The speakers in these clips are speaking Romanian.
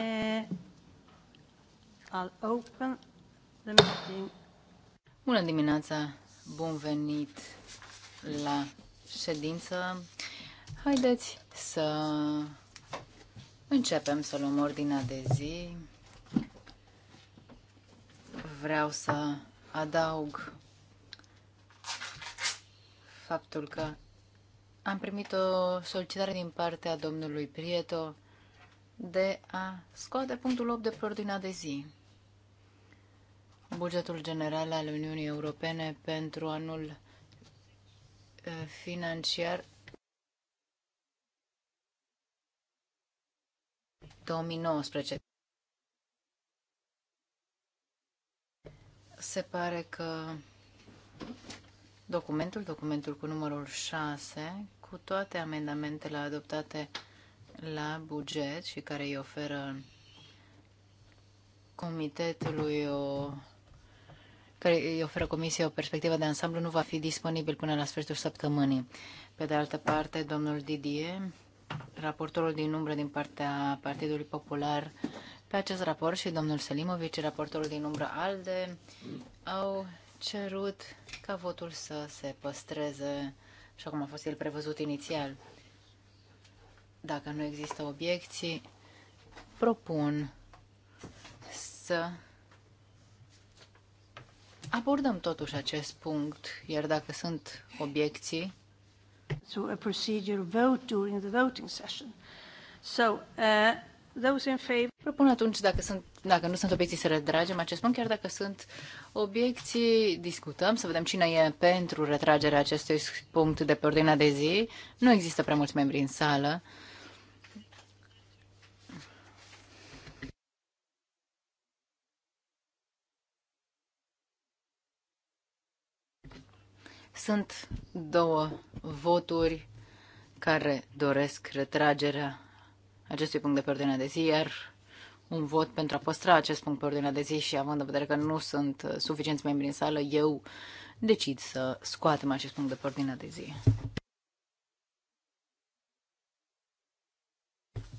Eh, Bună dimineața, bun venit la ședință. Haideți să începem să luăm ordinea de zi. Vreau să adaug faptul că am primit o solicitare din partea domnului Prieto de a scoate punctul 8 de pe ordinea de zi. Bugetul general al Uniunii Europene pentru anul eh, financiar 2019. Se pare că documentul, documentul cu numărul 6, cu toate amendamentele adoptate la buget și care îi oferă comitetului o care îi oferă comisiei o perspectivă de ansamblu nu va fi disponibil până la sfârșitul săptămânii. Pe de altă parte, domnul Didier, raportorul din umbră din partea Partidului Popular pe acest raport și domnul Selimovic, raportorul din umbră ALDE, au cerut ca votul să se păstreze așa cum a fost el prevăzut inițial. Dacă nu există obiecții, propun să abordăm totuși acest punct, iar dacă sunt obiecții, To a procedure vote during the voting session. So, uh, those in favor... Propun atunci, dacă, sunt, dacă nu sunt obiecții, să retragem acest punct, chiar dacă sunt obiecții, discutăm, să vedem cine e pentru retragerea acestui punct de pe ordinea de zi. Nu există prea mulți membri în sală. Sunt două voturi care doresc retragerea acestui punct de pe ordinea de zi, iar un vot pentru a păstra acest punct pe ordinea de zi și având în vedere că nu sunt uh, suficienți membri în sală, eu decid să scoatem acest punct de pe ordinea de zi.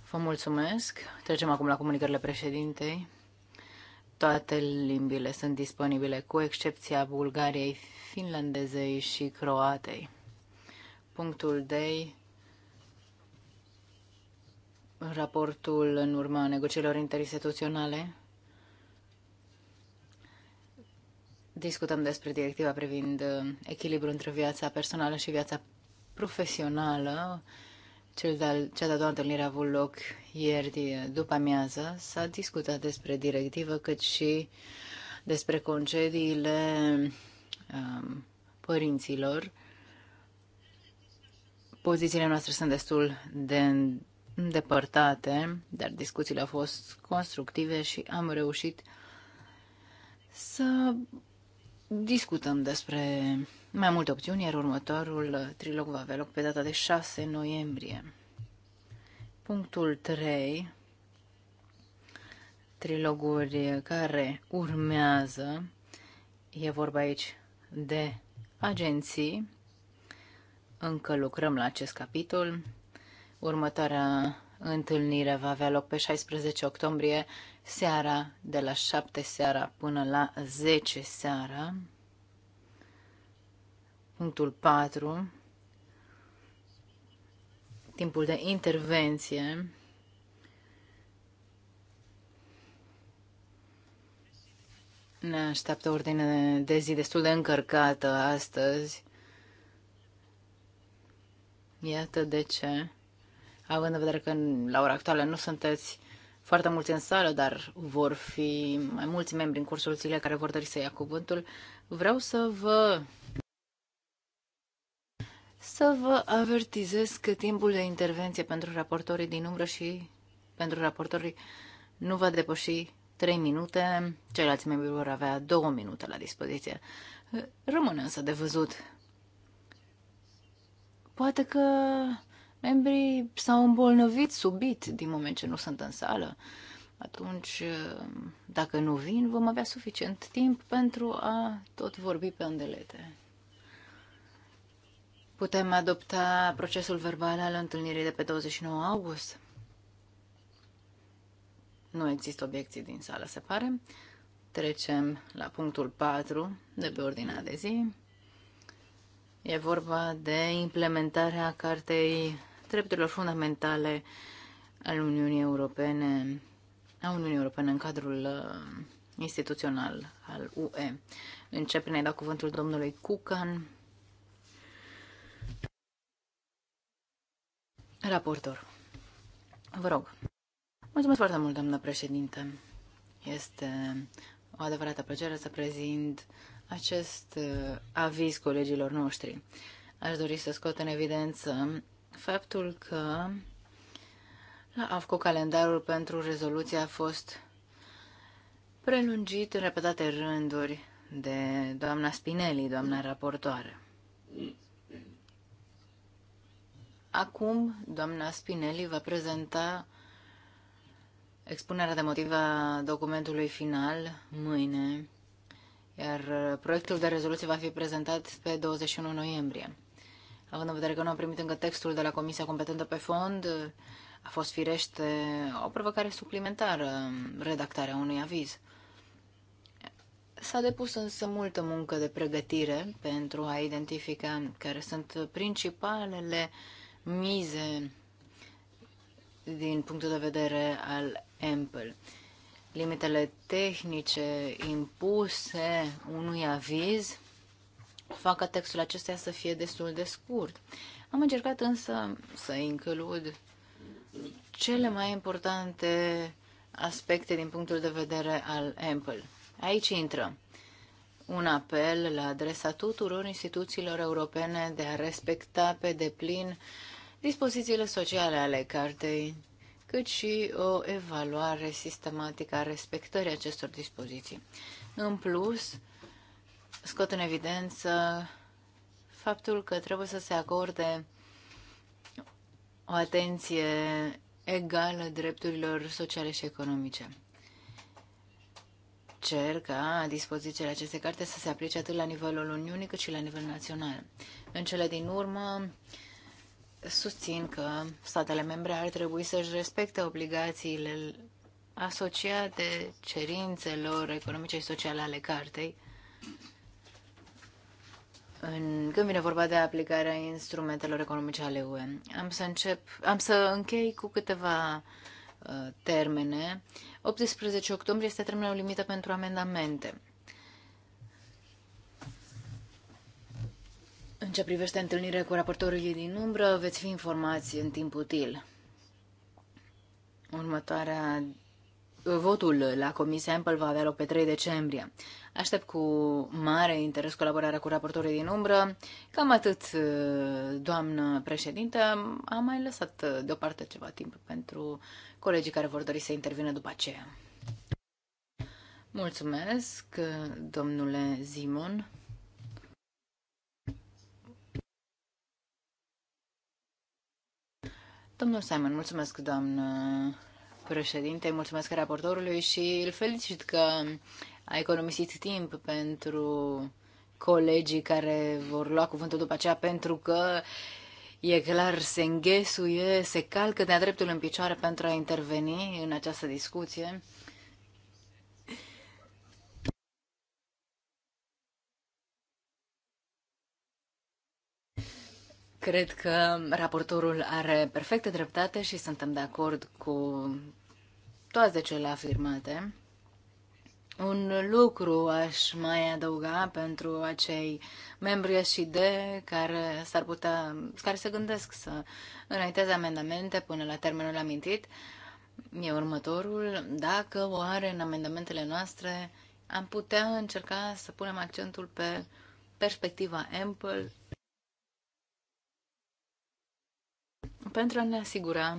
Vă mulțumesc. Trecem acum la comunicările președintei. Toate limbile sunt disponibile, cu excepția Bulgariei, finlandezei și croatei. Punctul de Raportul în urma negocierilor interinstituționale. Discutăm despre directiva privind echilibrul între viața personală și viața profesională cel de cea de-a doua întâlnire a avut loc ieri după amiază. S-a discutat despre directivă, cât și despre concediile um, părinților. Pozițiile noastre sunt destul de îndepărtate, dar discuțiile au fost constructive și am reușit să discutăm despre mai multe opțiuni, iar următorul uh, trilog va avea loc pe data de 6 noiembrie. Punctul 3, triloguri care urmează, e vorba aici de agenții, încă lucrăm la acest capitol. Următoarea întâlnire va avea loc pe 16 octombrie, seara, de la 7 seara până la 10 seara. Punctul 4. Timpul de intervenție. Ne așteaptă ordine de zi destul de încărcată astăzi. Iată de ce. Având în vedere că la ora actuală nu sunteți foarte mulți în sală, dar vor fi mai mulți membri în cursul zilei care vor dori să ia cuvântul, vreau să vă să vă avertizez că timpul de intervenție pentru raportorii din umbră și pentru raportorii nu va depăși 3 minute, ceilalți membri vor avea 2 minute la dispoziție. Rămâne însă de văzut. Poate că membrii s-au îmbolnăvit subit din moment ce nu sunt în sală. Atunci, dacă nu vin, vom avea suficient timp pentru a tot vorbi pe îndelete. Putem adopta procesul verbal al întâlnirii de pe 29 august. Nu există obiecții din sală, se pare. Trecem la punctul 4 de pe ordinea de zi. E vorba de implementarea Cartei Drepturilor Fundamentale al Uniunii Europene, a Uniunii Europene în cadrul uh, instituțional al UE. Încep prin a-i da cuvântul domnului Cucan, Raportor, vă rog. Mulțumesc foarte mult, doamnă președinte. Este o adevărată plăcere să prezint acest uh, aviz colegilor noștri. Aș dori să scot în evidență faptul că la AFCO calendarul pentru rezoluție a fost prelungit în repetate rânduri de doamna Spinelli, doamna raportoare. Acum, doamna Spinelli va prezenta expunerea de motive a documentului final mâine, iar proiectul de rezoluție va fi prezentat pe 21 noiembrie. Având în vedere că nu am primit încă textul de la Comisia Competentă pe Fond, a fost firește o provocare suplimentară redactarea unui aviz. S-a depus însă multă muncă de pregătire pentru a identifica care sunt principalele uh, mize din punctul de vedere al Ample. Limitele tehnice impuse unui aviz fac ca textul acesta să fie destul de scurt. Am încercat însă să includ cele mai importante aspecte din punctul de vedere al Ample. Aici intră un apel la adresa tuturor instituțiilor europene de a respecta pe deplin uh, dispozițiile sociale ale cartei, cât și o evaluare sistematică a respectării acestor dispoziții. În plus, scot în evidență faptul că trebuie să se acorde o atenție egală drepturilor sociale și economice. Cer ca dispozițiile acestei carte să se aplice atât la nivelul Uniunii cât și la nivel național. În cele din urmă, susțin că statele membre ar trebui să-și respecte obligațiile asociate cerințelor economice și sociale ale cartei în, când vine vorba de aplicarea instrumentelor economice ale UE. Am să încep, am să închei cu câteva uh, termene. 18 octombrie este termenul limită pentru amendamente. În ce privește întâlnirea cu raportorul din umbră, veți fi informați în timp util. Următoarea Votul la Comisia Ample va avea loc pe 3 decembrie. Aștept cu mare interes colaborarea cu raportorii din umbră. Cam atât, doamnă președintă. Am mai lăsat deoparte ceva timp pentru colegii care vor dori să intervină după aceea. Mulțumesc, domnule Zimon. Domnul Simon, mulțumesc, doamnă președinte, mulțumesc raportorului și îl felicit că a economisit timp pentru colegii care vor lua cuvântul după aceea, pentru că e clar, se înghesuie, se calcă de-a dreptul în picioare pentru a interveni în această discuție. Cred că raportorul are perfectă dreptate și suntem de acord cu toate cele afirmate. Un lucru aș mai adăuga pentru acei membri și de care s-ar putea, care se gândesc să înainteze amendamente până la termenul amintit, e următorul, dacă oare în amendamentele noastre am putea încerca să punem accentul pe perspectiva Ample pentru a ne asigura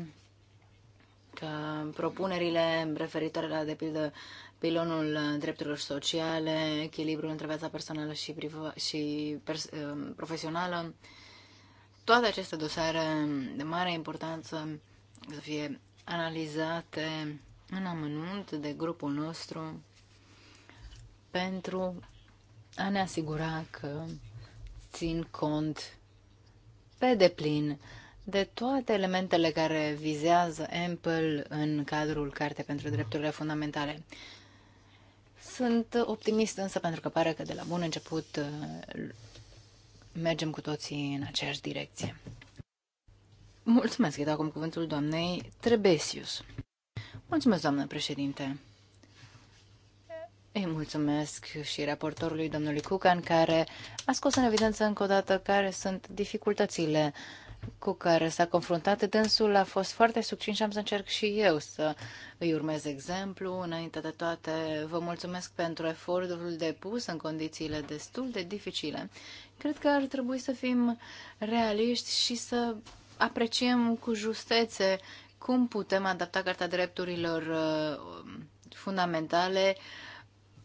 că propunerile referitoare la, de pildă, pilonul drepturilor sociale, echilibrul între viața personală și, priva- și pers- um, profesională, toate aceste dosare de mare importanță să fie analizate în amănunt de grupul nostru pentru a ne asigura că țin cont pe deplin de toate elementele care vizează Apple în cadrul Cartei pentru Drepturile Fundamentale. Sunt optimist însă pentru că pare că de la bun început uh, mergem cu toții în aceeași direcție. Mulțumesc, îi dau acum cuvântul doamnei Trebesius. Mulțumesc, doamnă președinte. Îi mulțumesc și raportorului domnului Cucan, care a scos în evidență încă o dată care sunt dificultățile uh, cu care s-a confruntat dânsul a fost foarte succint și am să încerc și eu să îi urmez exemplu. Înainte de toate, vă mulțumesc pentru efortul depus în condițiile destul de dificile. Cred că ar trebui să fim realiști și să apreciem cu justețe cum putem adapta Carta Drepturilor uh, Fundamentale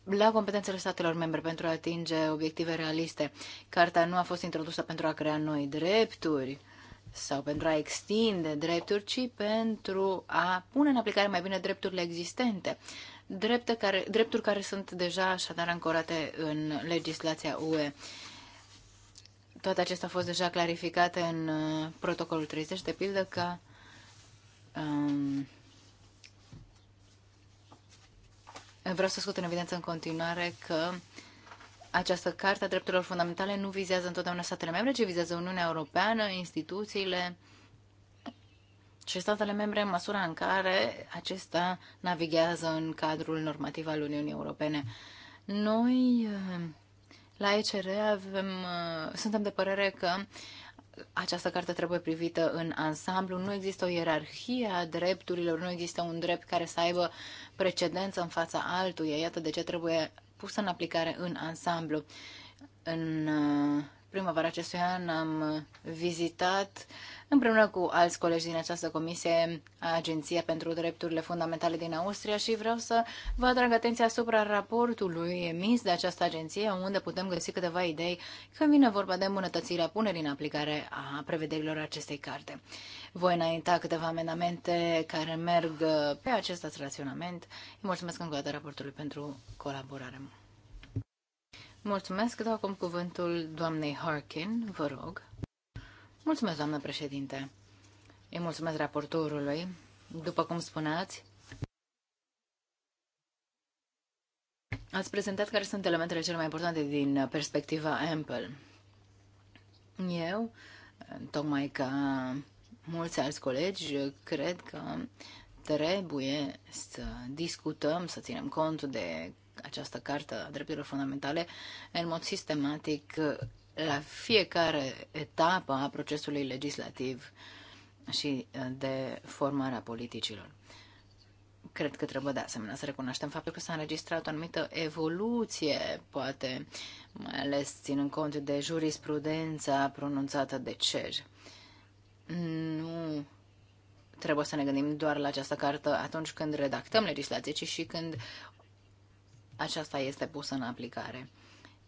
la competențele statelor membre pentru a atinge obiective realiste. Carta nu a fost introdusă pentru a crea noi drepturi, sau pentru a extinde drepturi, ci pentru a pune în aplicare mai bine drepturile existente. Drepte care, drepturi care sunt deja așadar ancorate în legislația UE. Toate acestea au fost deja clarificate în uh, protocolul 30, de pildă că um, vreau să scot în evidență în continuare că această carte a drepturilor fundamentale nu vizează întotdeauna statele membre, ci vizează Uniunea Europeană, instituțiile și statele membre în măsura în care acesta navighează în cadrul normativ al Uniunii Europene. Noi la ECR avem, suntem de părere că această carte trebuie privită în ansamblu. Nu există o ierarhie a drepturilor, nu există un drept care să aibă precedență în fața altuia. Iată de ce trebuie pusă în aplicare în ansamblu. În uh, primăvara acestui an am vizitat împreună cu alți colegi din această comisie Agenția pentru Drepturile Fundamentale din Austria și vreau să vă atrag atenția asupra raportului emis de această agenție unde putem găsi câteva idei când vine vorba de îmbunătățirea punerii în aplicare a prevederilor acestei carte. Voi înainta câteva amendamente care merg uh, pe acest raționament. Îi mulțumesc încă o dată raportului pentru colaborare. Mulțumesc, dau acum cuvântul doamnei Harkin, vă rog. Mulțumesc, doamnă președinte. Îi mulțumesc raportorului. După cum spuneați, ați prezentat care sunt elementele cele mai importante din perspectiva Ample. Eu, tocmai ca mulți alți colegi, cred că trebuie să discutăm, să ținem cont de această carte a drepturilor fundamentale în mod sistematic la fiecare etapă a procesului legislativ și de formarea politicilor. Cred că trebuie de asemenea să recunoaștem faptul că s-a înregistrat o anumită evoluție, poate mai ales ținând cont de jurisprudența pronunțată de CER nu trebuie să ne gândim doar la această carte atunci când redactăm legislație, ci și când aceasta este pusă în aplicare.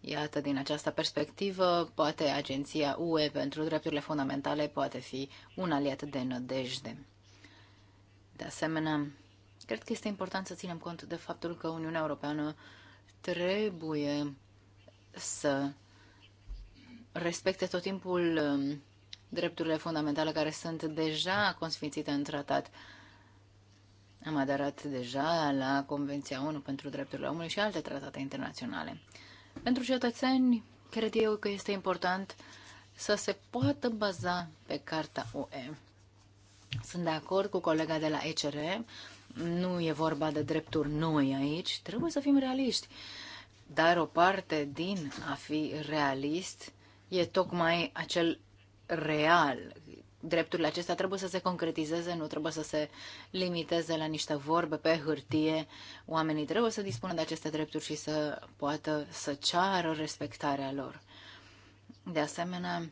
Iată, din această perspectivă, poate Agenția UE pentru Drepturile Fundamentale poate fi un aliat de nădejde. De asemenea, cred că este important să ținem cont de faptul că Uniunea Europeană trebuie să respecte tot timpul um, drepturile fundamentale care sunt deja consfințite în tratat. Am aderat deja la Convenția ONU pentru drepturile omului și alte tratate internaționale. Pentru cetățeni, cred eu că este important să se poată baza pe Carta UE. Sunt de acord cu colega de la ECR, nu e vorba de drepturi noi aici, trebuie să fim realiști. Dar o parte din a fi realist e tocmai acel real. Drepturile acestea trebuie să se concretizeze, nu trebuie să se limiteze la niște vorbe pe hârtie. Oamenii trebuie să dispună de aceste drepturi și să poată să ceară respectarea lor. De asemenea,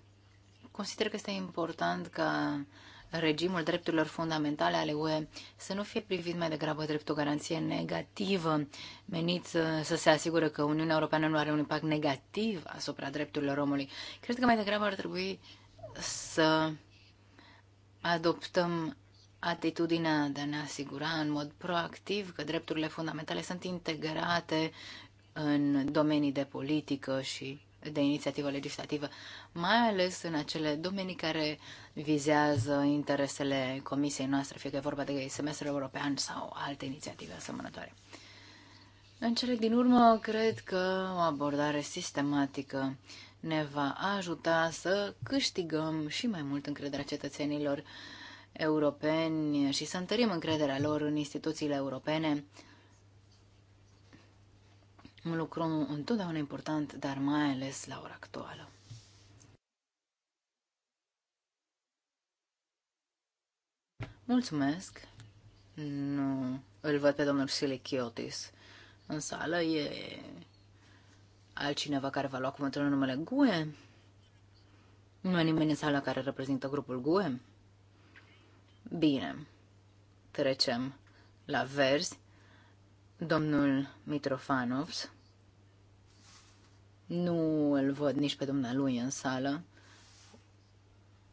consider că este important ca regimul drepturilor fundamentale ale UE să nu fie privit mai degrabă drept o garanție negativă, menit să se asigure că Uniunea Europeană nu are un impact negativ asupra drepturilor omului. Cred că mai degrabă ar trebui să adoptăm atitudinea de a ne asigura în mod proactiv că drepturile fundamentale sunt integrate în domenii de politică și de inițiativă legislativă, mai ales în acele domenii care vizează interesele comisiei noastre, fie că e vorba de semestrul european sau alte inițiative asemănătoare. În cele din urmă, cred că o abordare sistematică ne va ajuta să câștigăm și mai mult încrederea cetățenilor europeni și să întărim încrederea lor în instituțiile europene. Un lucru întotdeauna important, dar mai ales la ora actuală. Mulțumesc. Nu îl văd pe domnul Silichiotis în sală. E altcineva care va lua cuvântul în numele GUE? Nu e nimeni în sala care reprezintă grupul GUE? Bine, trecem la verzi. Domnul Mitrofanovs, nu îl văd nici pe dumnealui în sală.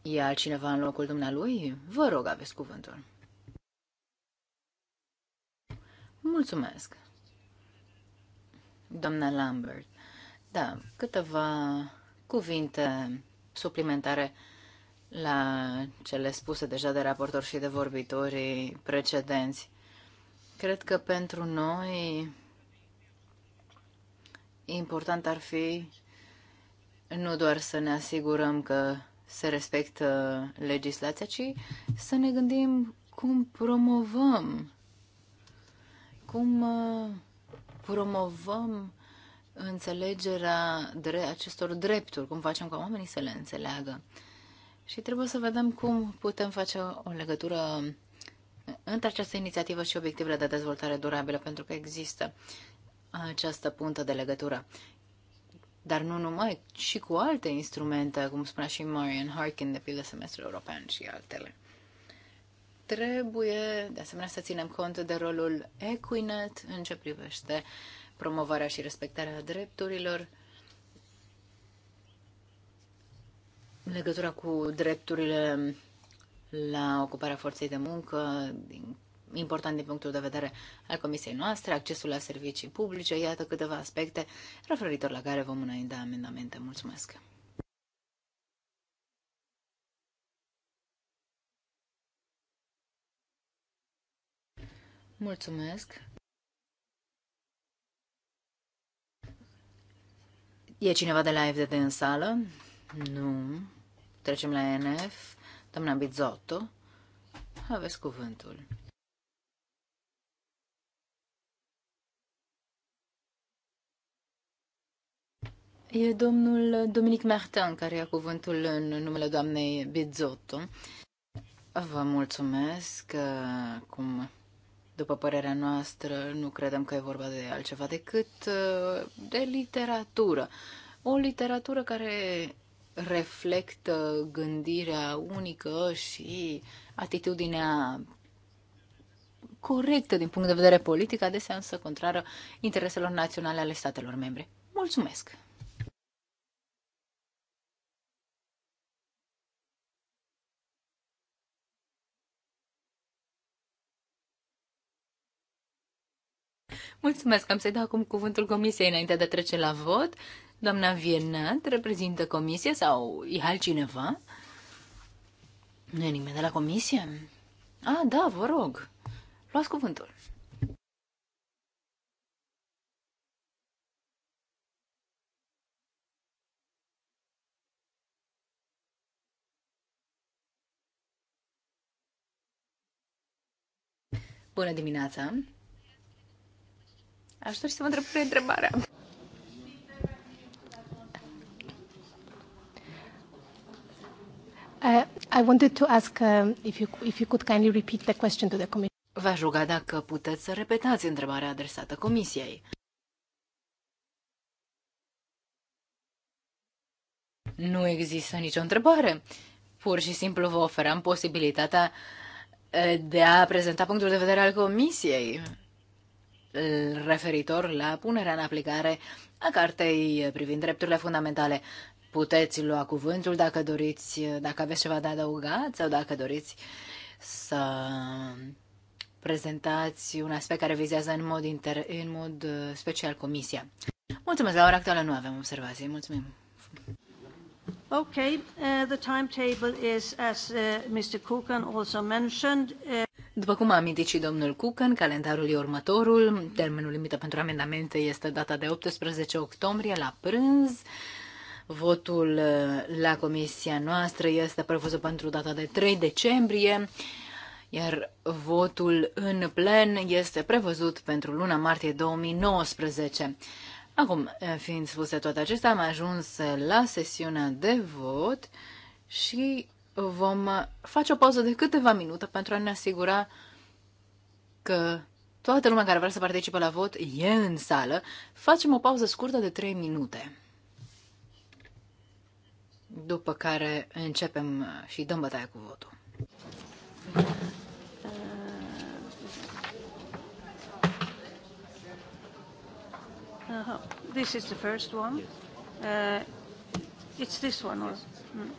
E altcineva în locul dumnealui? Vă rog, aveți cuvântul. Mulțumesc. Doamna Lambert, da, câteva cuvinte suplimentare la cele spuse deja de raportor și de vorbitorii precedenți. Cred că pentru noi important ar fi nu doar să ne asigurăm că se respectă legislația, ci să ne gândim cum promovăm, cum uh, promovăm înțelegerea dre- acestor drepturi, cum facem ca oamenii să le înțeleagă. Și trebuie să vedem cum putem face o legătură între această inițiativă și obiectivele de dezvoltare durabilă, pentru că există această puntă de legătură. Dar nu numai, și cu alte instrumente, cum spunea și Marian Harkin, de pildă semestrul european și altele. Trebuie, de asemenea, să ținem cont de rolul Equinet în ce privește uh, promovarea și respectarea drepturilor, legătura cu drepturile la ocuparea forței de muncă, important din punctul de vedere al comisiei noastre, accesul la servicii publice, iată câteva aspecte referitor la care vom înainta amendamente. Mulțumesc! Mulțumesc! E cineva de la FDT în sală? Nu. Trecem la NF. Doamna Bizotto, aveți cuvântul. E domnul Dominic Martin care ia cuvântul în numele doamnei Bizotto. Vă mulțumesc uh, cum după părerea noastră, nu credem că e vorba de altceva decât uh, de literatură. O literatură care reflectă gândirea unică și atitudinea corectă din punct de vedere politic, adesea însă contrară intereselor naționale ale statelor membre. Mulțumesc! Mulțumesc. Am să-i dau acum cuvântul comisiei înainte de a trece la vot. Doamna Viernat reprezintă comisia sau e altcineva? Nu e nimeni de la comisie? A, da, vă rog. Luați cuvântul. Bună dimineața! Aș dori să vă întreb întrebarea. Uh, I wanted to ask uh, if, you, if you could kindly repeat the question to the commission. V-aș ruga dacă puteți să repetați întrebarea adresată comisiei. Nu există nicio întrebare. Pur și simplu vă oferam posibilitatea uh, de a prezenta punctul de vedere al comisiei referitor la punerea în aplicare a cartei privind drepturile fundamentale. Puteți lua cuvântul dacă doriți, dacă aveți ceva de adăugat sau dacă doriți să prezentați un aspect care vizează în mod, inter, în mod uh, special comisia. Mulțumesc, la ora actuală nu avem observații. Mulțumim. Okay, uh, the timetable is as uh, Mr. Kukan also mentioned. Uh... După cum a amintit și domnul Cucan, calendarul e următorul. Termenul limită pentru amendamente este data de 18 octombrie la prânz. Votul uh, la comisia noastră este prevăzut pentru data de 3 decembrie, iar votul în plen este prevăzut pentru luna martie 2019. Acum, uh, fiind spuse toate acestea, am ajuns la sesiunea de vot și vom uh, face o pauză de câteva minute pentru a ne asigura că toată lumea care vrea să participe la vot e în sală. Facem o pauză scurtă de 3 minute. După care începem uh, și dăm bătaia cu votul. Uh, uh, this is the first one. Uh, it's this one. Or, mm.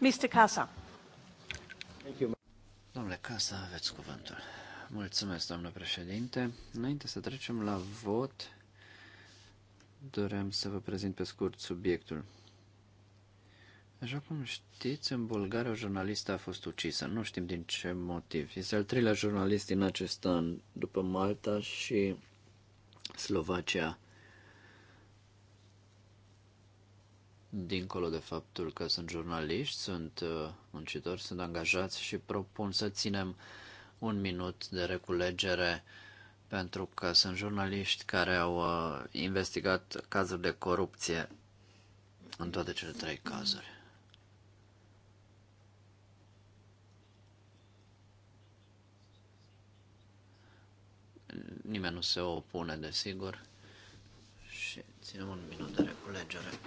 Mr. Casa. Domnule Casa, aveți cuvântul. Mulțumesc, doamnă președinte. Înainte să trecem la vot, doream să vă prezint pe scurt subiectul. Așa cum știți, în Bulgaria o jurnalistă a fost ucisă. Nu știm din ce motiv. Este al treilea jurnalist din acest an, după Malta și Slovacia. dincolo de faptul că sunt jurnaliști, sunt uh, muncitori, sunt angajați și propun să ținem un minut de reculegere pentru că sunt jurnaliști care au uh, investigat cazuri de corupție în toate cele trei cazuri. Nimeni nu se opune, desigur. Și ținem un minut de reculegere.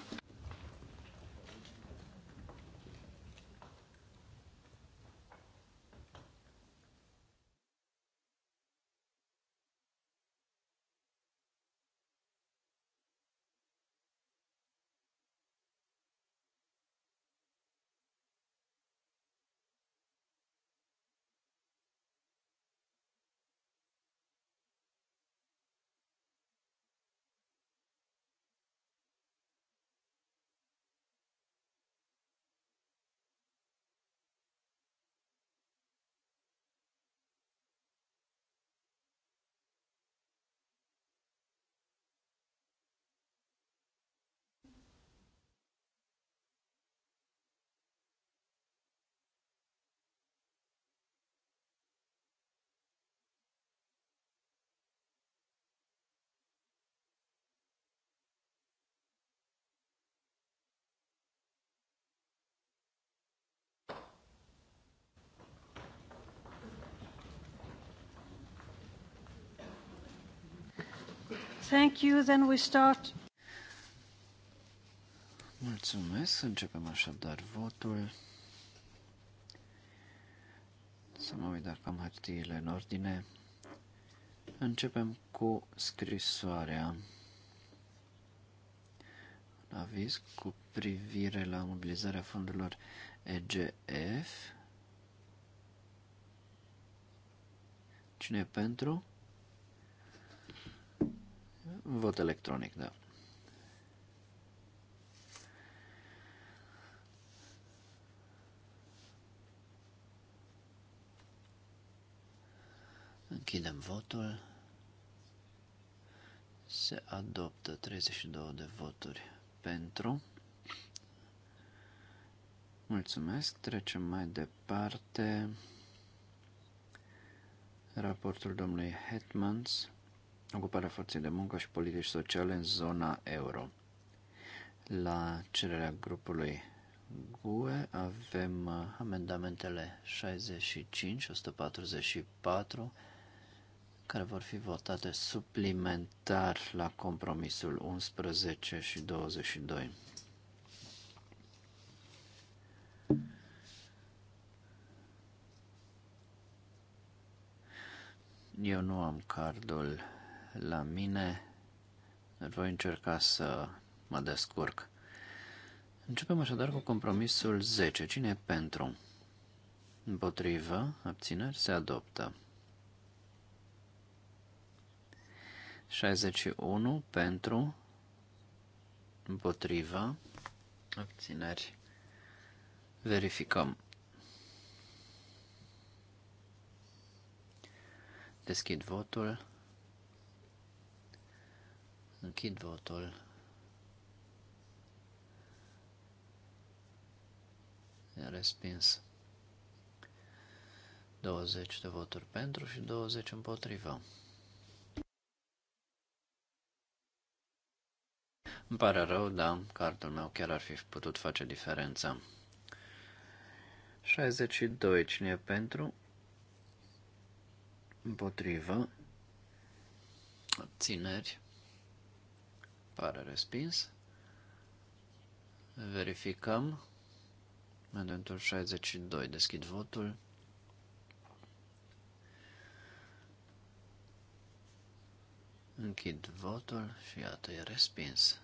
Thank you. Then we start. Mulțumesc. Începem așadar votul. Să mă uit dacă am hârtiile în ordine. Începem cu scrisoarea. Un aviz cu privire la mobilizarea fondurilor EGF. Cine e pentru? Vot electronic, da. Închidem votul. Se adoptă 32 de voturi pentru. Mulțumesc. Trecem mai departe. Raportul domnului Hetmans ocuparea forței de muncă și politici sociale în zona euro. La cererea grupului GUE avem uh, amendamentele 65 și 144 care vor fi votate suplimentar la compromisul 11 și 22. Eu nu am cardul la mine, dar voi încerca să mă descurc. Începem așadar cu compromisul 10. Cine e pentru? Împotrivă, abțineri, se adoptă. 61 pentru, împotrivă, abțineri. Verificăm. Deschid votul. Închid votul. I-a respins. 20 de voturi pentru și 20 împotrivă. Îmi pare rău, dar cartul meu chiar ar fi putut face diferența. 62. Cine e pentru? Împotrivă. Țineri. Pare respins. Verificăm. Amendamentul 62. Deschid votul. Închid votul și iată, e respins.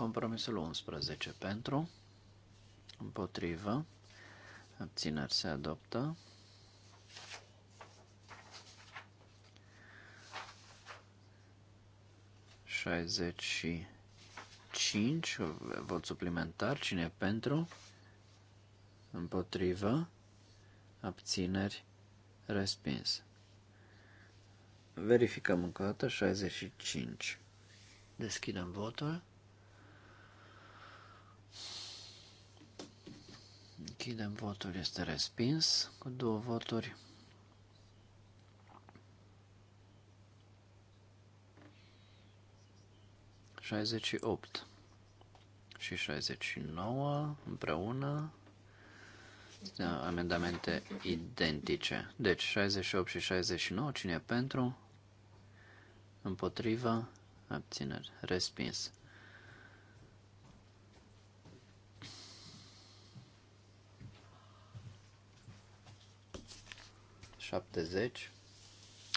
Compromisul 11 pentru, împotrivă, abțineri se adoptă. și 5, vot suplimentar, cine pentru, împotrivă, abțineri, respins. Verificăm încă o dată, 65. Deschidem votul. Închidem votul, este respins cu două voturi. Șaizeci opt și 69 împreună da, amendamente identice. Deci 68 și 69, cine e pentru? Împotriva? Abțineri. Respins. 70.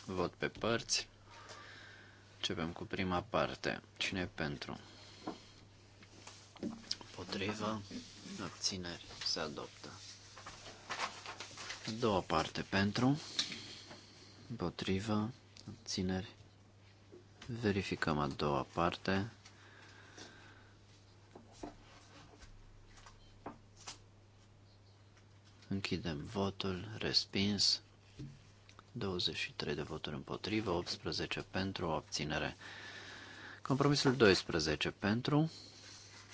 Vot pe părți. Începem cu prima parte. Cine e pentru? Potrivă. Abțineri. Se adoptă. Doua parte. Pentru. Potrivă, Abțineri. Verificăm a doua parte. Închidem votul. Respins. 23 de voturi împotrivă, 18 pentru, o abținere. Compromisul 12 pentru,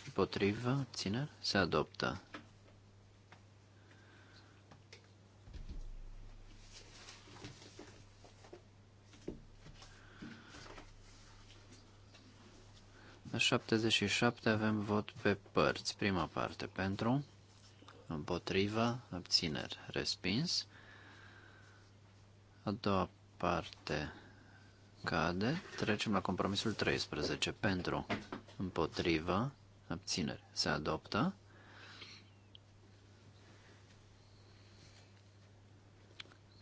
împotrivă, abținere, se adoptă. La 77 avem vot pe părți. Prima parte pentru, împotrivă, abțineri, respins. A doua parte cade. Trecem la compromisul 13. Pentru, împotrivă, abțineri. Se adoptă.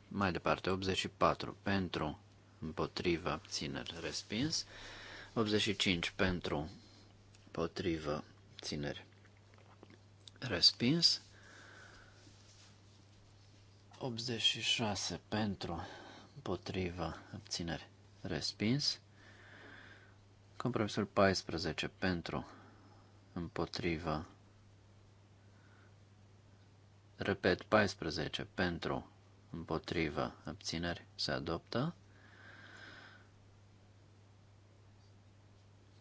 Mai departe, 84 pentru, împotrivă, abțineri, respins. 85 pentru, împotrivă, abțineri, respins. 86 pentru, împotriva, abțineri, respins. Compromisul 14 pentru, împotriva, repet, 14 pentru, împotriva, abțineri, se adoptă.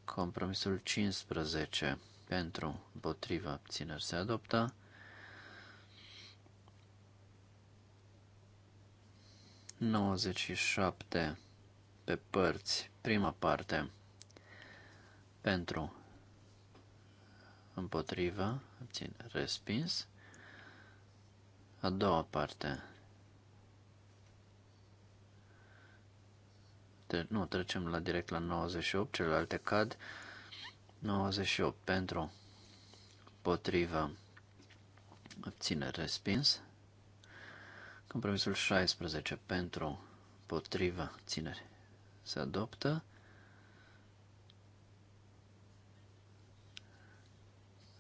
Compromisul 15 pentru, împotriva, abțineri, se adoptă. 97 pe părți, prima parte, pentru, împotriva, obțin respins, a doua parte, Tre nu, trecem la direct la 98, celelalte cad, 98 pentru, potrivă, obține, respins, Compromisul 16 pentru potriva ținere se adoptă.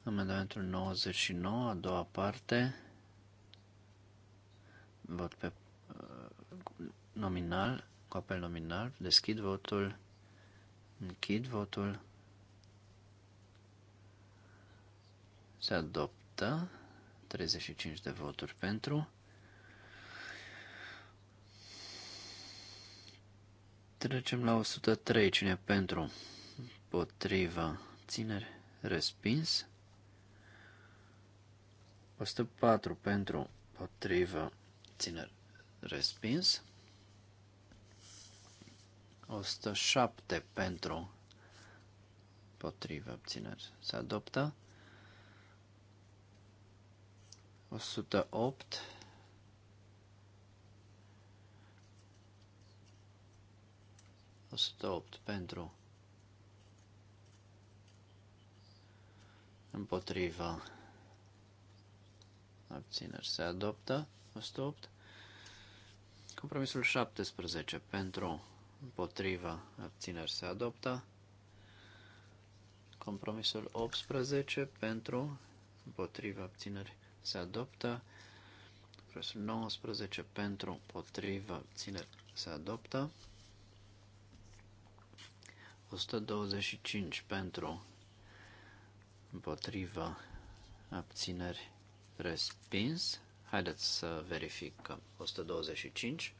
Amendamentul 99, a doua parte, vot pe uh, nominal, cu apel nominal, deschid votul, închid votul, se adoptă 35 de voturi pentru. Trecem la 103. Cine pentru? Potriva. Țineri. Respins. 104 pentru potrivă țineri respins. 107 pentru potrivă ținere se adoptă. 108 108 pentru împotriva abțineri se adoptă 108 compromisul 17 pentru împotriva abțineri se adoptă compromisul 18 pentru împotriva abțineri se adoptă compromisul 19 pentru împotriva abțineri se adoptă 125 pentru, împotriva, abțineri, respins. Haideți să verificăm. 125.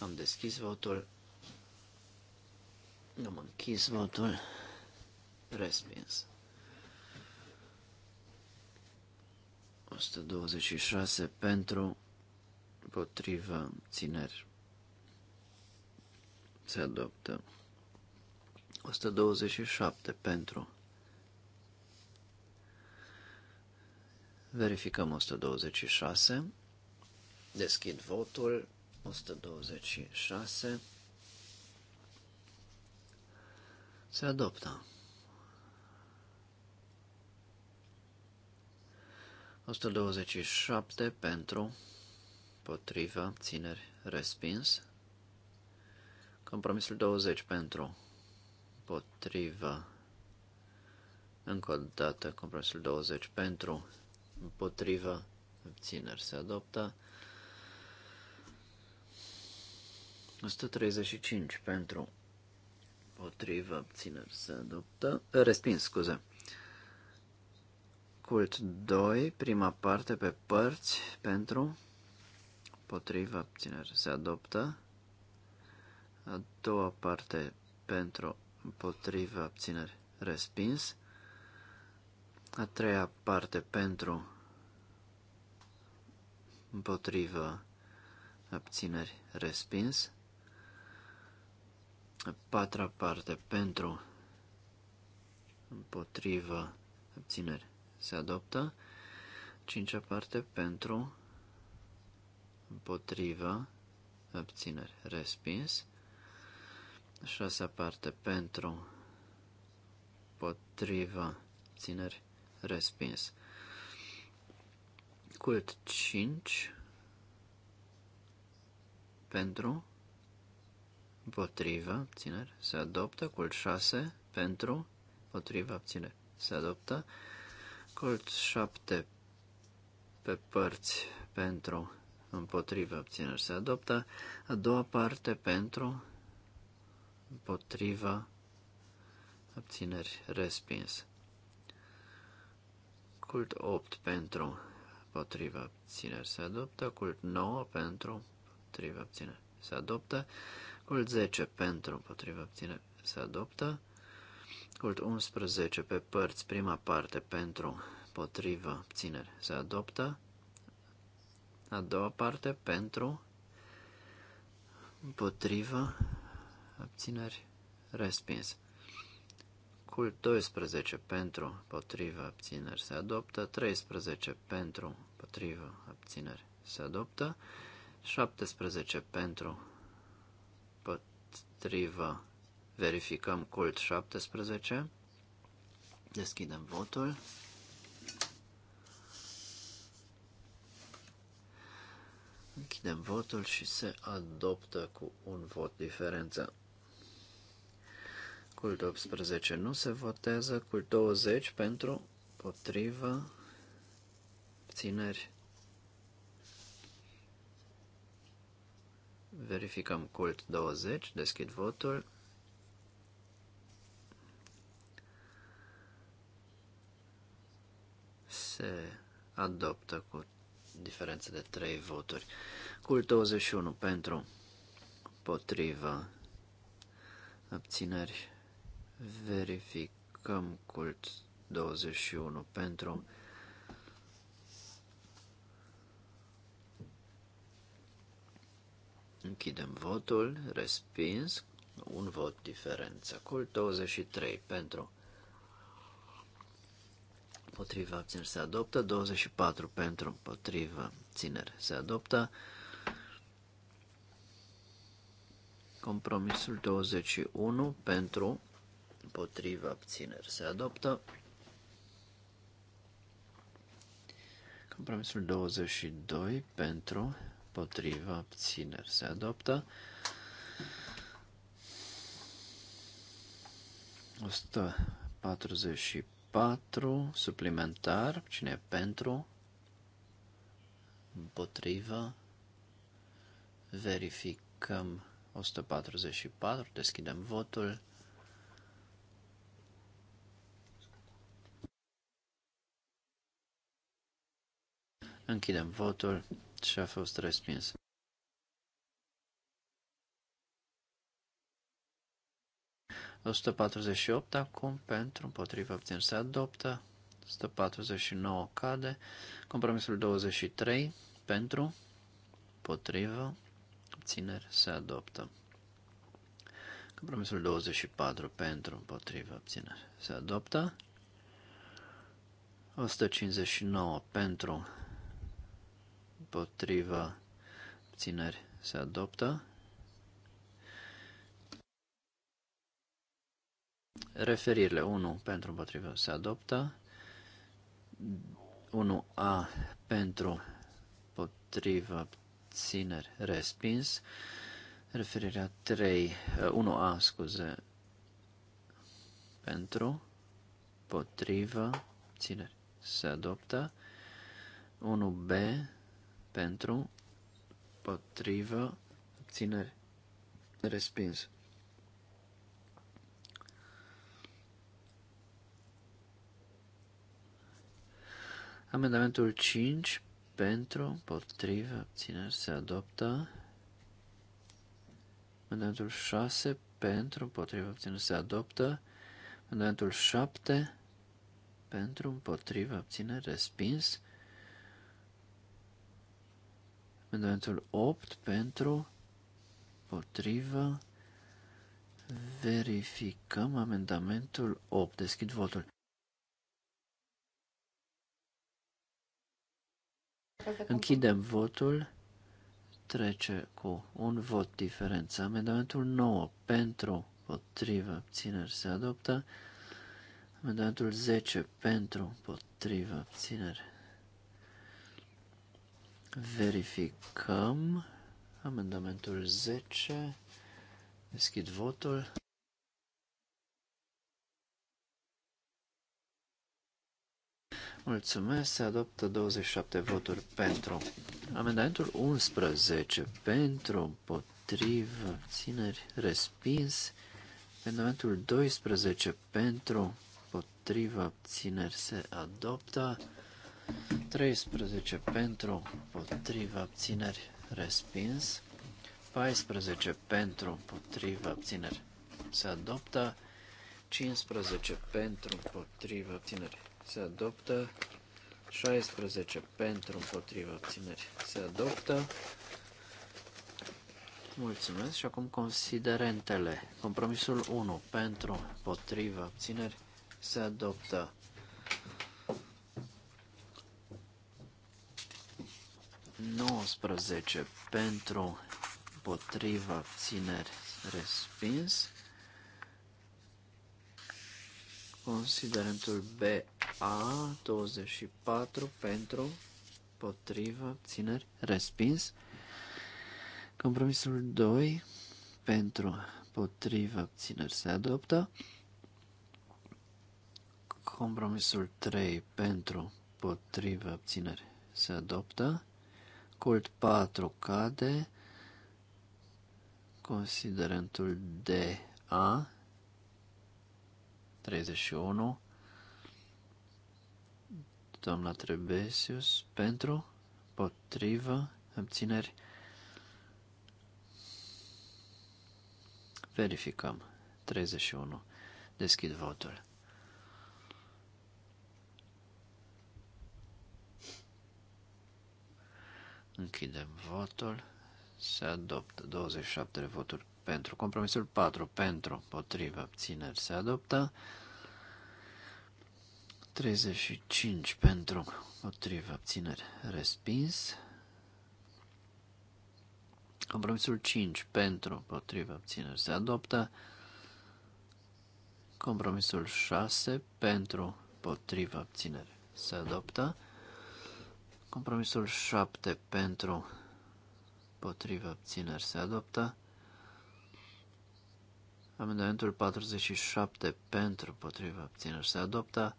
Am deschis votul. Am închis votul. Respins. 126 pentru, împotriva, țineri, se adoptă. 127 pentru. Verificăm 126. Deschid votul. 126. Se adoptă. 127 pentru, potriva, țineri, respins. Compromisul 20 pentru, împotriva, încă o dată, compromisul 20 pentru, împotriva, abțineri se adoptă. 135 pentru, împotriva, abțineri se adoptă. Eh, respins, scuze. Cult 2, prima parte pe părți, pentru, împotriva, abțineri se adoptă. A doua parte pentru, împotrivă, abțineri, respins. A treia parte pentru, împotrivă, abțineri, respins. A patra parte pentru, împotrivă, abțineri, se adoptă. cincea parte pentru, împotrivă, abțineri, respins. Șasea parte pentru, potriva, țineri, respins. Cult 5 pentru, potriva, țineri, se adoptă. Cult 6 pentru, potriva, țineri se adoptă. Cult 7 pe părți pentru, împotriva, abțineri, se adoptă. A doua parte pentru, împotriva, abțineri, respins. Cult 8 pentru, împotriva, abțineri, se adoptă. Cult 9 pentru, împotriva, abțineri, se adoptă. Cult 10 pentru, împotriva, abțineri, se adoptă. Cult 11 pe părți, prima parte pentru, împotriva, abțineri, se adoptă. A doua parte pentru, împotriva, abțineri, respins. Cult 12 pentru, potrivă, abțineri, se adoptă. 13 pentru, potrivă, abțineri, se adoptă. 17 pentru, potrivă, verificăm cult 17. Deschidem votul. Închidem votul și se adoptă cu un vot diferență. Cult 18 nu se votează. Cult 20 pentru, potrivă, țineri. Verificăm cult 20, deschid votul. Se adoptă cu diferență de 3 voturi. Cult 21 pentru, potrivă, abțineri Verificăm cult 21 pentru Închidem votul, respins, un vot diferență. Cult 23 pentru potriva abțineri se adoptă, 24 pentru potriva abțineri se adoptă, compromisul 21 pentru împotriva abțineri se adoptă. Compromisul 22 pentru împotriva abțineri se adoptă. 144 suplimentar, cine e pentru, împotriva, verificăm 144, deschidem votul. Închidem votul și a fost respins. La 148 acum pentru împotriva obțin se adoptă. 149 cade. Compromisul 23 pentru împotriva abțineri se adoptă. Compromisul 24 pentru împotriva abțineri se adoptă. 159 pentru împotriva țineri se adoptă. Referirile 1 pentru împotriva se adoptă. 1A pentru împotriva țineri respins. Referirea 3, 1A, scuze, pentru, potrivă, țineri. Se adoptă. 1B pentru, potrivă, abțineri, respins. Amendamentul 5 pentru, potrivă, abțineri se adoptă. Amendamentul 6 pentru, potrivă, abțineri se adoptă. Amendamentul 7 pentru, împotrivă, abțineri, respins. Amendamentul 8 pentru, potrivă, verificăm amendamentul 8. Deschid votul. Închidem votul. Trece cu un vot diferență. Amendamentul 9 pentru, potrivă, abțineri se adoptă. Amendamentul 10 pentru, potrivă, abțineri Verificăm amendamentul 10. Deschid votul. Mulțumesc, se adoptă 27 voturi pentru. Amendamentul 11 pentru, împotrivă, țineri, respins. Amendamentul 12 pentru, împotrivă, țineri, se adoptă. 13 pentru, împotriva, abțineri, respins. 14 pentru, împotriva, abțineri, se adoptă. 15 pentru, împotriva, abțineri, se adoptă. 16 pentru, împotriva, abțineri, se adoptă. Mulțumesc și acum considerentele. Compromisul 1 pentru, împotriva, abțineri, se adoptă. 19 pentru, potriva abțineri, respins. Considerentul BA 24 pentru, potriva abțineri, respins. Compromisul 2 pentru, potriva abțineri, se adoptă. Compromisul 3 pentru, potriva abțineri, se adoptă. Cult 4 cade. Considerentul a 31. Doamna Trebesius pentru, potrivă, abțineri. Verificăm. 31. Deschid votul. Închidem votul. Se adoptă 27 de voturi pentru. Compromisul 4 pentru, potrivă, abțineri se adoptă. 35 pentru, potrivă, abțineri respins. Compromisul 5 pentru, potrivă, abțineri se adoptă. Compromisul 6 pentru, potrivă, abțineri se adoptă. Compromisul 7 pentru potrivă obțineri se adoptă. Amendamentul 47 pentru potrivă obțineri se adoptă.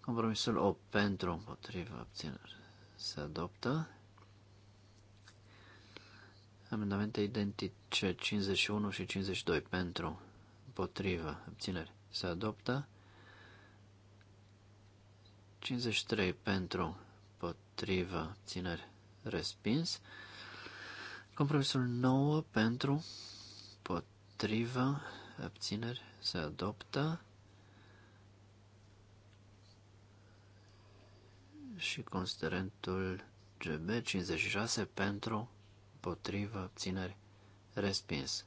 Compromisul 8 pentru împotrivă obțineri se adoptă. Amendamente identice 51 și 52 pentru împotrivă obțineri se adoptă. 53 pentru împotriva, țineri, respins. Compromisul 9 pentru, potriva abțineri, se adoptă. Și considerentul GB 56 pentru, potriva abțineri, respins.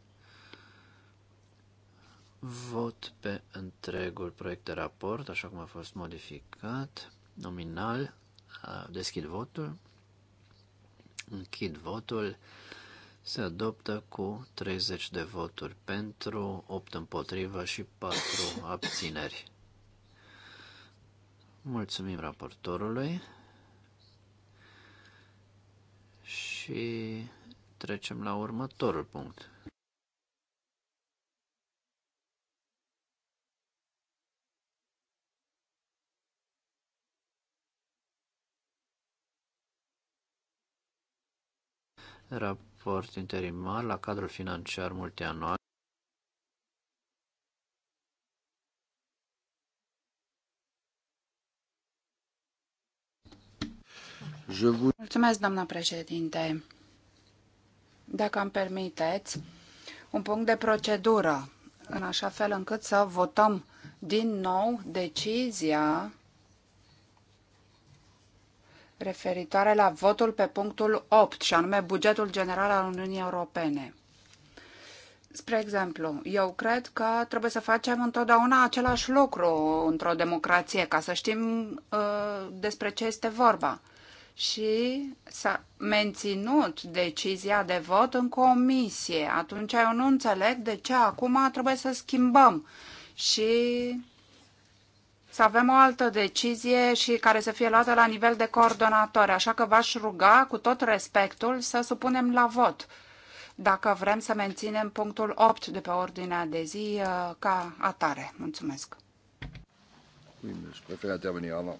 Vot pe întregul proiect de raport, așa cum a fost modificat, nominal, Deschid votul. Închid votul. Se adoptă cu 30 de voturi pentru, 8 împotrivă și 4 abțineri. Mulțumim raportorului și trecem la următorul punct. raport interimar la cadrul financiar multianual Mulțumesc, doamna președinte. Dacă îmi permiteți, un punct de procedură, în așa fel încât să votăm din nou decizia referitoare la votul pe punctul 8, și anume bugetul general al Uniunii Europene. Spre exemplu, eu cred că trebuie să facem întotdeauna același lucru într-o democrație, ca să știm uh, despre ce este vorba. Și s-a menținut decizia de vot în comisie. Atunci eu nu înțeleg de ce acum trebuie să schimbăm. Și să avem o altă decizie și care să fie luată la nivel de coordonator. Așa că v-aș ruga cu tot respectul să supunem la vot dacă vrem să menținem punctul 8 de pe ordinea de zi uh, ca atare. Mulțumesc! Mulțumesc.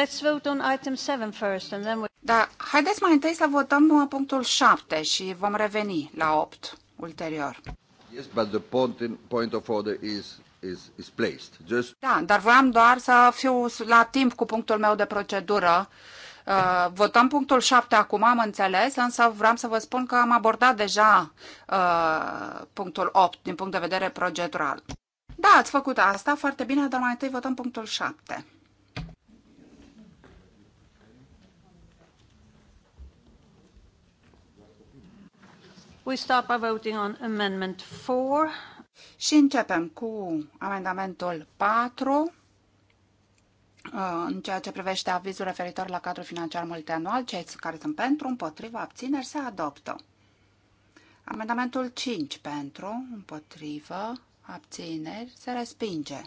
Let's vote on item 7 first and then we... Da, haideți mai întâi să votăm uh, punctul 7 și vom reveni la 8 ulterior. Yes, but the point, in, point of order is Is, is placed. Just... Da, dar voiam doar să fiu la timp cu punctul meu de procedură. Uh, votăm punctul 7 acum, am înțeles, însă vreau să vă spun că am abordat deja uh, punctul 8 din punct de vedere procedural. Da, ați făcut asta foarte bine, dar mai întâi votăm punctul 7. We start by voting on amendment 4. Și începem cu amendamentul 4 uh, în ceea ce privește avizul referitor la cadrul financiar multianual, cei care sunt pentru, împotriva, abțineri, se adoptă. Amendamentul 5 pentru, împotrivă, abțineri, se respinge.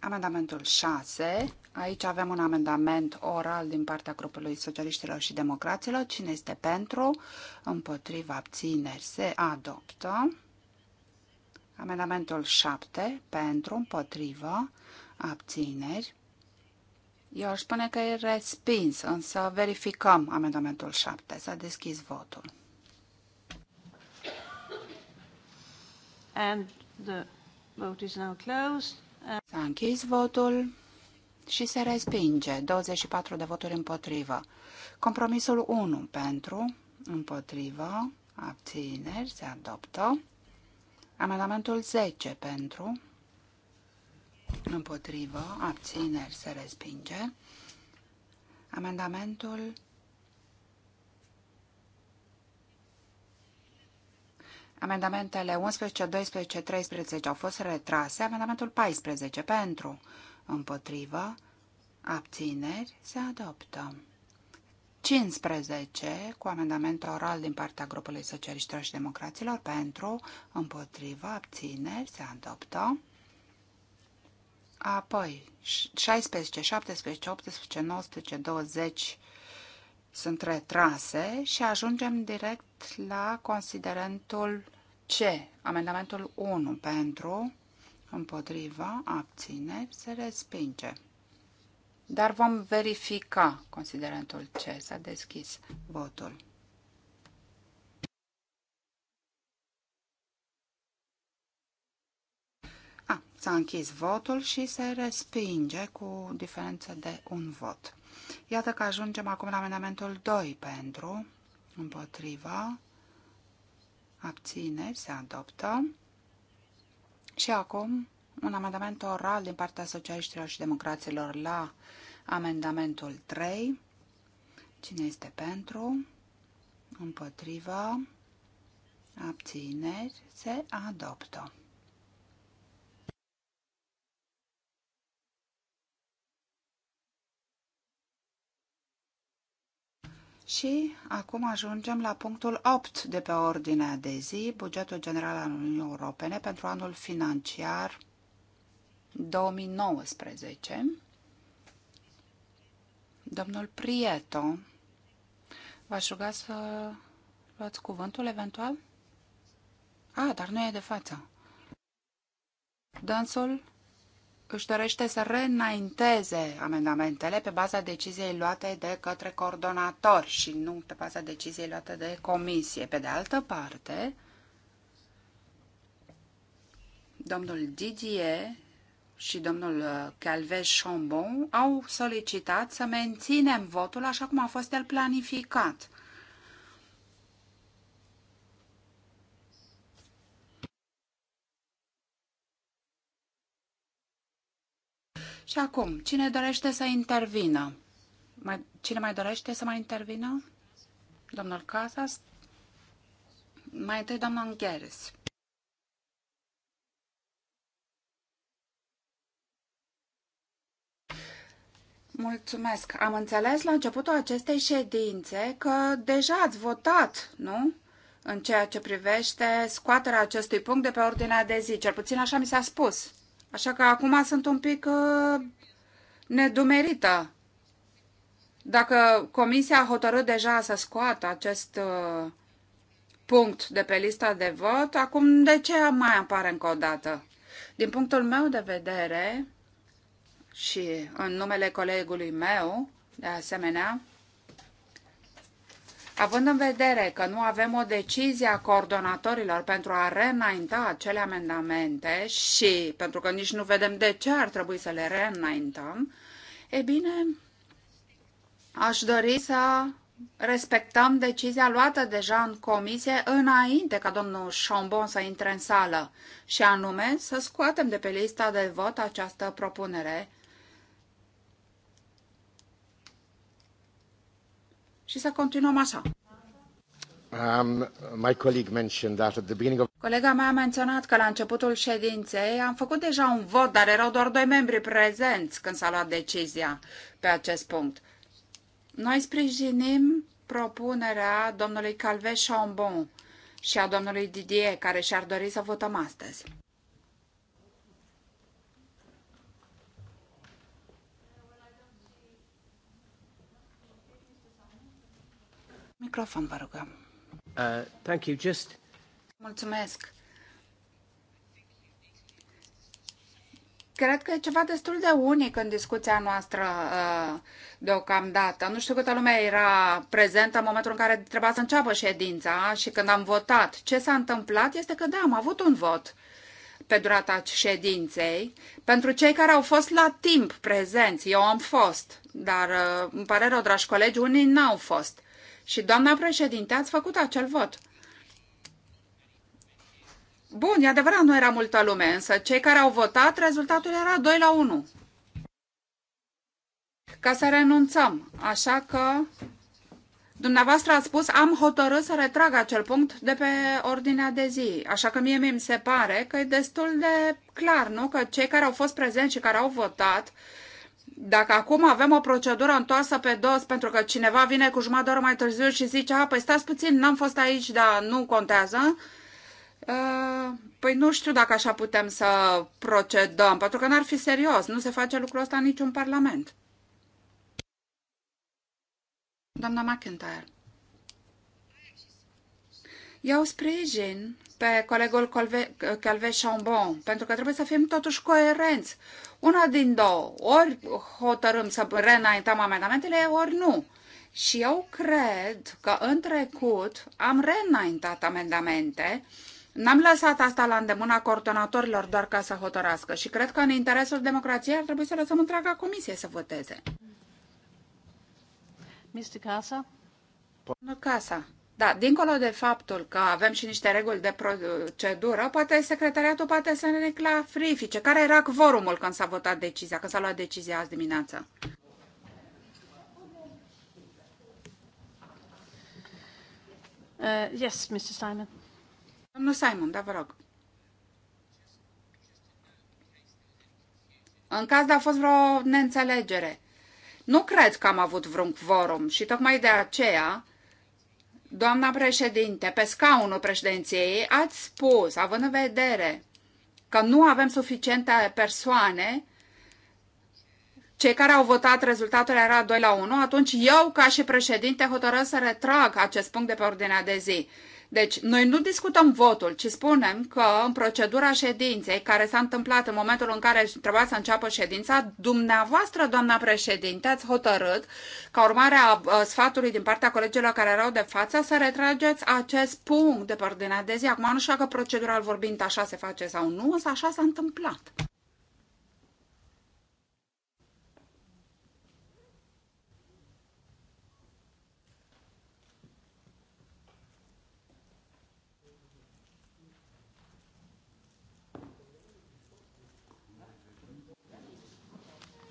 Amendamentul 6 Aici avem un amendament oral din partea grupului socialiștilor și democraților. Cine este pentru? Împotriva abțineri se adoptă. Amendamentul 7 pentru, împotrivă, abțineri. Eu aș spune că e respins, însă verificăm amendamentul 7. S-a deschis votul. And the vote is now closed. S-a închis votul și se respinge. 24 de voturi împotrivă. Compromisul 1 pentru, împotrivă, abțineri, se adoptă. Amendamentul 10 pentru, împotrivă, abțineri, se respinge. Amendamentul 11. Amendamentele 11, 12, 13 au fost retrase. Amendamentul 14 pentru, împotriva, abțineri, se adoptă. 15 cu amendament oral din partea grupului socialiștilor și democraților pentru, împotriva, abțineri, se adoptă. Apoi 16, 17, 18, 19, 20 sunt retrase și ajungem direct la considerentul C, amendamentul 1 pentru, împotriva, abțineri, se respinge. Dar vom verifica considerentul C s-a deschis votul. S-a închis votul și se respinge cu diferență de un vot. Iată că ajungem acum la amendamentul 2 pentru, împotriva, abțineri, se adoptă. Și acum, un amendament oral din partea socialiștilor și democraților la amendamentul 3. Cine este pentru? Împotriva? Abțineri? Se adoptă. Și acum ajungem la punctul 8 de pe ordinea de zi, bugetul general al Uniunii Europene pentru anul financiar 2019. Domnul Prieto, v-aș ruga să luați cuvântul eventual? A, dar nu e de față. Dansul își dorește să reînainteze amendamentele pe baza deciziei luate de către coordonator și nu pe baza deciziei luate de comisie. Pe de altă parte, domnul Didier și domnul uh, calvez Chambon au solicitat să menținem votul așa cum a fost el planificat. Și acum, cine dorește să intervină? Mai, cine mai dorește să mai intervină? Domnul Casas? Mai întâi doamna Angheres. Mulțumesc. Am înțeles la începutul acestei ședințe că deja ați votat, nu? În ceea ce privește scoaterea acestui punct de pe ordinea de zi. Cel puțin așa mi s-a spus. Așa că acum sunt un pic uh, nedumerită. Dacă comisia a hotărât deja să scoată acest uh, punct de pe lista de vot, acum de ce mai apare încă o dată? Din punctul meu de vedere și în numele colegului meu, de asemenea, Având în vedere că nu avem o decizie a coordonatorilor pentru a reînainta acele amendamente și pentru că nici nu vedem de ce ar trebui să le reînaintăm, e bine, aș dori să respectăm decizia luată deja în comisie înainte ca domnul Chambon să intre în sală și anume să scoatem de pe lista de vot această propunere și să continuăm așa. Um, my colleague mentioned that at the beginning of... Colega mea a menționat că la începutul ședinței am făcut deja un vot, dar erau doar doi membri prezenți când s-a luat decizia pe acest punct. Noi sprijinim propunerea domnului Calvet Chambon și a domnului Didier, care și-ar dori să votăm astăzi. Microfon, vă rugăm. Uh, thank you. Just... Mulțumesc. Cred că e ceva destul de unic în discuția noastră uh, deocamdată. Nu știu câtă lume era prezentă în momentul în care trebuia să înceapă ședința și când am votat. Ce s-a întâmplat este că, da, am avut un vot pe durata ședinței. Pentru cei care au fost la timp prezenți, eu am fost, dar uh, îmi pare rău, dragi colegi, unii n-au fost. Și, doamna președinte, ați făcut acel vot. Bun, e adevărat, nu era multă lume, însă cei care au votat, rezultatul era 2 la 1. Ca să renunțăm. Așa că dumneavoastră a spus, am hotărât să retrag acel punct de pe ordinea de zi. Așa că mie mi se pare că e destul de clar, nu? Că cei care au fost prezenți și care au votat dacă acum avem o procedură întoarsă pe dos pentru că cineva vine cu jumătate de oră mai târziu și zice, a, păi stați puțin, n-am fost aici, dar nu contează, ă, păi nu știu dacă așa putem să procedăm, pentru că n-ar fi serios, nu se face lucrul ăsta în niciun parlament. Doamna McIntyre. Eu sprijin pe colegul Calvé Chambon, pentru că trebuie să fim totuși coerenți. Una din două. Ori hotărâm să reînaintăm amendamentele, ori nu. Și eu cred că în trecut am reînaintat amendamente N-am lăsat asta la îndemâna coordonatorilor doar ca să hotărască și cred că în interesul democrației ar trebui să lăsăm întreaga comisie să voteze. Mr. Casa? Domnul Casa. Da, dincolo de faptul că avem și niște reguli de procedură, poate secretariatul poate să ne clarifice. Care era cvorumul când s-a votat decizia, când s-a luat decizia azi dimineață? Uh, yes, Mr. Simon. Domnul Simon, da, vă rog. În caz de a fost vreo neînțelegere, nu cred că am avut vreun quorum și tocmai de aceea Doamna președinte, pe scaunul președinției ați spus, având în vedere că nu avem suficiente persoane, cei care au votat rezultatul era 2 la 1, atunci eu, ca și președinte, hotărăsc să retrag acest punct de pe ordinea de zi. Deci, noi nu discutăm votul, ci spunem că în procedura ședinței care s-a întâmplat în momentul în care trebuia să înceapă ședința, dumneavoastră, doamna președinte, ați hotărât, ca urmare a sfatului din partea colegilor care erau de față, să retrageți acest punct de pe ordinea de zi. Acum nu știu dacă procedural vorbind așa se face sau nu, însă așa s-a întâmplat.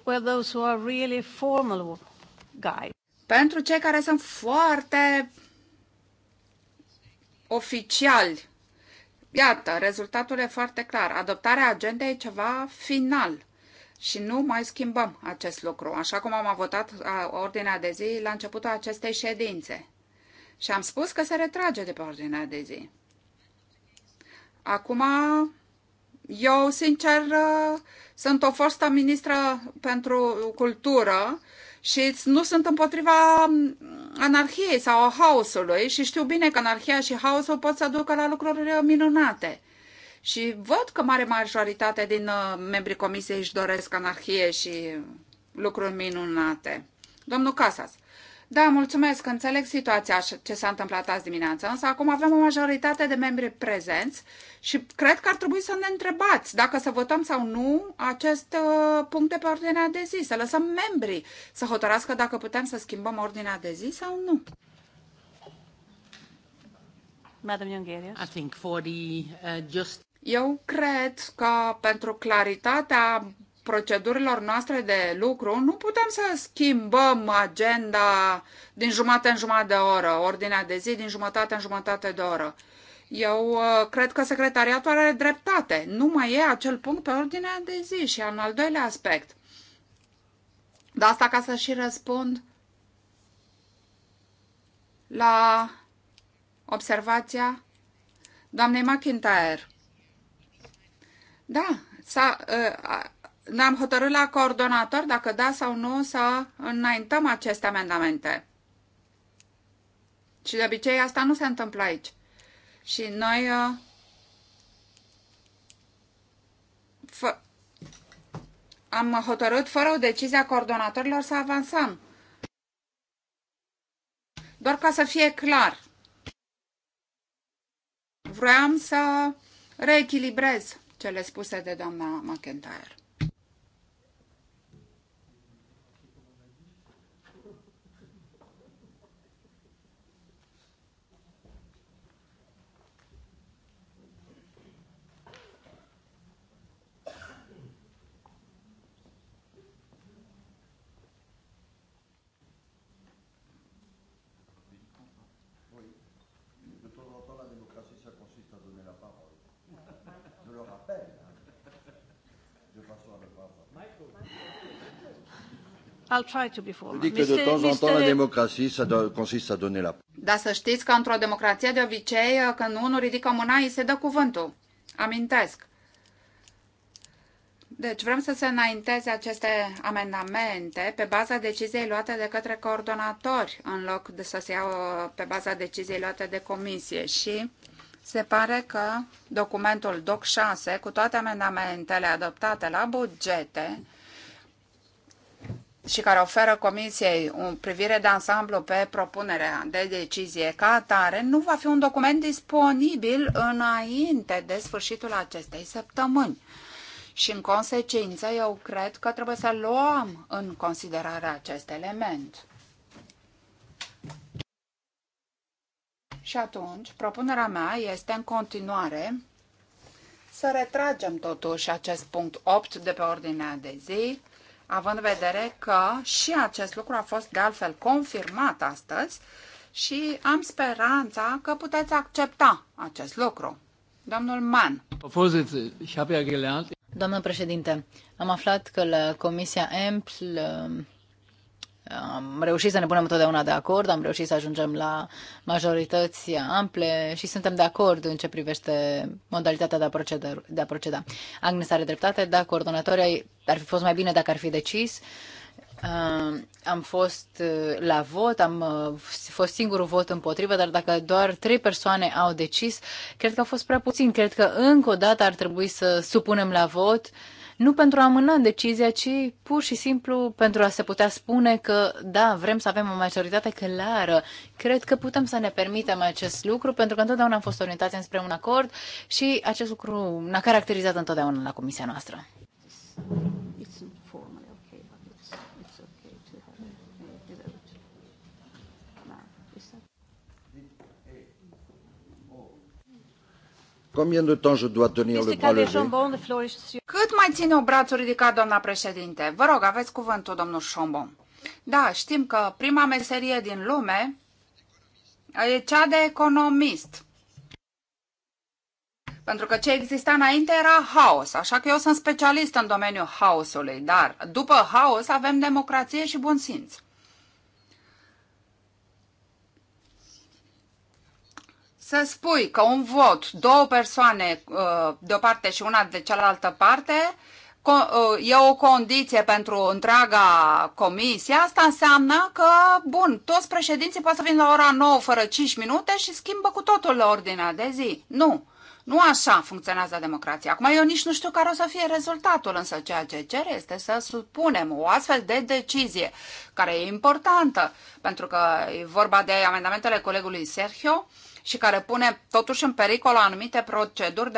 well, those who are really formal Pentru cei care sunt foarte oficiali, iată, rezultatul e foarte clar. Adoptarea agendei e ceva final și nu mai schimbăm acest lucru, așa cum am votat ordinea de zi la începutul acestei ședințe. Și am spus că se retrage de pe ordinea de zi. Acum eu, sincer, sunt o fostă ministră pentru cultură și nu sunt împotriva mm, anarhiei sau a haosului și știu bine că anarhia și haosul pot să ducă la lucruri minunate. Și văd că mare majoritate din uh, membrii comisiei își doresc anarhie și lucruri minunate. Domnul Casas, da, mulțumesc, înțeleg situația ce s-a întâmplat azi dimineața. însă acum avem o majoritate de membri prezenți și cred că ar trebui să ne întrebați dacă să votăm sau nu acest uh, punct de pe ordinea de zi, să lăsăm membrii să hotărască dacă putem să schimbăm ordinea de zi sau nu. Madam Jungerius. I think for the, uh, just... Eu cred că pentru claritatea procedurilor noastre de lucru, nu putem să schimbăm agenda din jumătate în jumătate de oră, ordinea de zi din jumătate în jumătate de oră. Eu uh, cred că secretariatul are dreptate. Nu mai e acel punct pe ordinea de zi și în al doilea aspect. De asta ca să și răspund la observația doamnei McIntyre. Da, s-a, uh, ne-am hotărât la coordonator dacă da sau nu să înaintăm aceste amendamente. Și de obicei asta nu se întâmplă aici. Și noi uh, am hotărât fără o decizie a coordonatorilor să avansăm. Doar ca să fie clar. Vroiam să reechilibrez cele spuse de doamna McIntyre. I'll try to be formal. Adică de temps en temps la democrație ça consiste à donner la Dar să știți că într-o democrație de obicei uh, când unul ridică mâna îi se dă cuvântul. Amintesc. Deci vrem să se înainteze aceste amendamente pe baza deciziei luate de către coordonatori în loc de să se iau uh, pe baza deciziei luate de comisie și se pare că documentul DOC 6 cu toate amendamentele adoptate la bugete și care oferă Comisiei o privire de ansamblu pe propunerea de decizie ca atare, nu va fi un document disponibil înainte de sfârșitul acestei săptămâni. Și în consecință, eu cred că trebuie să luăm în considerare acest element. Și atunci, propunerea mea este în continuare să retragem totuși acest punct 8 de pe ordinea de zi, având în vedere că și acest lucru a fost de altfel confirmat astăzi și am speranța că puteți accepta acest lucru. Domnul Mann. Domnul președinte, am aflat că la Comisia EMPL am reușit să ne punem întotdeauna de acord, am reușit să ajungem la majorități ample și suntem de acord în ce privește modalitatea de a proceda. De a proceda. Agnes are dreptate, da, coordonatorii ar fi fost mai bine dacă ar fi decis. am fost uh, la vot, am uh, fost singurul vot împotrivă, dar dacă doar trei persoane au decis, cred că a fost prea puțin. Cred că încă o dată ar trebui să supunem la vot uh, nu pentru a amâna decizia, ci pur și simplu pentru a se putea spune că, da, vrem să avem o majoritate clară. Cred că putem să ne permitem acest lucru, pentru că întotdeauna am fost orientați înspre un acord și acest lucru ne-a caracterizat întotdeauna la comisia noastră. It's Combien de temps je dois tenir le bras levé? Cât mai ține o brațul ridicat, doamna președinte? Vă rog, aveți cuvântul, domnul Șombon. Da, știm că prima meserie din lume e cea de economist. Pentru că ce exista înainte era haos, așa că eu sunt specialist în domeniul haosului, dar după haos avem democrație și bun simț. să spui că un vot, două persoane uh, de o parte și una de cealaltă parte, uh, e o condiție pentru întreaga comisie, asta înseamnă că, bun, toți președinții pot să vină la ora 9 fără 5 minute și schimbă cu totul la ordinea de zi. Nu. Nu așa funcționează democrația. Acum eu nici nu știu care o să fie rezultatul, însă ceea ce cer este să supunem o astfel de decizie, care e importantă, pentru că e vorba de amendamentele colegului Sergio, uh, și care pune totuși în pericol anumite proceduri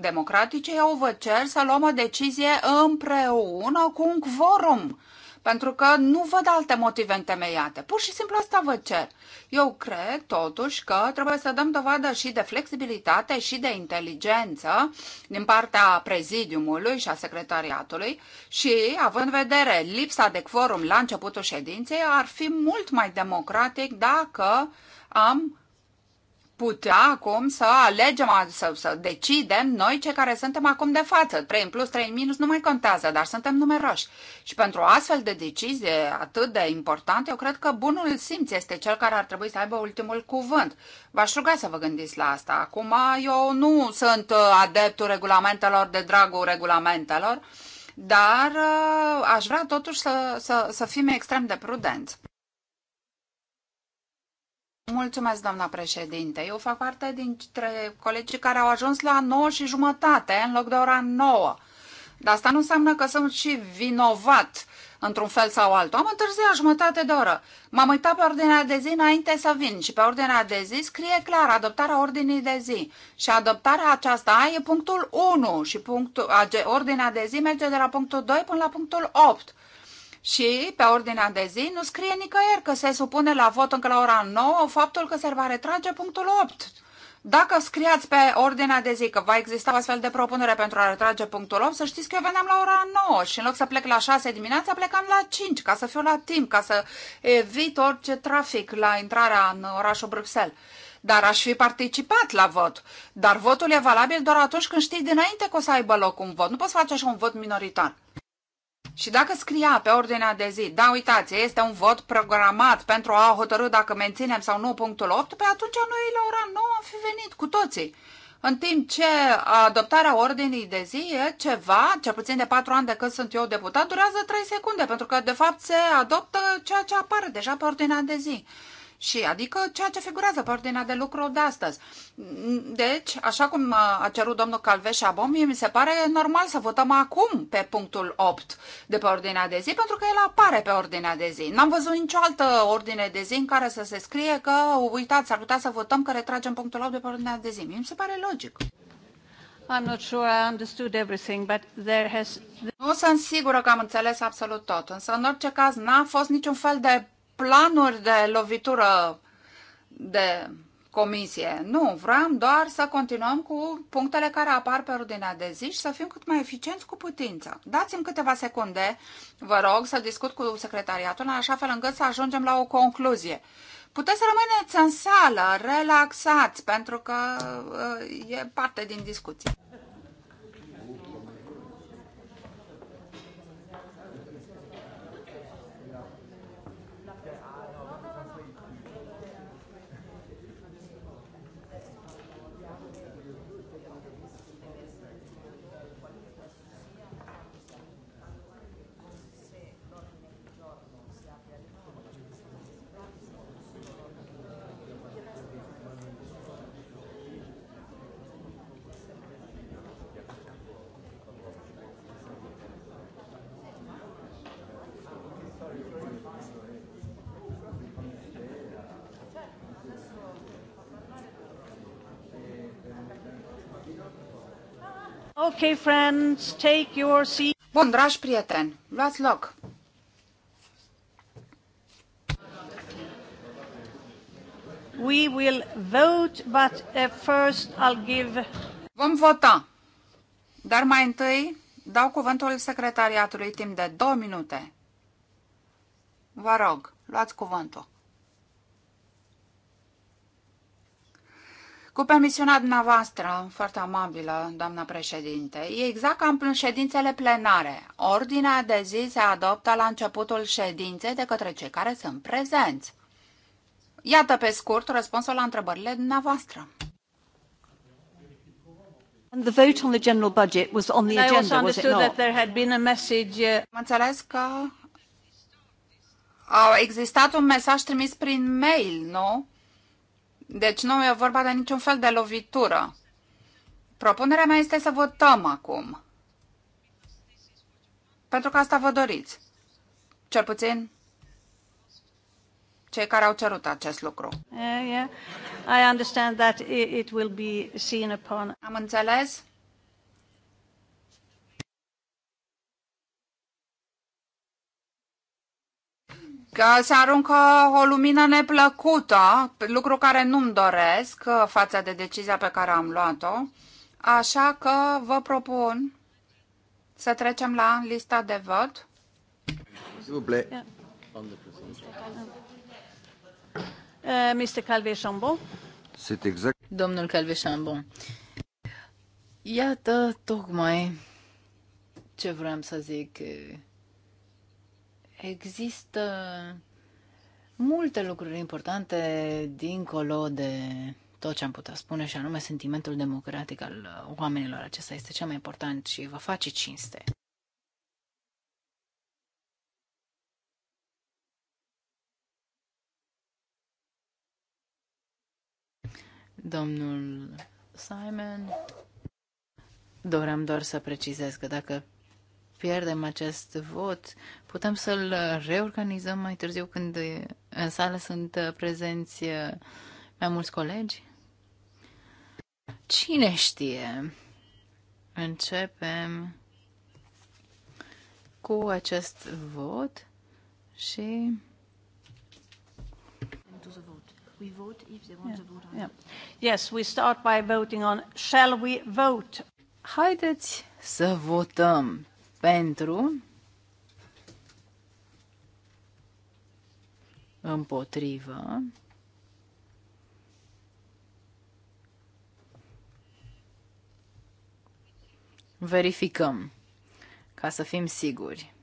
democratice, eu vă cer să luăm o decizie împreună cu un quorum pentru că nu văd alte motive întemeiate. Pur și simplu asta vă cer. Eu cred, totuși, că trebuie să dăm dovadă și de flexibilitate și de inteligență din partea prezidiumului și a secretariatului și, având în vedere lipsa de quorum la începutul ședinței, ar fi mult mai democratic dacă am putea acum să alegem, să, să decidem noi cei care suntem acum de față. 3 în plus, 3 în minus nu mai contează, dar suntem numeroși. Și pentru o astfel de decizie atât de importantă, eu cred că bunul simț este cel care ar trebui să aibă ultimul cuvânt. V-aș ruga să vă gândiți la asta. Acum eu nu sunt uh, adeptul regulamentelor de dragul regulamentelor, dar uh, aș vrea totuși să, să, să fim extrem de prudenți. Mulțumesc, doamna președinte. Eu fac parte dintre colegii care au ajuns la 9 și jumătate în loc de ora 9. Dar asta nu înseamnă că sunt și vinovat într-un fel sau altul. Am întârziat jumătate de oră. M-am uitat pe ordinea de zi înainte să vin și pe ordinea de zi scrie clar adoptarea ordinii de zi. Și adoptarea aceasta e punctul 1 și punctul, ordinea de zi merge de la punctul 2 până la punctul 8 și pe ordinea de zi nu scrie nicăieri că se supune la vot încă la ora 9 faptul că se va retrage punctul 8. Dacă scriați pe ordinea de zi că va exista o astfel de propunere pentru a retrage punctul 8, să știți că eu veneam la ora 9 și în loc să plec la 6 dimineața, plecam la 5 ca să fiu la timp, ca să evit orice trafic la intrarea în orașul Bruxelles dar aș fi participat la vot. Dar votul e valabil doar atunci când știi dinainte că o să aibă loc un vot. Nu poți face așa un vot minoritar. Și dacă scria pe ordinea de zi, da, uitați, este un vot programat pentru a hotărâ dacă menținem sau nu punctul 8, pe păi atunci noi la ora 9 am fi venit cu toții. În timp ce adoptarea ordinii de zi e ceva, cel puțin de patru ani de când sunt eu deputat, durează 3 secunde, pentru că de fapt se adoptă ceea ce apare deja pe ordinea de zi și adică ceea ce figurează pe ordinea de lucru de astăzi. Deci, așa cum a cerut domnul Calveș Abom, mi se pare normal să votăm acum pe punctul 8 de pe ordinea de zi, pentru că el apare pe ordinea de zi. N-am văzut nicio altă ordine de zi în care să se scrie că, uitați, ar putea să votăm că retragem punctul 8 de pe ordinea de zi. Mie mi se pare logic. I'm not sure I understood everything, but there has... Nu sunt sigură că am înțeles absolut tot, însă în orice caz n-a fost niciun fel de planuri de lovitură de comisie. Nu, vreau doar să continuăm cu punctele care apar pe ordinea de zi și să fim cât mai eficienți cu putință. Dați-mi câteva secunde, vă rog, să discut cu secretariatul în așa fel încât să ajungem la o concluzie. Puteți să rămâneți în sală, relaxați, pentru că uh, e parte din discuție. Okay, friends, take your seat. Bun, dragi prieteni, luați loc. We will vote, but uh, first I'll give... Vom vota, dar mai întâi dau cuvântul secretariatului timp de două minute. Vă rog, luați cuvântul. Cu permisiunea dumneavoastră, foarte amabilă, doamna președinte, e exact ca în ședințele plenare. Ordinea de zi se adoptă la începutul ședinței de către cei care sunt prezenți. Iată pe scurt răspunsul la întrebările dumneavoastră. And the vote on the general budget was on the agenda, I was it not? That there had been a message. Uh... Am înțeles că a existat un mesaj trimis prin mail, nu? Deci nu e vorba de niciun fel de lovitură. Propunerea mea este să votăm acum. Pentru că asta vă doriți. Cel puțin cei care au cerut acest lucru. Yeah, yeah. I understand that it will be seen upon. Am înțeles că se aruncă o lumină neplăcută, lucru care nu-mi doresc uh, față de decizia pe care am luat-o. Așa că vă propun să trecem la lista de vot. Mr. Calvi Sunt Exact... Domnul Calvi chambon Iată tocmai ce vreau să zic uh, Există multe lucruri importante dincolo de tot ce am putea spune și anume sentimentul democratic al oamenilor. Acesta este cel mai important și vă face cinste. Domnul Simon, doream doar să precizez că dacă pierdem acest vot, putem să-l reorganizăm mai târziu când în sală sunt prezenți mai mulți colegi? Cine știe? Începem cu acest vot și... We vote if they want yeah. to vote on yeah. Yes, we start by voting on shall we vote? Haideți să votăm pentru, împotrivă, verificăm ca să fim siguri.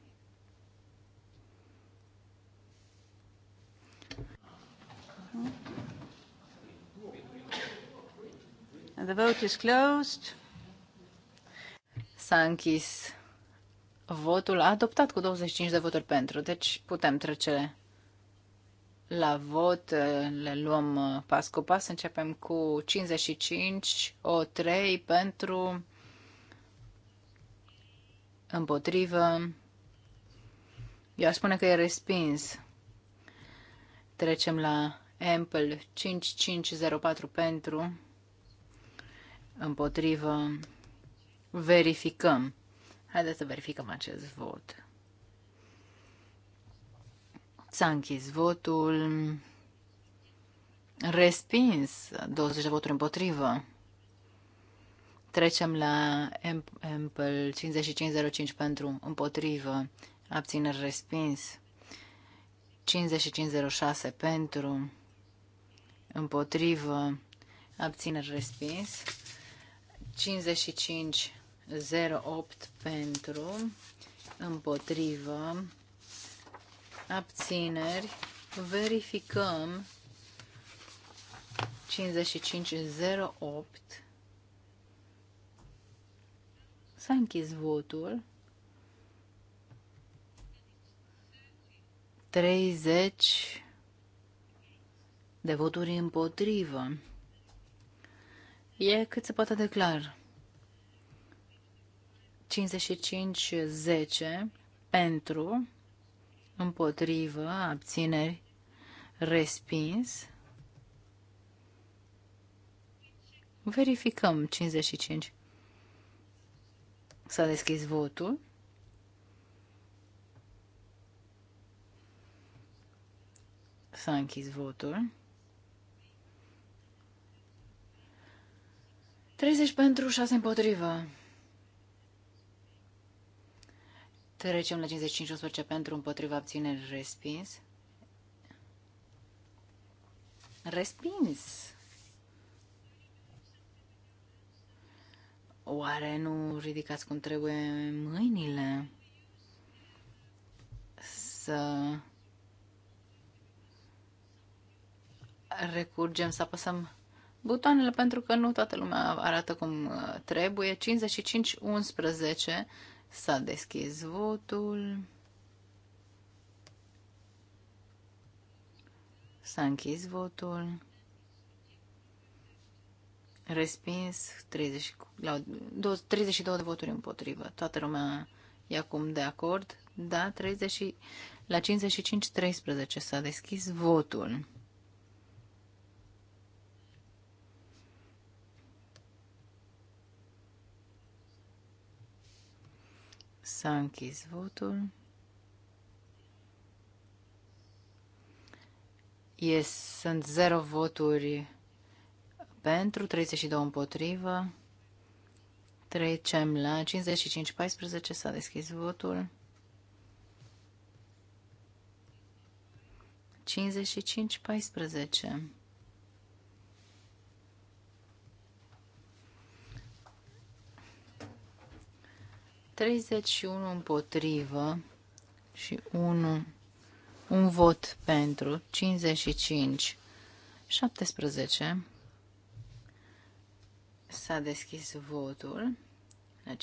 And the vote is closed. Sankis. Votul a adoptat cu 25 de voturi pentru, deci putem trece la vot, le luăm uh, pas cu pas, începem cu 55, o 3 pentru, împotrivă, eu aș spune că e respins. Trecem la Ample 5504 pentru, împotrivă, verificăm. Haideți să verificăm acest vot. S-a închis votul. Respins 20 de voturi împotrivă. Trecem la Ample 5505 pentru împotrivă. Abțineri respins. 5506 pentru împotrivă. Abțineri respins. 55 08 pentru, împotrivă, abțineri, verificăm 5508. S-a închis votul. 30 de voturi împotrivă. E cât se poate declara. 55-10 pentru, împotrivă, abțineri, respins. Verificăm 55. S-a deschis votul. S-a închis votul. 30 pentru, 6 împotrivă. Trecem la 55 pentru împotriva abțineri respins. Respins. Oare nu ridicați cum trebuie mâinile? Să recurgem, să apăsăm butoanele pentru că nu toată lumea arată cum trebuie. 55-11 S-a deschis votul. S-a închis votul. Respins 30, la 32 de voturi împotrivă. Toată lumea e acum de acord. Da, 30, la 55-13 s-a deschis votul. S-a închis votul. Yes, sunt 0 voturi pentru, 32 împotrivă. Trecem la 55-14, s-a deschis votul. 55-14. 31 împotrivă și 1, un vot pentru, 55, 17. S-a deschis votul la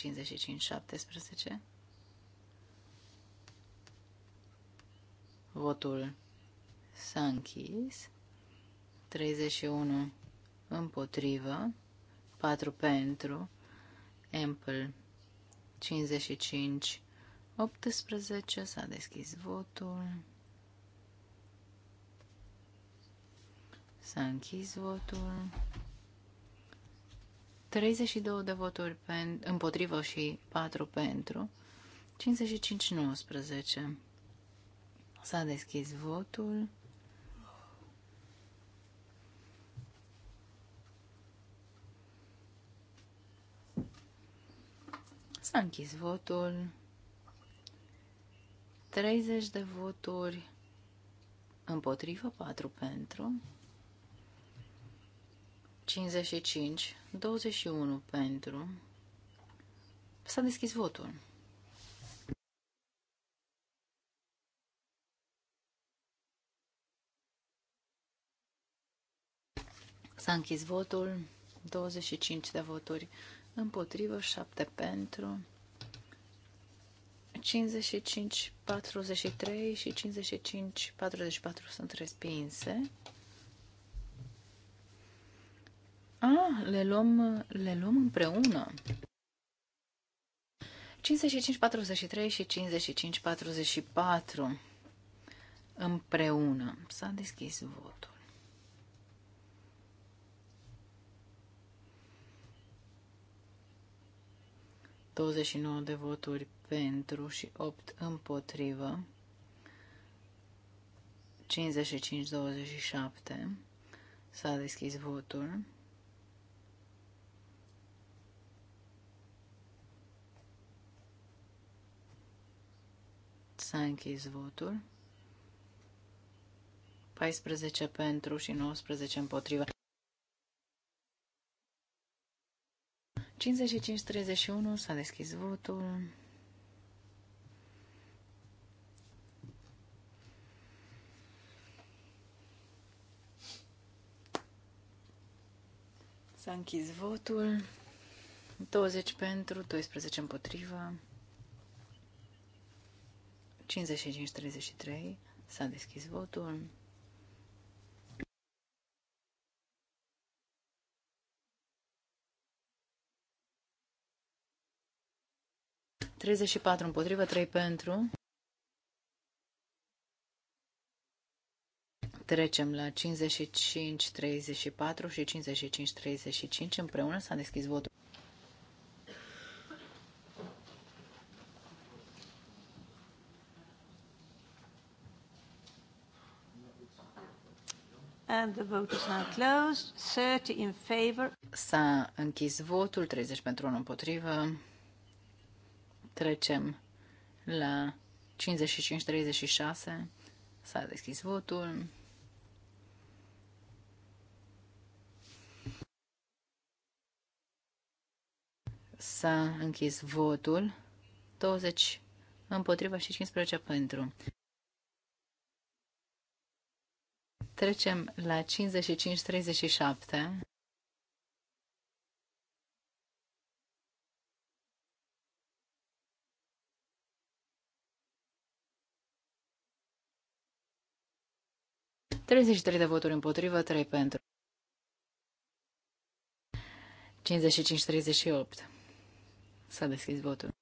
55-17. Votul s-a închis. 31 împotrivă, 4 pentru, Ample 55, 18, s-a deschis votul. S-a închis votul. 32 de voturi pen, împotrivă și 4 pentru. 55-19. S-a deschis votul. S-a închis votul. 30 de voturi împotrivă, 4 pentru. 55, 21 pentru. S-a deschis votul. S-a închis votul, 25 de voturi împotrivă, 7 pentru, 55, 43 și 55, 44 sunt respinse. Ah, le luăm, le luăm împreună. 55, 43 și 55, 44 împreună. S-a deschis votul. 29 de voturi pentru și 8 împotrivă, 55-27, s-a deschis votul. S-a închis votul. 14 pentru și 19 împotriva. 55-31 s-a deschis votul. S-a închis votul. 20 pentru, 12 împotriva. 55-33 s-a deschis votul. 34 împotrivă, 3 pentru. Trecem la 55-34 și 55-35 împreună. S-a deschis votul. And the vote is now closed. 30 in favor. S-a închis votul, 30 pentru 1 împotrivă. Trecem la 55-36. S-a deschis votul. S-a închis votul. 20 împotriva și 15 pentru. Trecem la 55-37. 33 de voturi împotrivă, 3 pentru. 55-38. S-a deschis votul.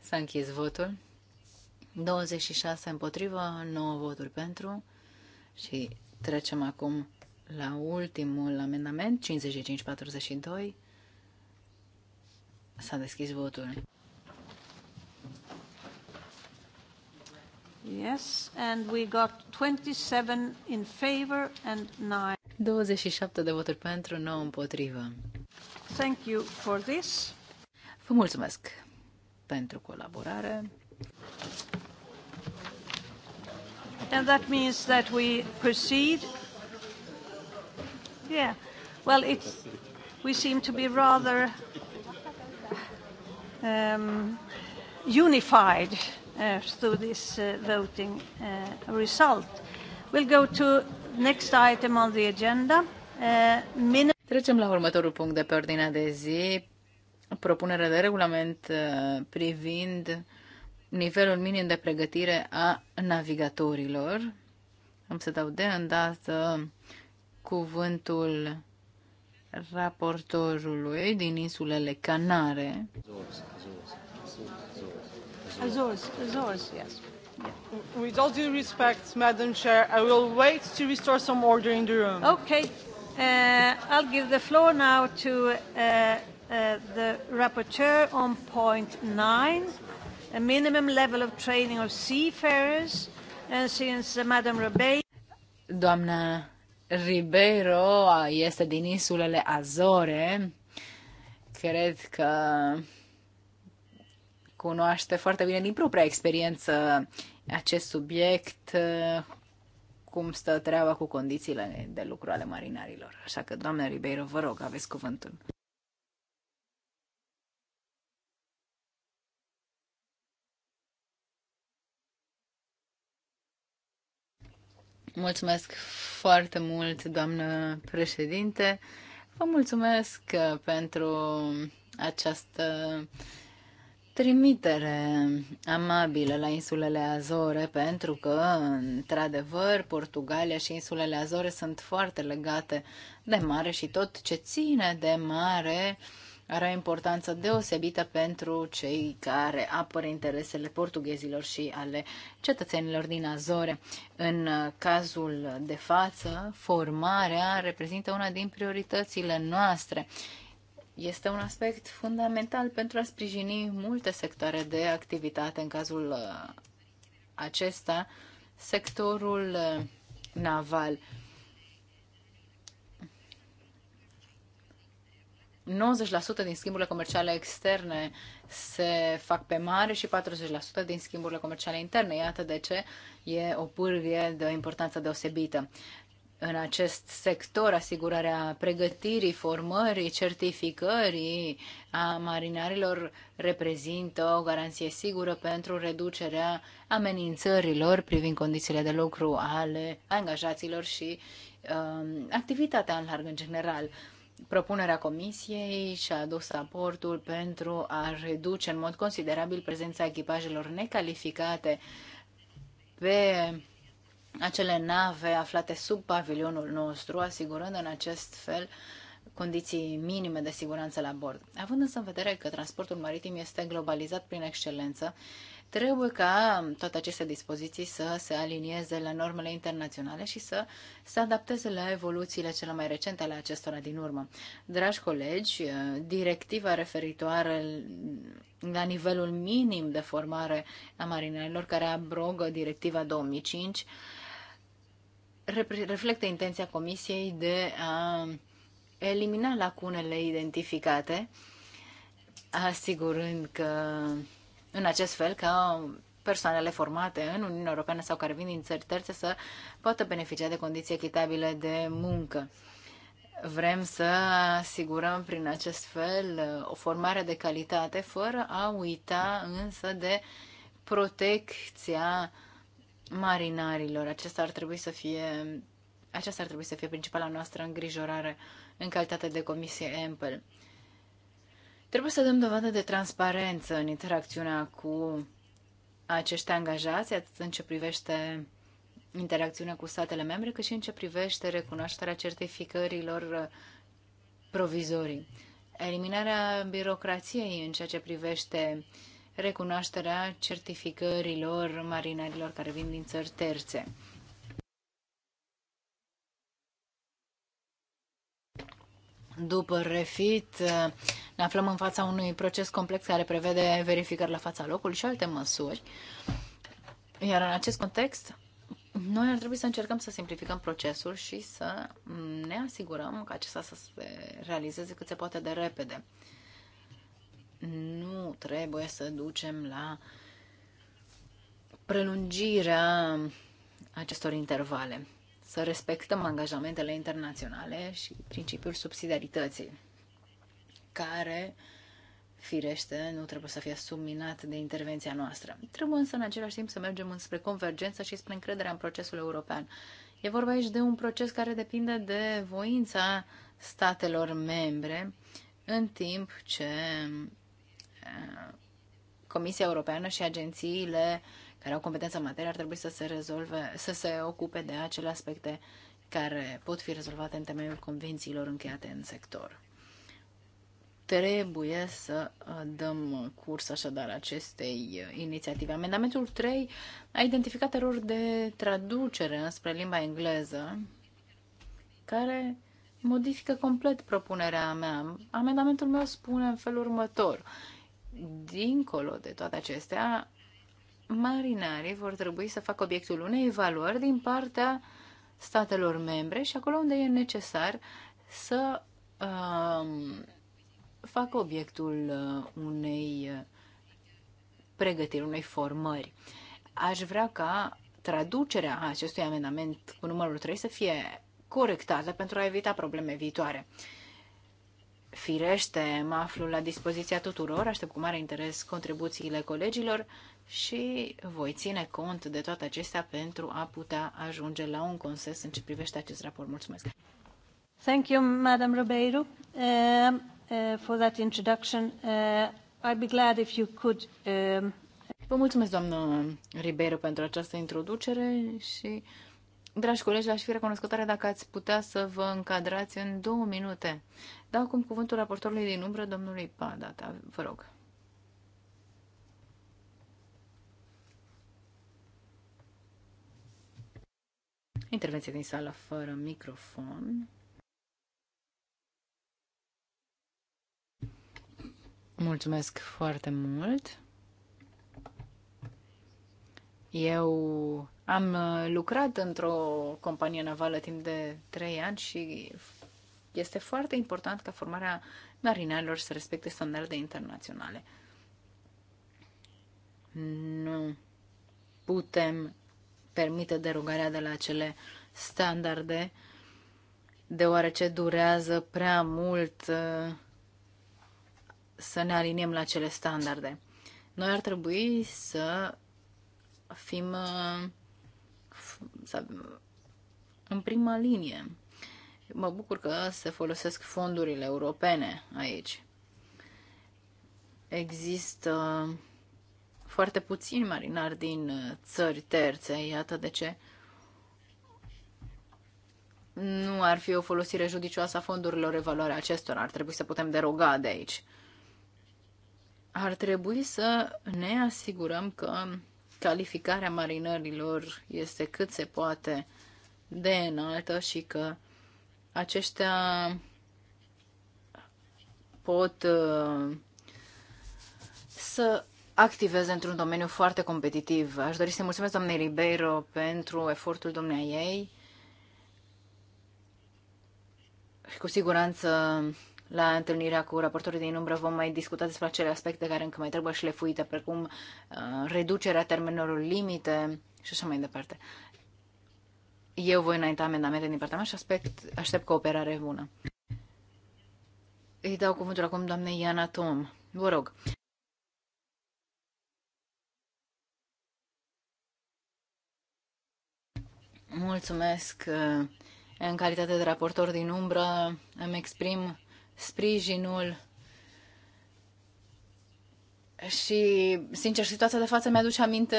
S-a închis votul. 26 împotrivă, 9 voturi pentru. Și trecem acum la ultimul amendament, 55-42. S-a deschis votul. 27 27 de voturi pentru, 9 împotrivă. Thank you for this. Vă mulțumesc pentru colaborare. And that means that we proceed. Yeah. Well, it's we seem to be rather um, unified Uh, through this uh, voting uh, result. We'll go to next item on the agenda. Trecem la următorul punct de pe ordinea de zi, propunerea de regulament privind nivelul minim de pregătire a navigatorilor. Am să dau de îndată cuvântul raportorului din insulele Canare. Azores, Azores, Azores, Azores, Azores, yes. With all due respect, Madam Chair, I will wait to restore some order in the room. Okay. Uh, I'll give the floor now to uh, uh, the rapporteur on point nine, a minimum level of training of seafarers. And since uh, Madam Ribeiro... Doamna Ribeiro este din insulele Azore. Cred că cunoaște foarte bine din propria experiență acest subiect, cum stă treaba cu condițiile de lucru ale marinarilor. Așa că, doamne Ribeiro, vă rog, aveți cuvântul. Mulțumesc foarte mult, doamnă președinte. Vă mulțumesc uh, pentru această trimitere amabilă la insulele Azore, pentru că, într-adevăr, Portugalia și insulele Azore sunt foarte legate de mare și tot ce ține de mare are o importanță deosebită pentru cei care apără interesele portughezilor și ale cetățenilor din Azore. În cazul de față, formarea reprezintă una din prioritățile noastre este un aspect fundamental pentru a sprijini multe sectoare de activitate. În cazul uh, acesta, sectorul uh, naval. 90% din schimburile comerciale externe se fac pe mare și 40% din schimburile comerciale interne. Iată de ce e o pârghie de o importanță deosebită în acest sector, asigurarea pregătirii, formării, certificării a marinarilor reprezintă o garanție sigură pentru reducerea amenințărilor privind condițiile de lucru ale angajaților și um, activitatea în larg în general. Propunerea comisiei și-a adus aportul pentru a reduce în mod considerabil prezența echipajelor necalificate pe acele nave aflate sub pavilionul nostru, asigurând în acest fel condiții minime de siguranță la bord. Având însă în vedere că transportul maritim este globalizat prin excelență, trebuie ca toate aceste dispoziții să se alinieze la normele internaționale și să se adapteze la evoluțiile cele mai recente ale acestora din urmă. Dragi colegi, directiva referitoare la nivelul minim de formare a marinerilor, care abrogă directiva 2005, reflectă intenția Comisiei de a elimina lacunele identificate, asigurând că în acest fel că persoanele formate în Uniunea Europeană sau care vin din țări terțe să poată beneficia de condiții echitabile de muncă. Vrem să asigurăm prin acest fel o formare de calitate, fără a uita însă de protecția uh, marinarilor. Acesta ar trebui să fie, aceasta ar trebui să fie principala noastră îngrijorare în calitate de comisie Ample. Trebuie să dăm dovadă de transparență în interacțiunea cu acești angajați, atât în ce privește interacțiunea cu statele membre, cât și în ce privește recunoașterea certificărilor provizorii. Eliminarea birocrației în ceea ce privește uh, recunoașterea certificărilor marinarilor care vin din țări terțe. După refit, ne aflăm în fața unui proces complex care prevede verificări la fața locului și alte măsuri. Iar în acest context, noi ar trebui să încercăm să simplificăm procesul și să ne asigurăm că acesta să se realizeze cât se poate de repede nu trebuie să ducem la prelungirea acestor intervale, să respectăm angajamentele internaționale și principiul subsidiarității, care, firește, nu trebuie să fie subminat de intervenția noastră. Trebuie însă, în același timp, să mergem înspre convergență și spre încrederea în procesul european. E vorba aici de un proces care depinde de voința statelor membre, în timp ce Comisia Europeană și agențiile care au competență în materie ar trebui să se rezolve, să se ocupe de acele aspecte care pot fi rezolvate în temeiul convențiilor încheiate în sector. Trebuie să uh, dăm curs așadar acestei uh, inițiative. Amendamentul 3 a identificat erori de traducere spre limba engleză care modifică complet propunerea mea. Amendamentul meu spune în felul următor. Dincolo de toate acestea, marinarii vor trebui să facă obiectul unei evaluări din partea statelor membre și acolo unde e necesar să uh, facă obiectul uh, unei uh, pregătiri, unei formări. Aș vrea ca traducerea acestui amendament cu numărul 3 să fie corectată pentru a evita probleme viitoare. Uh, Firește, mă aflu la dispoziția tuturor, aștept cu mare interes contribuțiile colegilor și voi ține cont de toate acestea pentru a putea ajunge la un consens în ce privește acest raport. Mulțumesc! Thank you, Madam Ribeiro, uh, uh, for that introduction. Uh, I'd be glad if you could... Uh... Vă mulțumesc, doamnă Ribeiro, pentru această introducere și Dragi colegi, aș fi recunoscătoare dacă ați putea să vă încadrați în două minute. Dau acum cuvântul raportorului din umbră, domnului Padata. Vă rog. Intervenție din sală fără microfon. Mulțumesc foarte mult. Eu am uh, lucrat într-o companie navală timp de trei ani și este foarte important ca formarea marinarilor să respecte standarde internaționale. Nu putem permite derogarea de la acele standarde, deoarece durează prea mult uh, să ne aliniem la acele standarde. Noi ar trebui să fim uh, în prima linie. Mă bucur că se folosesc fondurile europene aici. Există foarte puțini marinari din uh, țări terțe, iată de ce nu ar fi o folosire judicioasă a fondurilor evaluare acestora. Ar trebui să putem deroga de aici. Ar trebui să ne asigurăm că calificarea marinărilor este cât se poate de înaltă și că aceștia pot uh, să activeze într-un domeniu foarte competitiv. Aș dori să mulțumesc doamnei Ribeiro pentru efortul domnea ei. Și cu siguranță la întâlnirea cu raportorii din umbră vom mai discuta despre acele aspecte care încă mai trebuie le fuite, precum uh, reducerea termenelor limite și așa mai departe. Eu voi înainta amendamente din partea mea și aspect, aștept cooperare bună. Îi dau cuvântul acum doamnei Iana Tom. Vă rog. Mulțumesc. Uh, în calitate de raportor din umbră îmi exprim sprijinul și, sincer, situația de față mi-aduce aminte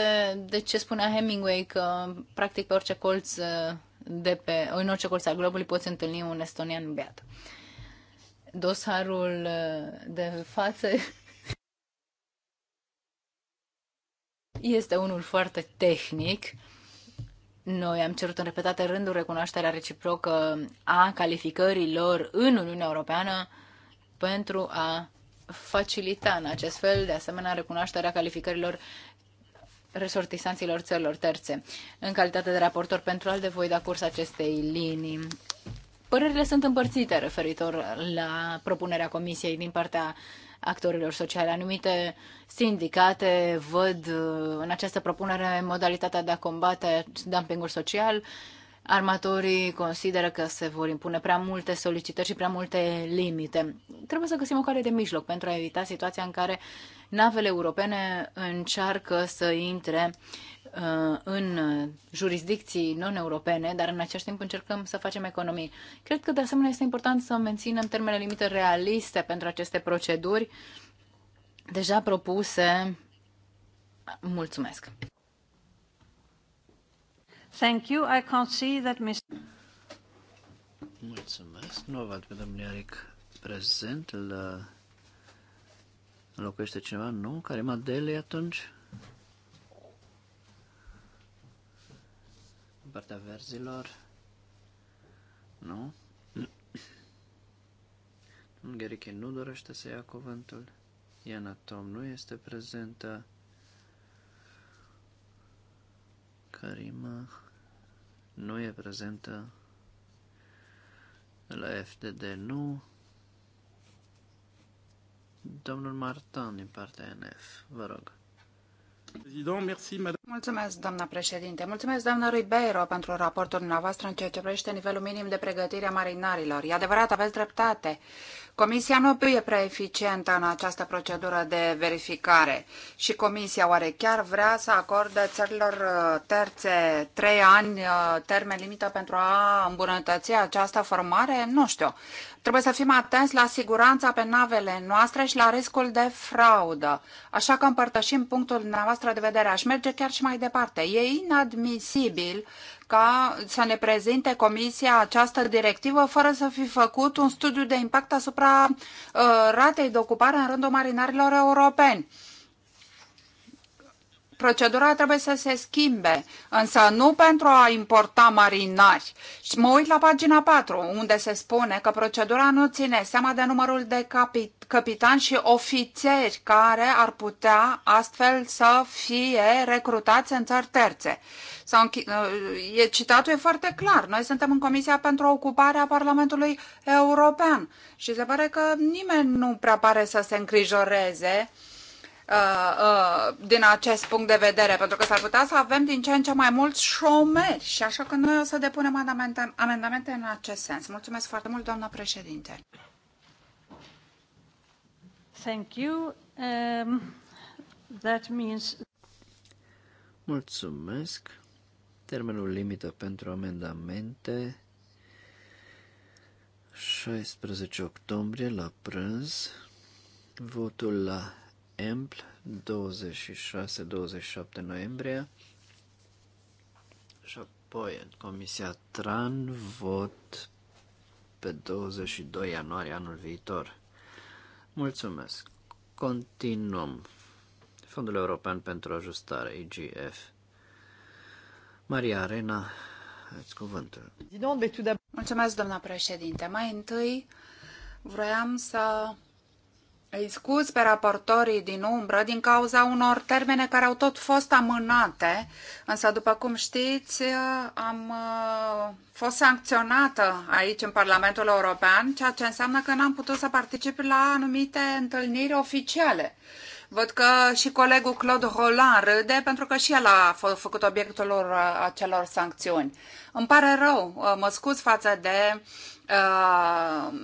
de ce spunea Hemingway, că, practic, pe orice colț uh, de pe, în orice colț al globului poți întâlni un estonian beat. Dosarul uh, de față este unul foarte tehnic noi am cerut în repetate rânduri recunoașterea reciprocă a calificărilor în Uniunea Europeană pentru a facilita în acest fel, de asemenea, recunoașterea calificărilor resortisanților țărilor terțe. În calitate de raportor pentru al de voi da curs acestei linii. Părerile sunt împărțite referitor la propunerea Comisiei din partea uh, actorilor sociale. Anumite sindicate văd uh, în această propunere modalitatea de a combate dumpingul social armatorii consideră că se vor impune prea multe solicitări și prea multe limite. Trebuie să găsim o cale de mijloc pentru a evita situația în care navele europene încearcă să intre uh, în jurisdicții non-europene, dar în același timp încercăm să facem economii. Cred că de asemenea este important să menținem termene limite realiste pentru aceste proceduri deja propuse. Mulțumesc! Thank you. I can't see that Mr. Mulțumesc. Nu văd pe domnul Iaric prezent. Îl uh, locuiește cineva nu? Care mă dele atunci? În partea verzilor? Nu? Domnul Gheriche nu dorește să ia cuvântul. Iana Tom nu este prezentă. Karima nu e prezentă, la FDD nu, domnul Martin din partea NF, vă rog. Mulțumesc, doamna președinte. Mulțumesc, doamna Ribeiro, pentru raportul dumneavoastră în ceea ce privește nivelul minim de pregătire a marinarilor. E adevărat, aveți dreptate. Comisia nu e prea eficientă în această procedură de verificare și Comisia oare chiar vrea să acorde țărilor uh, terțe trei ani uh, termen limită pentru a îmbunătăți această formare? Nu știu. Trebuie să fim atenți la siguranța pe navele noastre și la riscul de fraudă. Așa că împărtășim punctul dumneavoastră de vedere. Aș merge chiar și mai departe. E inadmisibil ca să ne prezinte Comisia această directivă fără să fi făcut un studiu de impact asupra uh, ratei de ocupare în rândul marinarilor europeni procedura trebuie să se schimbe, însă nu pentru a importa marinari. Și mă uit la pagina 4, unde se spune că procedura nu ține seama de numărul de capit capitani și ofițeri care ar putea astfel să fie recrutați în țări terțe. Sau, e, citatul e foarte clar. Noi suntem în Comisia pentru Ocuparea Parlamentului European și se pare că nimeni nu prea pare să se îngrijoreze Uh, uh, din acest punct de vedere, pentru că s-ar putea să avem din ce în ce mai mulți șomeri și așa că noi o să depunem amendamente, amendamente în acest sens. Mulțumesc foarte mult, doamna președinte. Thank you. Um, that means... Mulțumesc. Termenul limită pentru amendamente 16 octombrie la prânz. Votul la Ample, 26-27 noiembrie și apoi în Comisia TRAN vot pe 22 ianuarie anul viitor. Mulțumesc! Continuăm. Fondul European pentru Ajustare, IGF. Maria Arena, ați cuvântul. Mulțumesc, doamna președinte. Mai întâi vroiam să îi scuz pe raportorii din umbră din cauza unor termene care au tot fost amânate, însă, după cum știți, am uh, fost sancționată aici în Parlamentul European, ceea ce înseamnă că n-am putut să particip la anumite întâlniri oficiale. Văd că și colegul Claude Roland râde pentru că și el a făcut obiectul lor uh, acelor sancțiuni. Îmi pare rău, uh, mă scuz față de Uh,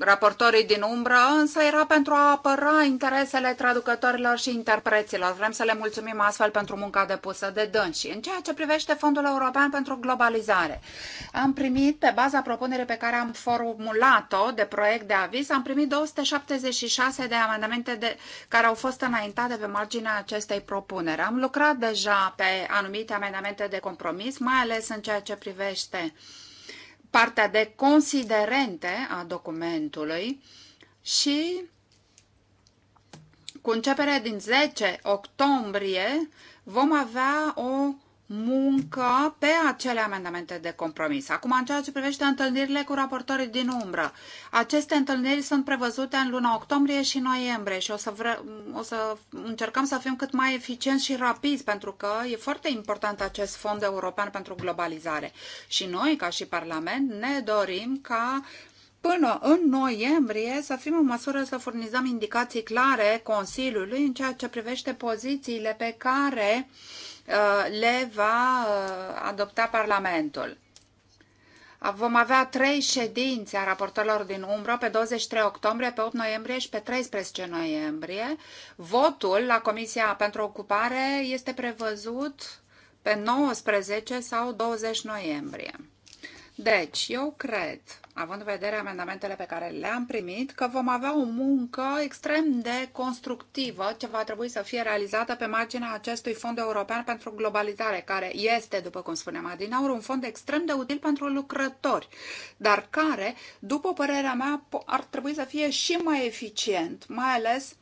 raportorii din umbră, însă era pentru a apăra interesele traducătorilor și interpreților. Vrem să le mulțumim astfel pentru munca depusă de dânsi. În ceea ce privește Fondul European pentru Globalizare, am primit, pe baza propunerii pe care am formulat-o de proiect de aviz, am primit 276 de amendamente de, care au fost înaintate pe marginea acestei propuneri. Am lucrat deja pe anumite amendamente de compromis, mai ales în ceea ce privește uh, partea de considerente a documentului și cu începere din 10 octombrie vom avea o muncă pe acele amendamente de compromis. Acum, în ceea ce privește întâlnirile cu raportorii din umbră, aceste întâlniri sunt prevăzute în luna octombrie și noiembrie și o să, vre- o să încercăm să fim cât mai eficienți și rapizi, pentru că e foarte important acest fond european pentru globalizare. Și noi, ca și Parlament, ne dorim ca până în noiembrie să fim în măsură să furnizăm indicații clare Consiliului în ceea ce privește pozițiile pe care uh, Uh, le va uh, adopta Parlamentul. Vom avea trei ședințe a raportorilor din umbră pe 23 octombrie, pe 8 noiembrie și pe 13 noiembrie. Votul la Comisia pentru Ocupare este prevăzut pe 19 sau 20 noiembrie. Deci, eu cred având în vedere amendamentele pe care le-am primit, că vom avea o muncă extrem de constructivă ce va trebui să fie realizată pe marginea acestui Fond European pentru Globalizare, care este, după cum spuneam adinaur, un fond extrem de util pentru lucrători, dar care, după părerea mea, ar trebui să fie și mai eficient, mai ales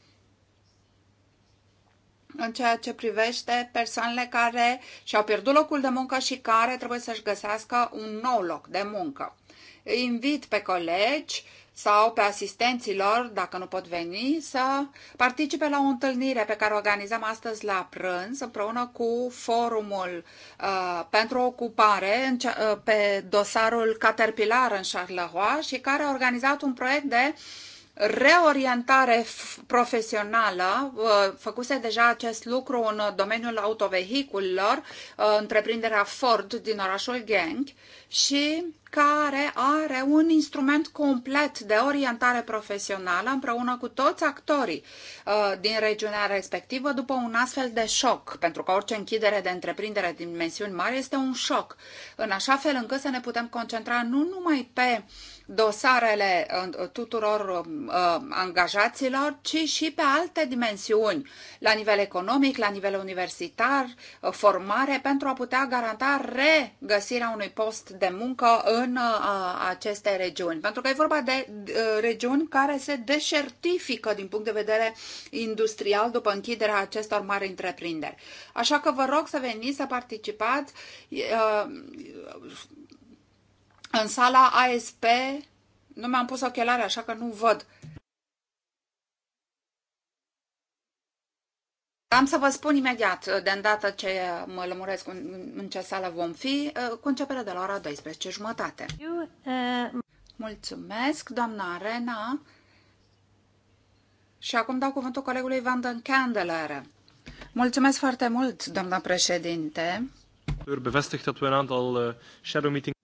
în ceea ce privește persoanele care și-au pierdut locul de muncă și care trebuie să-și găsească un nou loc de muncă. Îi invit pe colegi sau pe asistenții lor, dacă nu pot veni, să participe la o întâlnire pe care o organizăm astăzi la prânz împreună cu forumul uh, pentru ocupare în cea, uh, pe dosarul Caterpillar în Charleroi și care a organizat un proiect de reorientare profesională, uh, făcuse deja acest lucru în domeniul autovehiculelor, uh, întreprinderea Ford din orașul Genk și care are un instrument complet de orientare profesională împreună cu toți actorii uh, din regiunea respectivă după un astfel de șoc, pentru că orice închidere de întreprindere din dimensiuni mari este un șoc, în așa fel încât să ne putem concentra nu numai pe uh, dosarele tuturor uh, angajaților, ci și pe alte dimensiuni, la nivel economic, la nivel universitar, uh, formare, pentru a putea garanta regăsirea unui post de muncă în uh, aceste regiuni. Pentru că e vorba de regiuni care se deșertifică din punct de vedere industrial după închiderea acestor mari întreprinderi. Așa că vă rog să veniți să participați în sala ASP nu mi-am pus ochelare, așa că nu văd. Am să vă spun imediat, de îndată ce mă lămuresc în ce sală vom fi, cu începere de la ora 12 jumătate. Uh, Mulțumesc, doamna Arena. Și acum dau cuvântul colegului Van den Candelare. Mulțumesc foarte mult, doamna președinte. Bevestigt dat we een aantal eh, shadow meeting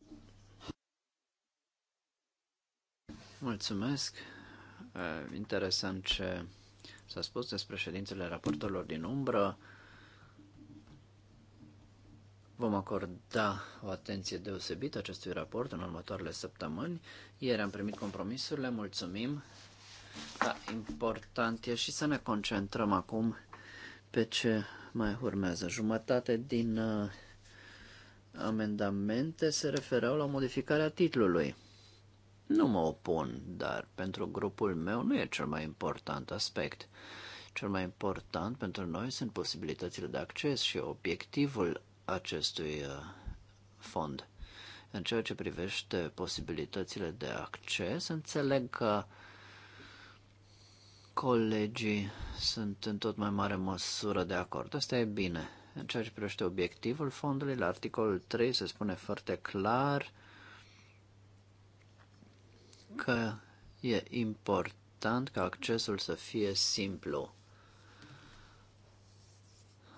Mulțumesc. Uh, interesant ce s-a spus despre ședințele raportorilor din umbră. Vom acorda o atenție deosebită acestui raport în următoarele săptămâni. Ieri am primit compromisurile, mulțumim. Da, important e și să ne concentrăm acum pe ce mai urmează. Jumătate din uh, amendamente se referau la modificarea titlului. Nu mă opun, dar pentru grupul meu nu e cel mai important aspect. Cel mai important pentru noi sunt posibilitățile de acces și obiectivul acestui uh, fond. În ceea ce privește posibilitățile de acces, înțeleg că colegii sunt în tot mai mare măsură de acord. Asta e bine. În ceea ce privește obiectivul fondului, la articolul 3 se spune foarte clar că e important ca accesul să fie simplu.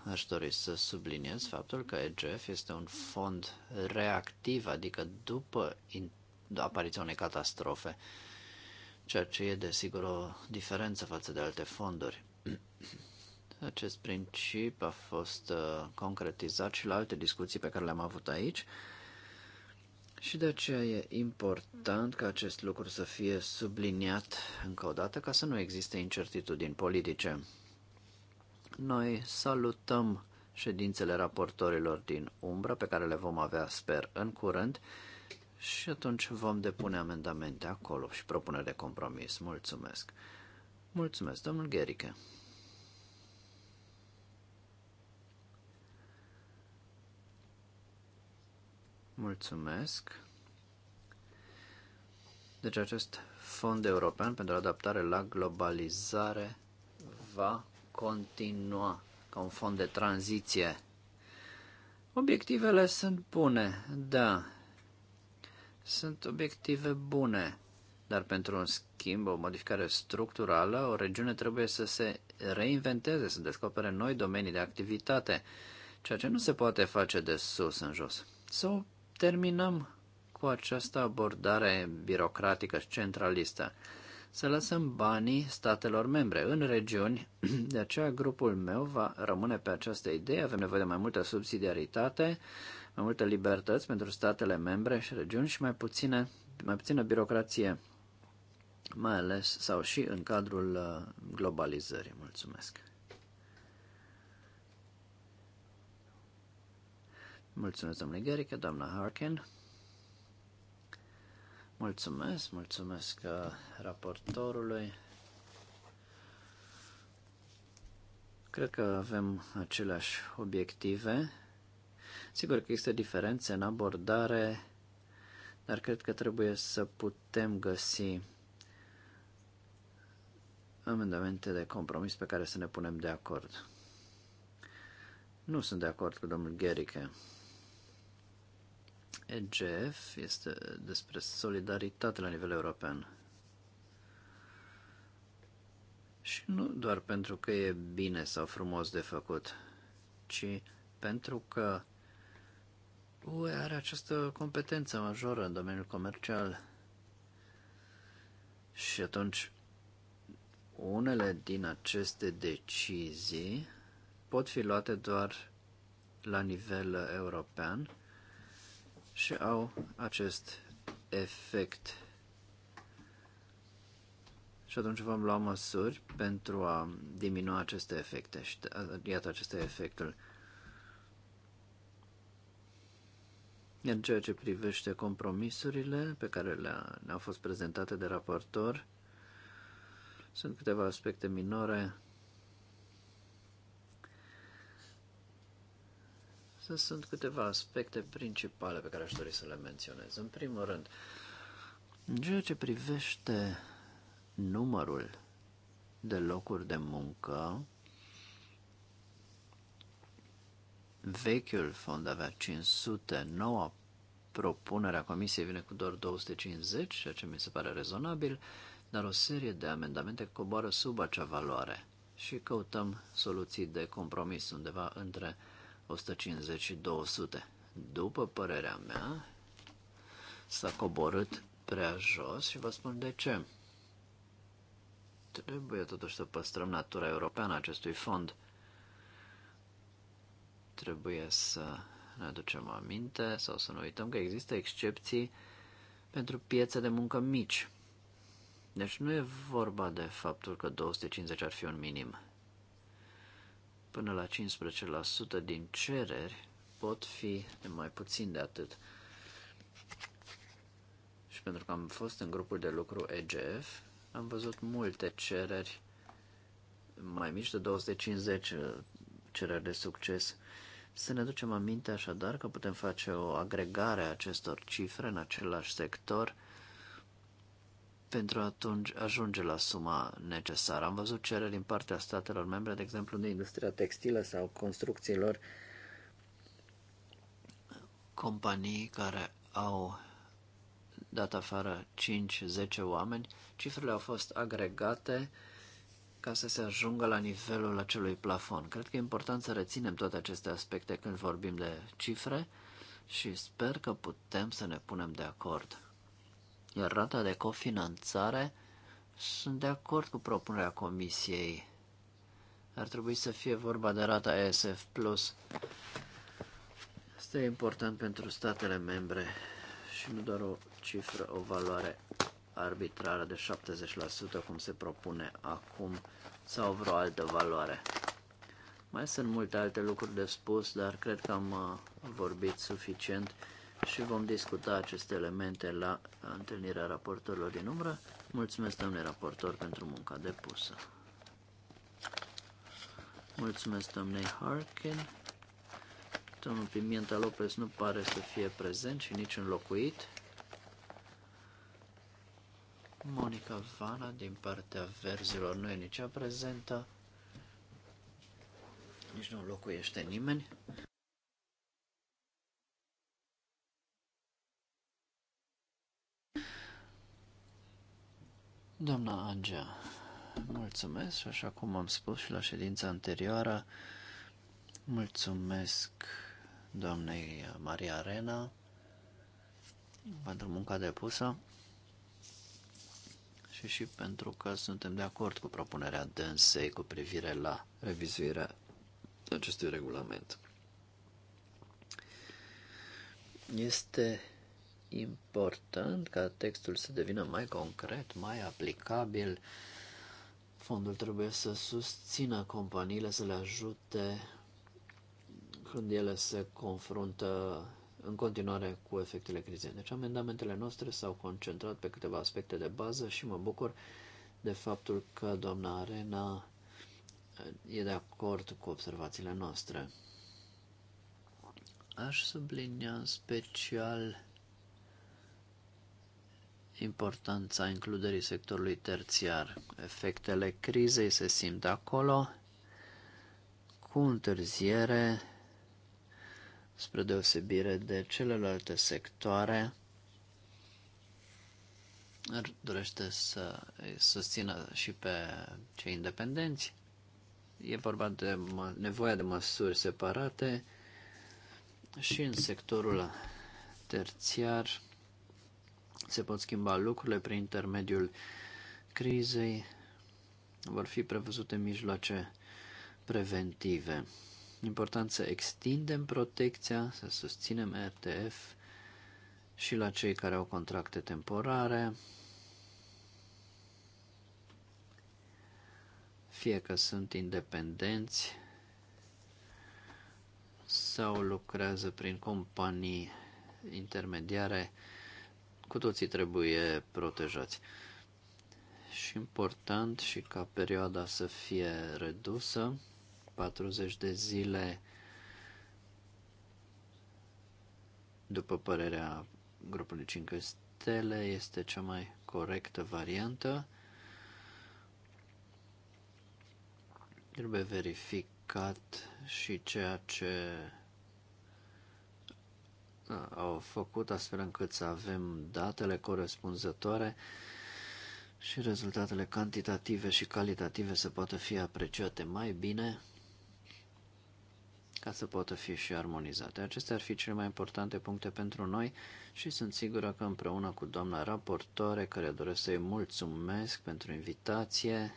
Aș dori să subliniez faptul că EGF este un fond reactiv, adică după apariția unei catastrofe, ceea ce e desigur o diferență față de alte fonduri. Acest principiu a fost uh, concretizat și la alte discuții pe care le-am avut aici. Și de aceea e important ca acest lucru să fie subliniat încă o dată ca să nu existe incertitudini politice. Noi salutăm ședințele raportorilor din umbră pe care le vom avea, sper, în curând și atunci vom depune amendamente acolo și propuneri de compromis. Mulțumesc! Mulțumesc, domnul Gherică! Mulțumesc. Deci acest fond european pentru adaptare la globalizare va continua ca un fond de tranziție. Obiectivele sunt bune, da. Sunt obiective bune, dar pentru un schimb, o modificare structurală, o regiune trebuie să se reinventeze, să descopere noi domenii de activitate, ceea ce nu se poate face de sus în jos. So, terminăm cu această abordare birocratică și centralistă. Să lăsăm banii statelor membre în regiuni, de aceea grupul meu va rămâne pe această idee. Avem nevoie de mai multă subsidiaritate, mai multe libertăți pentru statele membre și regiuni și mai, puține, mai puțină birocrație, mai ales sau și în cadrul uh, globalizării. Mulțumesc! Mulțumesc, domnule Gherică, doamna Harkin. Mulțumesc, mulțumesc uh, raportorului. Cred că avem aceleași obiective. Sigur că există diferențe în abordare, dar cred că trebuie să putem găsi amendamente de compromis pe care să ne punem de acord. Nu sunt de acord cu domnul Gherică. EGF este despre solidaritate la nivel european. Și nu doar pentru că e bine sau frumos de făcut, ci pentru că UE are această competență majoră în domeniul comercial. Și atunci, unele din aceste decizii pot fi luate doar la nivel european și au acest efect. Și atunci vom lua măsuri pentru a diminua aceste efecte. Și iată, acest efectul. în ceea ce privește compromisurile pe care le-au fost prezentate de raportor, sunt câteva aspecte minore sunt câteva aspecte principale pe care aș dori să le menționez. În primul rând, în ceea ce privește numărul de locuri de muncă, vechiul fond avea 500, noua propunerea comisiei vine cu doar 250, ceea ce mi se pare rezonabil, dar o serie de amendamente coboară sub acea valoare și căutăm soluții de compromis undeva între 150 și 200. După părerea mea, s-a coborât prea jos și vă spun de ce. Trebuie totuși să păstrăm natura europeană a acestui fond. Trebuie să ne aducem aminte sau să nu uităm că există excepții pentru piețe de muncă mici. Deci nu e vorba de faptul că 250 ar fi un minim până la 15% din cereri pot fi de mai puțin de atât. Și pentru că am fost în grupul de lucru EGF, am văzut multe cereri mai mici de 250 uh, cereri de succes. Să ne ducem aminte așadar că putem face o agregare a acestor cifre în același sector – pentru a ajunge la suma necesară. Am văzut cereri din partea statelor membre, de exemplu, de industria textilă sau construcțiilor, companii care au dat afară 5-10 oameni, cifrele au fost agregate ca să se ajungă la nivelul acelui plafon. Cred că e important să reținem toate aceste aspecte când vorbim de cifre și sper că putem să ne punem de acord. Iar rata de cofinanțare, sunt de acord cu propunerea comisiei. Ar trebui să fie vorba de rata ESF+. Asta e important pentru statele membre și nu doar o cifră, o valoare arbitrară de 70%, cum se propune acum, sau vreo altă valoare. Mai sunt multe alte lucruri de spus, dar cred că am uh, vorbit suficient și vom discuta aceste elemente la întâlnirea raportorilor din umbră. Mulțumesc, domnule raportor, pentru munca depusă. Mulțumesc, domnule Harkin. Domnul Pimienta Lopez nu pare să fie prezent și nici înlocuit. Monica Vana din partea verzilor nu e nici prezentă. Nici nu locuiește nimeni. Doamna Angea, mulțumesc și așa cum am spus și la ședința anterioară, mulțumesc doamnei Maria Arena pentru munca depusă și și pentru că suntem de acord cu propunerea dânsei cu privire la revizuirea acestui regulament. Este important ca textul să devină mai concret, mai aplicabil. Fondul trebuie să susțină companiile, să le ajute când ele se confruntă în continuare cu efectele crizei. Deci amendamentele noastre s-au concentrat pe câteva aspecte de bază și mă bucur de faptul că doamna Arena e de acord cu observațiile noastre. Aș sublinia în special importanța includerii sectorului terțiar. Efectele crizei se simt acolo cu întârziere spre deosebire de celelalte sectoare dorește să susțină și pe cei independenți. E vorba de nevoia de măsuri separate și în sectorul terțiar se pot schimba lucrurile prin intermediul crizei, vor fi prevăzute mijloace preventive. Important să extindem protecția, să susținem RTF și la cei care au contracte temporare, fie că sunt independenți sau lucrează prin companii intermediare cu toții trebuie protejați. Și important și ca perioada să fie redusă, 40 de zile după părerea grupului 5 stele este cea mai corectă variantă. Trebuie verificat și ceea ce au făcut astfel încât să avem datele corespunzătoare și rezultatele cantitative și calitative să poată fi apreciate mai bine ca să poată fi și armonizate. Acestea ar fi cele mai importante puncte pentru noi și sunt sigură că împreună cu doamna raportoare, care doresc să-i mulțumesc pentru invitație,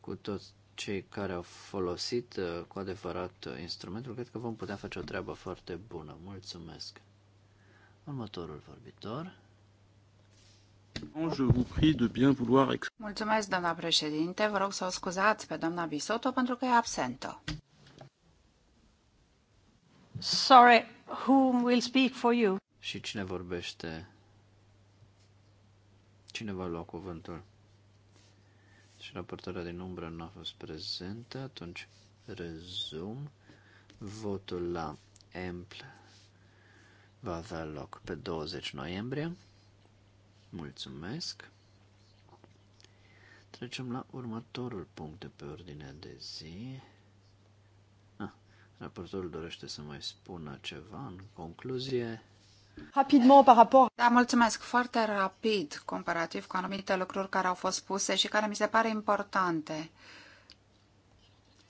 cu toți cei care au folosit uh, cu adevărat uh, instrumentul, cred că vom putea face o treabă foarte bună. Mulțumesc! Următorul vorbitor. Mulțumesc, doamna președinte. Vă rog să o scuzați pe doamna Bisoto pentru că e absentă. Sorry, whom will speak for you? Și cine vorbește? Cine va lua cuvântul? și raportarea din umbră nu a fost prezentă, atunci rezum. Votul la EMPL va avea loc pe 20 noiembrie. Mulțumesc! Trecem la următorul punct de pe ordinea de zi. Ah, raportorul dorește să mai spună ceva în concluzie. Rapidement par rapport. Da, mulțumesc foarte rapid comparativ cu anumite lucruri care au fost spuse și care mi se pare importante. Uh,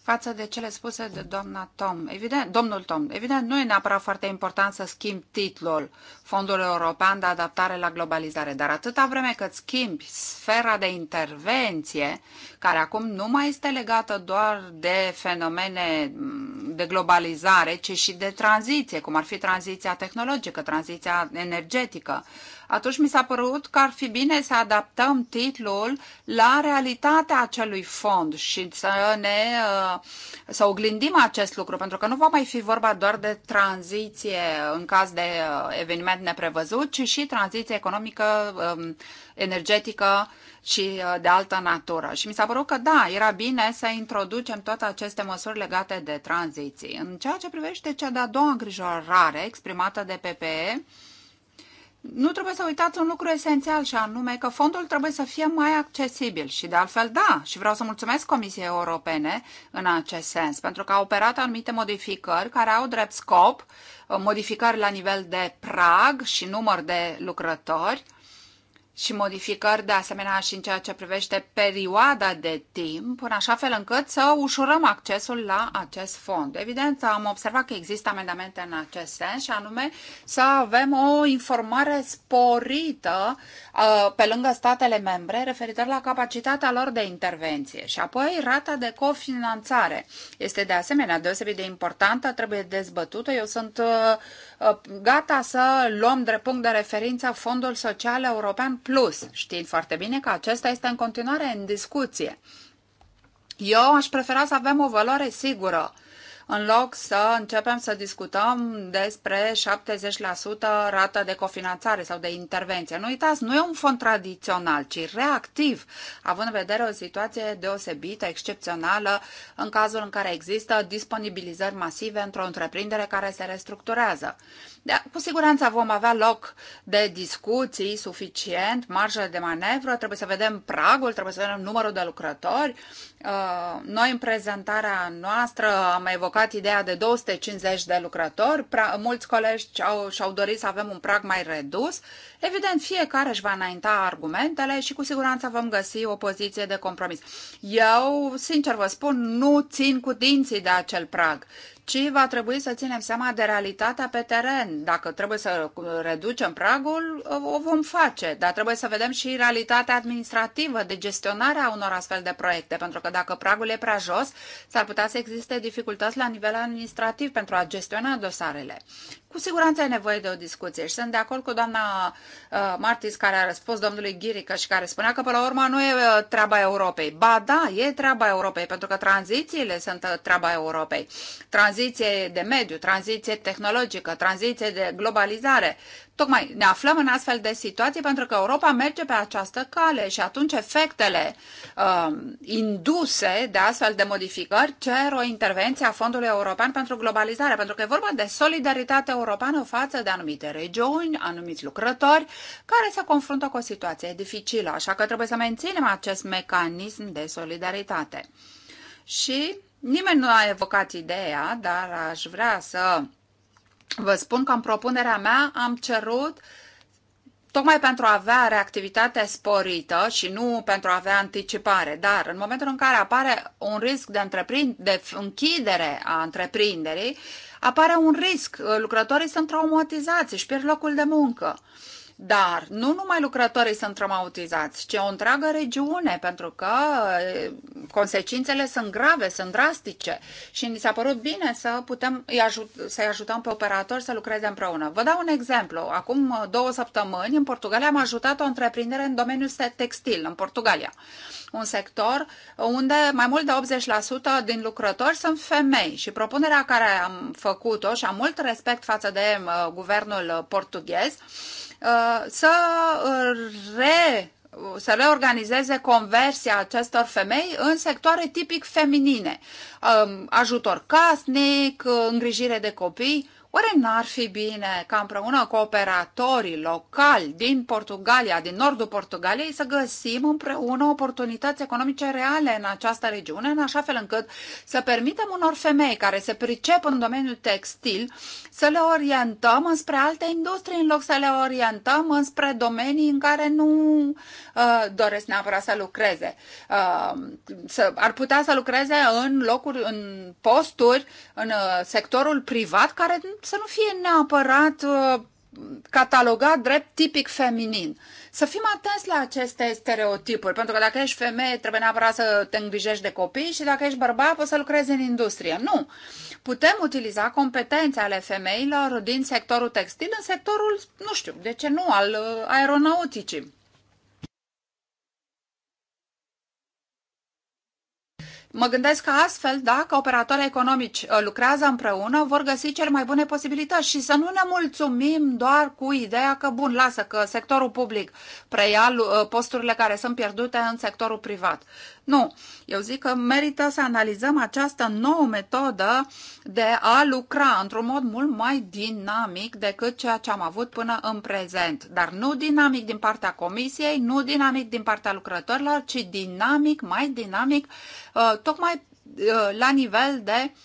față de cele spuse de doamna Tom. Evident, domnul Tom, evident, nu e neapărat foarte important să schimbi titlul Fondul European de Adaptare la Globalizare, dar atâta vreme cât schimbi sfera de intervenție, care acum nu mai este legată doar de fenomene mm, de globalizare, ci și de tranziție, cum ar fi tranziția tehnologică, tranziția energetică, atunci mi s-a părut că ar fi bine să adaptăm titlul la realitatea acelui fond și să ne uh, să oglindim acest lucru, pentru că nu va mai fi vorba doar de tranziție în caz de uh, eveniment neprevăzut, ci și tranziție economică, um, energetică și uh, de altă natură. Și mi s-a părut că da, era bine să introducem toate aceste măsuri legate de tranziții. În ceea ce privește cea de-a doua îngrijorare exprimată de PPE, nu trebuie să uitați un lucru esențial și anume că fondul trebuie să fie mai accesibil și de altfel da, și vreau să mulțumesc Comisiei Europene în acest sens, pentru că au operat anumite modificări care au drept scop modificări la nivel de prag și număr de lucrători și modificări de asemenea și în ceea ce privește perioada de timp, în așa fel încât să ușurăm accesul la acest fond. Evident, am observat că există amendamente în acest sens și anume să avem o informare sporită uh, pe lângă statele membre referitor la capacitatea lor de intervenție și apoi rata de cofinanțare. Este de asemenea deosebit de importantă, trebuie dezbătută. Eu sunt uh, Uh, gata să luăm drept punct de referință Fondul Social European Plus. Știți foarte bine că acesta este în continuare în discuție. Eu aș prefera să avem o valoare sigură în loc să începem să discutăm despre 70% rată de cofinanțare sau de intervenție. Nu uitați, nu e un fond tradițional, ci reactiv, având în vedere o situație deosebită, excepțională, în cazul în care există disponibilizări masive într-o întreprindere care se restructurează. De, cu siguranță vom avea loc de discuții suficient, marjă de manevră, trebuie să vedem pragul, trebuie să vedem numărul de lucrători, Uh, noi în prezentarea noastră am evocat ideea de 250 de lucrători, pra, mulți colegi au, și-au dorit să avem un prag mai redus. Evident, fiecare își va înainta argumentele și cu siguranță vom găsi o poziție de compromis. Eu, sincer vă spun, nu țin cu dinții de acel prag ci va trebui să ținem seama de realitatea pe teren. Dacă trebuie să reducem pragul, o vom face, dar trebuie să vedem și realitatea administrativă de gestionare a unor astfel de proiecte, pentru că dacă pragul e prea jos, s-ar putea să existe dificultăți la nivel administrativ pentru a gestiona dosarele. Cu siguranță ai nevoie de o discuție și sunt de acord cu doamna uh, Martis care a răspuns domnului Ghirică și care spunea că până la urmă nu e uh, treaba Europei. Ba da, e treaba Europei, pentru că tranzițiile sunt uh, treaba Europei. Tranziție de mediu, tranziție tehnologică, tranziție de globalizare. Tocmai ne aflăm în astfel de situații pentru că Europa merge pe această cale și atunci efectele uh, induse de astfel de modificări cer o intervenție a Fondului European pentru Globalizare, pentru că e vorba de solidaritate europeană față de anumite regiuni, anumiți lucrători care se confruntă cu o situație dificilă, așa că trebuie să menținem acest mecanism de solidaritate. Și nimeni nu a evocat ideea, dar aș vrea să Vă spun că în propunerea mea am cerut tocmai pentru a avea reactivitate sporită și nu pentru a avea anticipare. Dar în momentul în care apare un risc de, de închidere a întreprinderii, apare un risc. Lucrătorii sunt traumatizați, își pierd locul de muncă. Uh, dar nu numai lucrătorii sunt traumatizați, ci o întreagă regiune, pentru că eh, consecințele sunt grave, sunt drastice și ni s-a părut bine să putem ajut, să-i ajutăm pe operatori să lucreze împreună. Vă dau un exemplu. Acum două săptămâni în Portugalia am ajutat o întreprindere în domeniul textil, în Portugalia. Un sector unde mai mult de 80% din lucrători sunt femei și propunerea care am făcut-o și am mult respect față de eh, guvernul portughez, Uh, să uh, re uh, să reorganizeze conversia acestor femei în sectoare tipic feminine. Um, ajutor casnic, îngrijire de copii, Oare n-ar fi bine ca împreună cu operatorii locali din Portugalia, din nordul Portugaliei, să găsim împreună oportunități economice reale în această regiune, în așa fel încât să permitem unor femei care se pricep în domeniul textil să le orientăm înspre alte industrii în loc să le orientăm înspre domenii în care nu Uh, doresc neapărat să lucreze. Uh, să, ar putea să lucreze în locuri, în posturi, în uh, sectorul privat, care să nu fie neapărat catalogat drept tipic feminin. Să fim atenți la aceste stereotipuri, pentru că dacă ești femeie, trebuie neapărat să te îngrijești de copii și dacă ești bărbat, poți să lucrezi în industrie. Nu! Putem utiliza competențe ale femeilor din sectorul textil în sectorul, nu știu, de ce nu, al aeronauticii. Mă gândesc că astfel, dacă operatorii economici uh, lucrează împreună, vor găsi cele mai bune posibilități și să nu ne mulțumim doar cu ideea că, bun, lasă că sectorul public preia uh, posturile care sunt pierdute în sectorul privat. Nu, eu zic că merită să analizăm această nouă metodă de a lucra într-un mod mult mai dinamic decât ceea ce am avut până în prezent. Dar nu dinamic din partea comisiei, nu dinamic din partea lucrătorilor, ci dinamic, mai dinamic, uh, tocmai uh, la nivel de uh,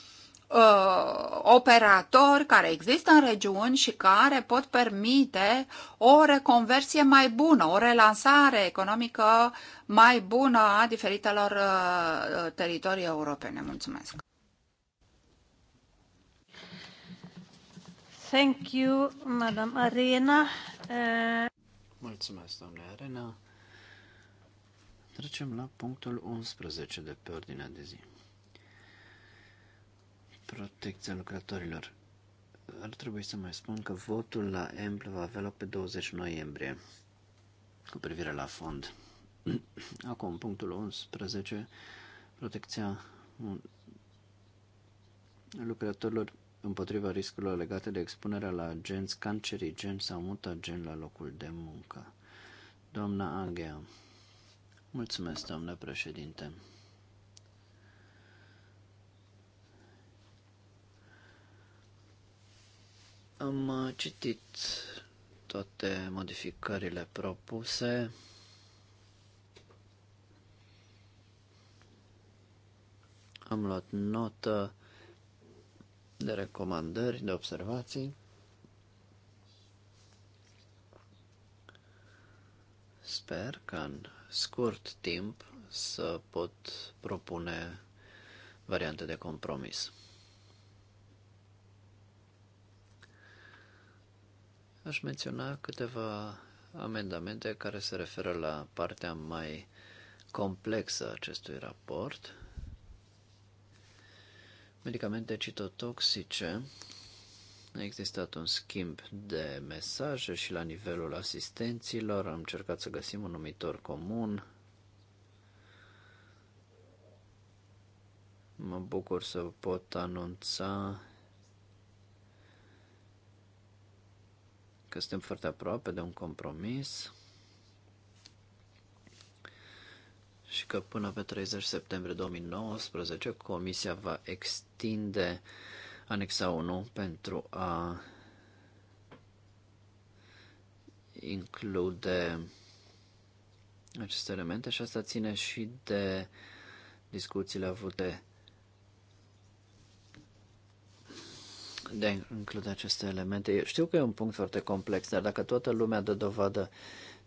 uh, operatori care există în regiuni și care pot permite o reconversie mai bună, o relansare economică mai bună a diferitelor uh, teritorii europene. Mulțumesc! Thank you, Madam Arena. Uh... Mulțumesc, doamne Arena. Trecem la punctul 11 de pe ordinea de zi protecția lucrătorilor. Ar trebui să mai spun că votul la EMPL va avea loc pe 20 noiembrie cu privire la fond. Acum, punctul 11, protecția lucrătorilor împotriva riscurilor legate de expunerea la agenți cancerigeni sau mutageni la locul de muncă. Doamna Aghea. Mulțumesc, doamnă președinte. Am uh, citit toate modificările propuse. Am luat notă de recomandări, de observații. Sper că în scurt timp să pot propune variante de compromis. Aș menționa câteva amendamente care se referă la partea mai complexă a acestui raport. Medicamente citotoxice. A existat un schimb de mesaje și la nivelul asistenților am încercat să găsim un numitor comun. Mă bucur să pot anunța că suntem foarte aproape de un compromis și că până pe 30 septembrie 2019 Comisia va extinde anexa 1 pentru a include aceste elemente și asta ține și de discuțiile avute de a include aceste elemente. Eu știu că e un punct foarte complex, dar dacă toată lumea dă dovadă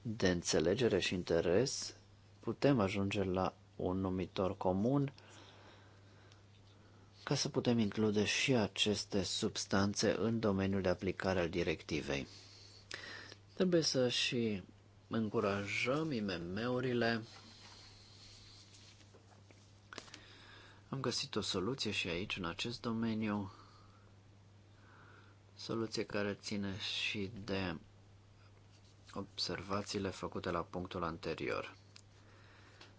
de înțelegere și interes, putem ajunge la un numitor comun ca să putem include și aceste substanțe în domeniul de aplicare al directivei. Trebuie să și încurajăm IMM-urile. Am găsit o soluție și aici, în acest domeniu soluție care ține și de observațiile făcute la punctul anterior.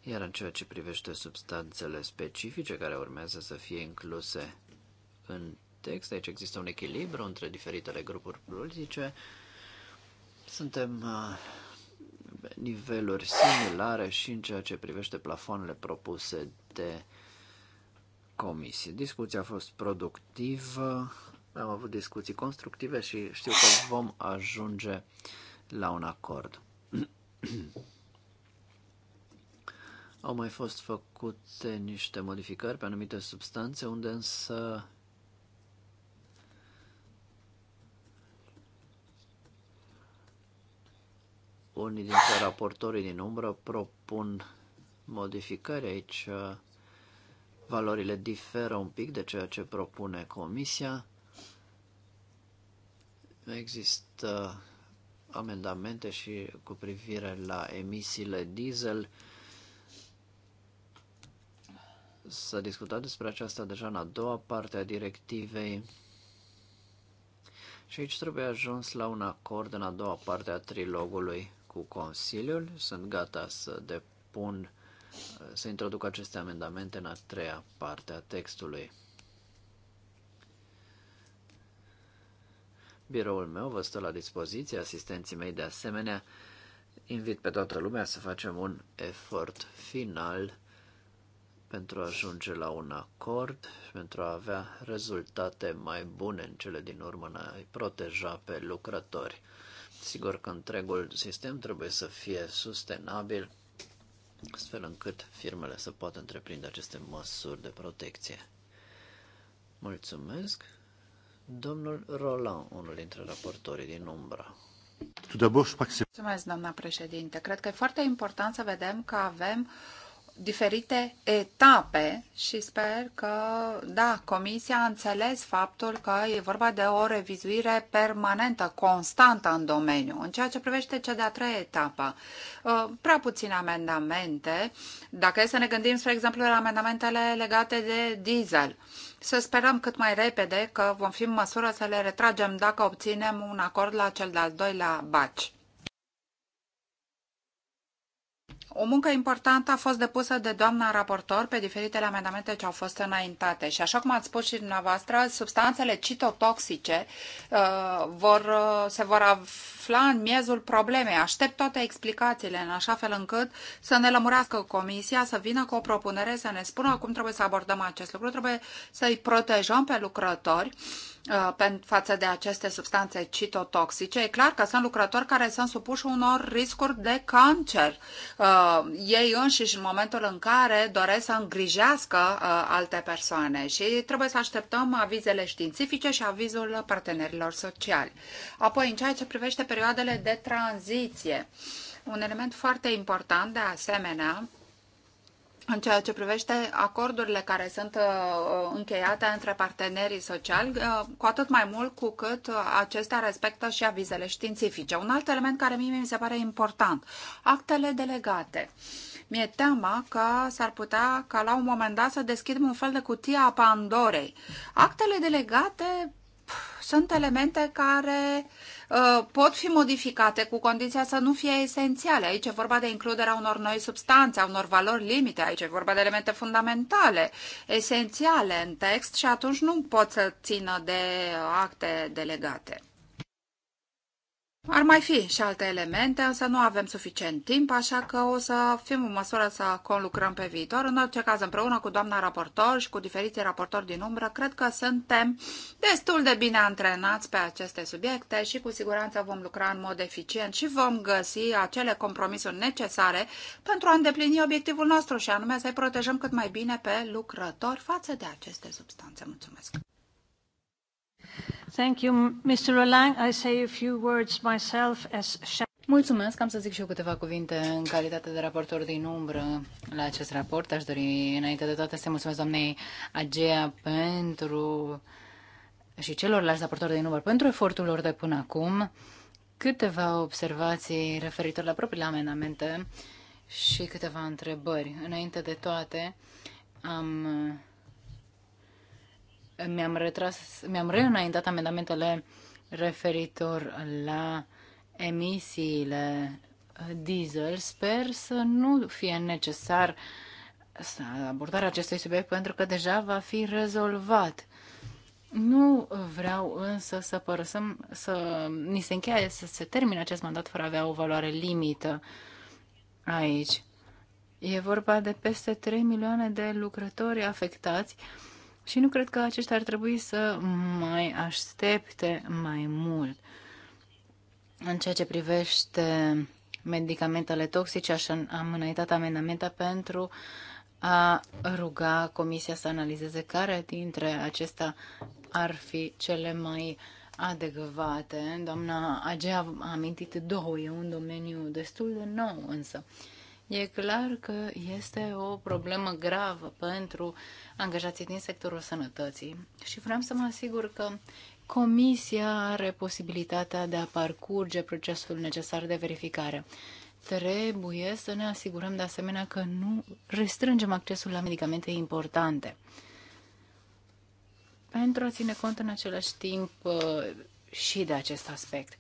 Iar în ceea ce privește substanțele specifice care urmează să fie incluse în text, aici există un echilibru între diferitele grupuri politice. Suntem pe uh, niveluri similare și în ceea ce privește plafoanele propuse de comisie. Discuția a fost productivă, am avut discuții constructive și știu că vom ajunge la un acord. Au mai fost făcute niște modificări pe anumite substanțe, unde însă unii dintre raportorii din umbră propun modificări aici. Uh, valorile diferă un pic de ceea ce propune comisia. Există amendamente și cu privire la emisiile diesel. S-a discutat despre aceasta deja în a doua parte a directivei și aici trebuie ajuns la un acord în a doua parte a trilogului cu Consiliul. Sunt gata să depun, să introduc aceste amendamente în a treia parte a textului. Biroul meu vă stă la dispoziție, asistenții mei de asemenea. Invit pe toată lumea să facem un efort final pentru a ajunge la un acord și pentru a avea rezultate mai bune în cele din urmă în a-i proteja pe lucrători. Sigur că întregul sistem trebuie să fie sustenabil, astfel încât firmele să poată întreprinde aceste măsuri de protecție. Mulțumesc! Domnul Roland, unul dintre raportorii din umbra. Mulțumesc, doamna președinte. Cred că e foarte important să vedem că avem diferite etape și sper că, da, Comisia a înțeles faptul că e vorba de o revizuire permanentă, constantă în domeniu. În ceea ce privește cea de-a treia etapă, uh, prea puține amendamente. Dacă e să ne gândim, spre exemplu, la amendamentele legate de diesel, să sperăm cât mai repede că vom fi în măsură să le retragem dacă obținem un acord la cel de-al doilea baci. O muncă importantă a fost depusă de doamna raportor pe diferitele amendamente ce au fost înaintate și așa cum ați spus și dumneavoastră, substanțele citotoxice uh, vor, uh, se vor afla în miezul problemei. Aștept toate explicațiile în așa fel încât să ne lămurească comisia, să vină cu o propunere, să ne spună cum trebuie să abordăm acest lucru, trebuie să-i protejăm pe lucrători uh, Uh, față de aceste substanțe citotoxice. E clar că sunt lucrători care sunt supuși unor riscuri de cancer. Uh, ei înșiși în momentul în care doresc să îngrijească uh, alte persoane și trebuie să așteptăm avizele științifice și avizul partenerilor sociali. Apoi, în ceea ce privește perioadele de tranziție, un element foarte important de asemenea în ceea ce privește acordurile care sunt uh, încheiate între partenerii sociali, uh, cu atât mai mult cu cât uh, acestea respectă și avizele științifice. Un alt element care mie mi se pare important, actele delegate. Mi-e teama că s-ar putea ca la un moment dat să deschidem un fel de cutie a Pandorei. Actele delegate pf, sunt elemente care uh, Uh, pot fi modificate cu condiția să nu fie esențiale. Aici e vorba de includerea unor noi substanțe, a unor valori limite, aici e vorba de elemente fundamentale, esențiale în text și atunci nu pot să țină de acte delegate. Ar mai fi și alte elemente, însă nu avem suficient timp, așa că o să fim în măsură să conlucrăm pe viitor. În orice caz, împreună cu doamna raportor și cu diferiții raportori din umbră, cred că suntem destul de bine antrenați pe aceste subiecte și cu siguranță vom lucra în mod eficient și vom găsi acele compromisuri necesare pentru a îndeplini obiectivul nostru și anume să-i protejăm cât mai bine pe lucrători față de aceste substanțe. Mulțumesc! Thank you, Mr. I say a few words myself as Mulțumesc, am să zic și eu câteva cuvinte în calitate de raportor din umbră la acest raport. Aș dori înainte de toate să mulțumesc doamnei Agea pentru și celorlalți raportori din umbră pentru efortul lor de până acum. Câteva observații referitor la propriile amendamente și câteva întrebări. Înainte de toate, am mi-am retras, mi-am reînaintat amendamentele referitor la emisiile diesel. Sper să nu fie necesar să abordarea acestui subiect pentru că deja va fi rezolvat. Nu vreau însă să părăsăm, să ni se încheie, să se termine acest mandat fără a avea o valoare limită aici. E vorba de peste 3 milioane de lucrători afectați și nu cred că aceștia ar trebui să mai aștepte mai mult. În ceea ce privește medicamentele toxice, așa am înaintat amendamente pentru a ruga Comisia să analizeze care dintre acestea ar fi cele mai adecvate. Doamna Agea a amintit două, e un domeniu destul de nou însă. Uh, E clar că este o problemă gravă pentru angajații din sectorul sănătății și vreau să mă asigur că Comisia are posibilitatea de a parcurge procesul necesar de verificare. Trebuie să ne asigurăm de asemenea că nu restrângem accesul la medicamente importante. Pentru a ține cont în același timp uh, și de acest aspect.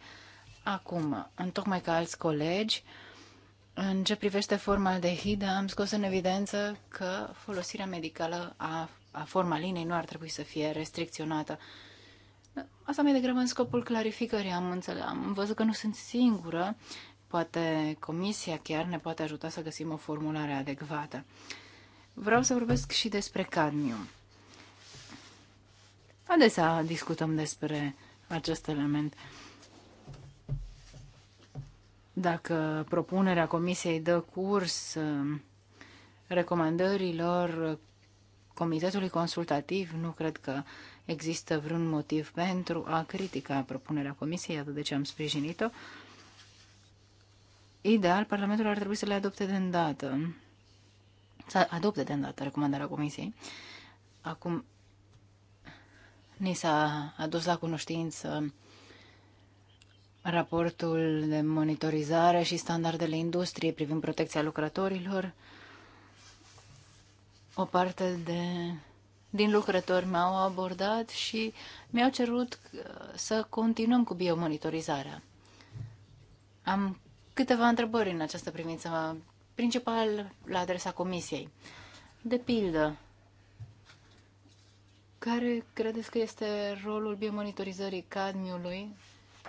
Acum, în tocmai ca alți colegi, uh, în ce privește formaldehida, am scos în evidență că folosirea medicală a, a formalinei nu ar trebui să fie restricționată. Asta mai degrabă în scopul clarificării. Am, înțeles, am văzut că nu sunt singură. Poate comisia chiar ne poate ajuta să găsim o formulare adecvată. Vreau să vorbesc și despre cadmium. Adesea discutăm despre acest element. Uh, dacă propunerea comisiei dă curs um, recomandărilor comitetului consultativ, nu cred că există vreun motiv pentru a critica propunerea comisiei, atât de ce am sprijinit-o. Ideal, Parlamentul ar trebui să le adopte de îndată. Să adopte de îndată recomandarea comisiei. Acum, ni s-a adus la cunoștință raportul de monitorizare și standardele industriei privind protecția lucrătorilor. O parte de, din lucrători m-au abordat și mi-au cerut uh, să continuăm cu biomonitorizarea. Am câteva întrebări în această privință, principal la adresa comisiei. De pildă, care credeți că este rolul biomonitorizării cadmiului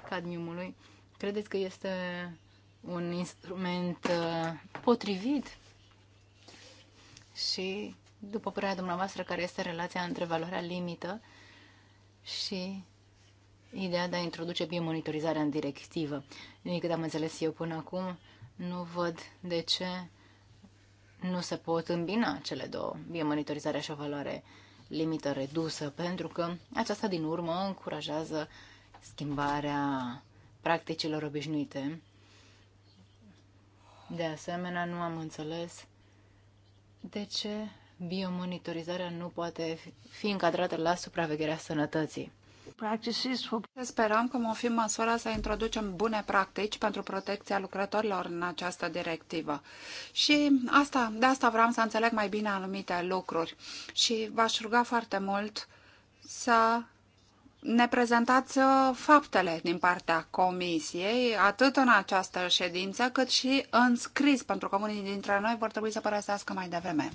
cadmiumului, credeți că este un instrument uh, potrivit? Și, după părerea dumneavoastră, care este relația între valoarea limită și ideea de a introduce biomonitorizarea în directivă? Din cât am înțeles eu până acum, nu văd de ce nu se pot îmbina cele două, biomonitorizarea și o valoare limită redusă, pentru că aceasta din urmă încurajează uh, schimbarea practicilor obișnuite. De asemenea, nu am înțeles de ce biomonitorizarea nu poate fi încadrată la supravegherea sănătății. Sperăm că vom fi măsura să introducem bune practici pentru protecția lucrătorilor în această directivă. Și asta, de asta vreau să înțeleg mai bine anumite lucruri și v-aș ruga foarte mult să ne prezentați uh, faptele din partea comisiei, atât în această ședință, cât și în scris, pentru că unii dintre noi vor trebui să părăsească mai devreme.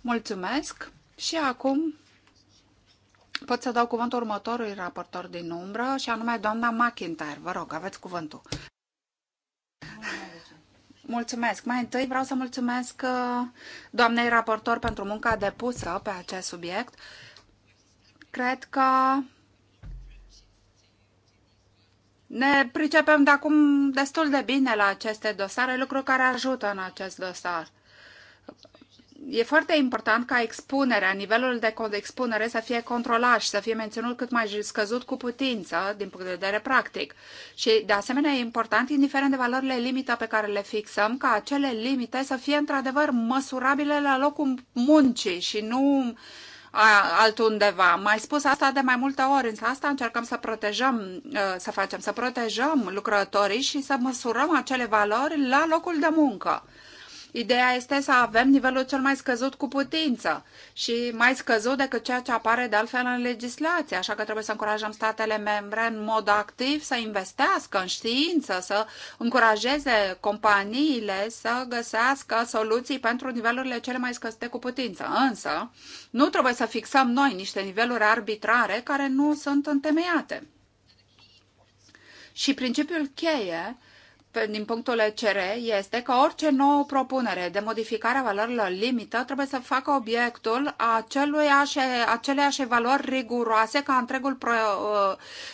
Mulțumesc și acum pot să dau cuvântul următorului raportor din umbră, și anume doamna McIntyre. Vă rog, aveți cuvântul. Mulțumesc. Mai întâi vreau să mulțumesc uh, doamnei raportor pentru munca depusă pe acest subiect. Uh, Cred că ne pricepem de acum destul de bine la aceste dosare, lucru care ajută în acest dosar. E foarte important ca expunerea, nivelul de expunere să fie controlat și să fie menținut cât mai scăzut cu putință din punct de vedere practic. Și de asemenea e important, indiferent de valorile limită pe care le fixăm, ca acele limite să fie într-adevăr măsurabile la locul muncii și nu uh, altundeva. Am mai spus asta de mai multe ori, însă asta încercăm să protejăm, ă, să facem, să protejăm lucrătorii și să măsurăm acele valori la locul de muncă. Ideea este să avem nivelul cel mai scăzut cu putință și mai scăzut decât ceea ce apare de altfel în legislație, așa că trebuie să încurajăm statele membre în mod activ să investească în știință, să încurajeze companiile să găsească soluții pentru nivelurile cele mai scăzute cu putință. Însă, nu trebuie să fixăm noi niște niveluri arbitrare care nu sunt întemeiate. Și principiul cheie din punctul ECR este că orice nouă propunere de modificare a valorilor limită trebuie să facă obiectul aceleiași valori riguroase ca, întregul pro, uh,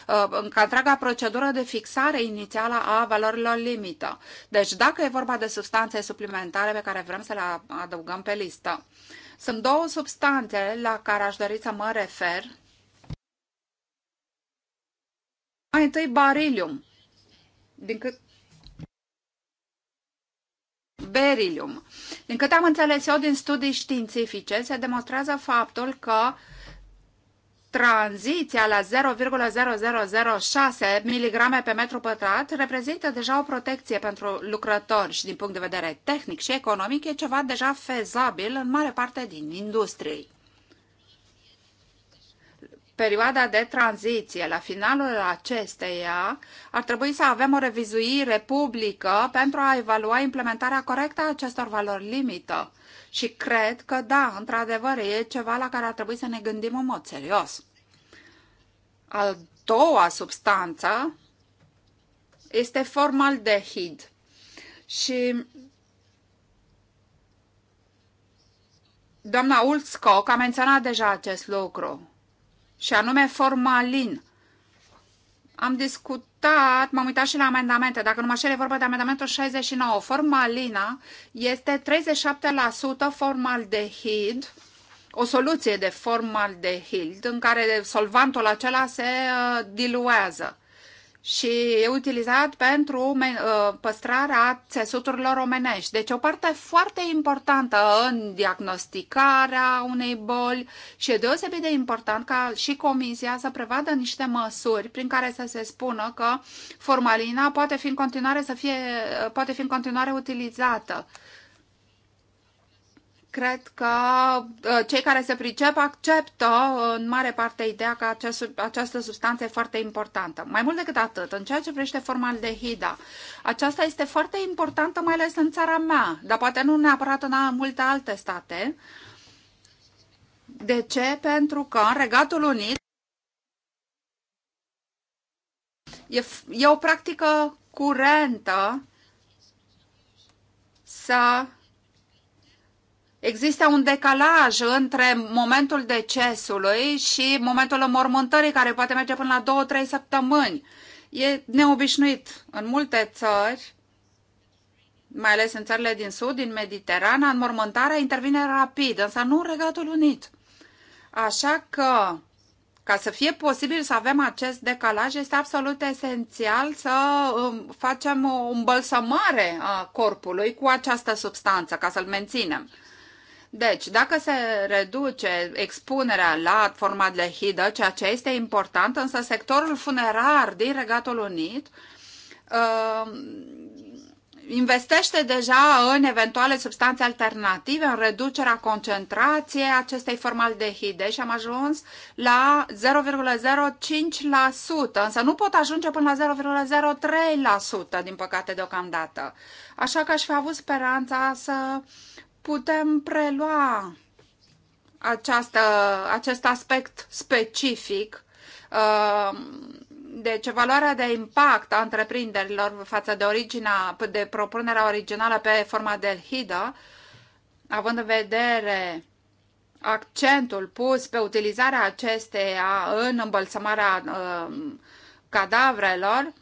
uh, ca întreaga procedură de fixare inițială a valorilor limită. Deci dacă e vorba de substanțe suplimentare pe care vrem să le adăugăm pe listă. Sunt două substanțe la care aș dori să mă refer. Mai întâi barilium. Din cât berilium. Din câte am înțeles eu din studii științifice, se demonstrează faptul că tranziția la 0,0006 mg pe metru pătrat reprezintă deja o protecție pentru lucrători și din punct de vedere tehnic și economic e ceva deja fezabil în mare parte din industrie perioada de tranziție, la finalul acesteia, ar trebui să avem o revizuire publică pentru a evalua implementarea corectă a acestor valori limită. Și cred că, da, într-adevăr, e ceva la care ar trebui să ne gândim în mod serios. Al doua substanță este formaldehid. Și doamna Ulskog a menționat deja acest lucru și anume formalin. Am discutat, m-am uitat și la amendamente, dacă nu mă șer, e vorba de amendamentul 69. Formalina este 37% formaldehid, o soluție de formaldehid în care solvantul acela se uh, diluează și e utilizat pentru uh, păstrarea țesuturilor omenești. Deci o parte foarte importantă în diagnosticarea unei boli și e deosebit de important ca și comisia să prevadă niște măsuri prin care să se spună că formalina poate fi în continuare, să fie, uh, poate fi în continuare utilizată cred că ă, cei care se pricep acceptă în mare parte ideea că acest, această substanță e foarte importantă. Mai mult decât atât, în ceea ce privește formaldehida, aceasta este foarte importantă, mai ales în țara mea, dar poate nu neapărat în multe alte state. De ce? Pentru că în Regatul Unit e, e o practică curentă să există un decalaj între momentul decesului și momentul înmormântării, care poate merge până la 2-3 săptămâni. E neobișnuit. În multe țări, mai ales în țările din sud, din Mediterana, înmormântarea intervine rapid, însă nu în Regatul Unit. Așa că, ca să fie posibil să avem acest decalaj, este absolut esențial să um, facem o îmbălsămare a corpului cu această substanță, ca să-l menținem. Deci, dacă se reduce expunerea la formaldehidă, ceea ce este important, însă sectorul funerar din Regatul Unit uh, investește deja în eventuale substanțe alternative, în reducerea concentrației acestei formaldehide și am ajuns la 0,05%, însă nu pot ajunge până la 0,03% din păcate deocamdată. Așa că aș fi avut speranța să uh, putem prelua această, acest aspect specific uh, deci, valoarea de impact a întreprinderilor față de originea, de propunerea originală pe forma de HIDA, având în vedere accentul pus pe utilizarea acesteia în îmbălsămarea uh, cadavrelor,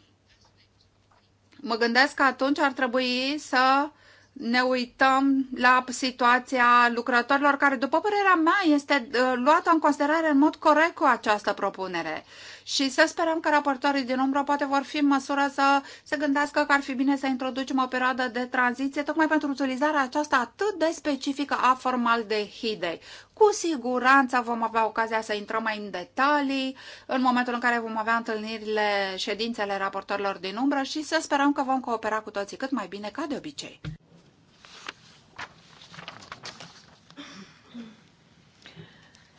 mă gândesc că atunci ar trebui să uh, ne uităm la situația lucrătorilor care, după părerea mea, este uh, luată în considerare în mod corect cu această propunere. Și să sperăm că raportorii din umbră poate vor fi în măsură să se gândească că ar fi bine să introducem o perioadă de tranziție tocmai pentru utilizarea aceasta atât de specifică a formaldehidei. Cu siguranță vom avea ocazia să intrăm mai în detalii în momentul în care vom avea întâlnirile, ședințele raportorilor din umbră și să sperăm că vom coopera cu toții cât mai bine ca de obicei.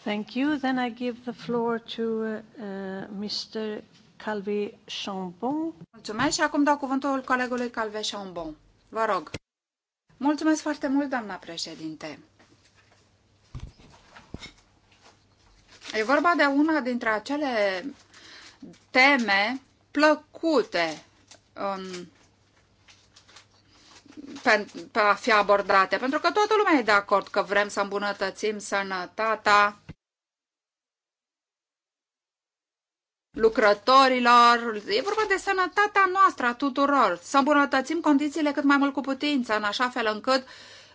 Thank you. Then I give the floor to uh, uh Mr. Calvi Chambon. Mulțumesc și acum dau cuvântul colegului Calvi Chambon. Vă rog. Mulțumesc foarte mult, doamna președinte. E vorba de una dintre acele teme plăcute în, pe, pe a fi abordate, pentru că toată lumea e de acord că vrem să îmbunătățim sănătatea lucrătorilor. E vorba de sănătatea noastră a tuturor. Să îmbunătățim condițiile cât mai mult cu putință, în așa fel încât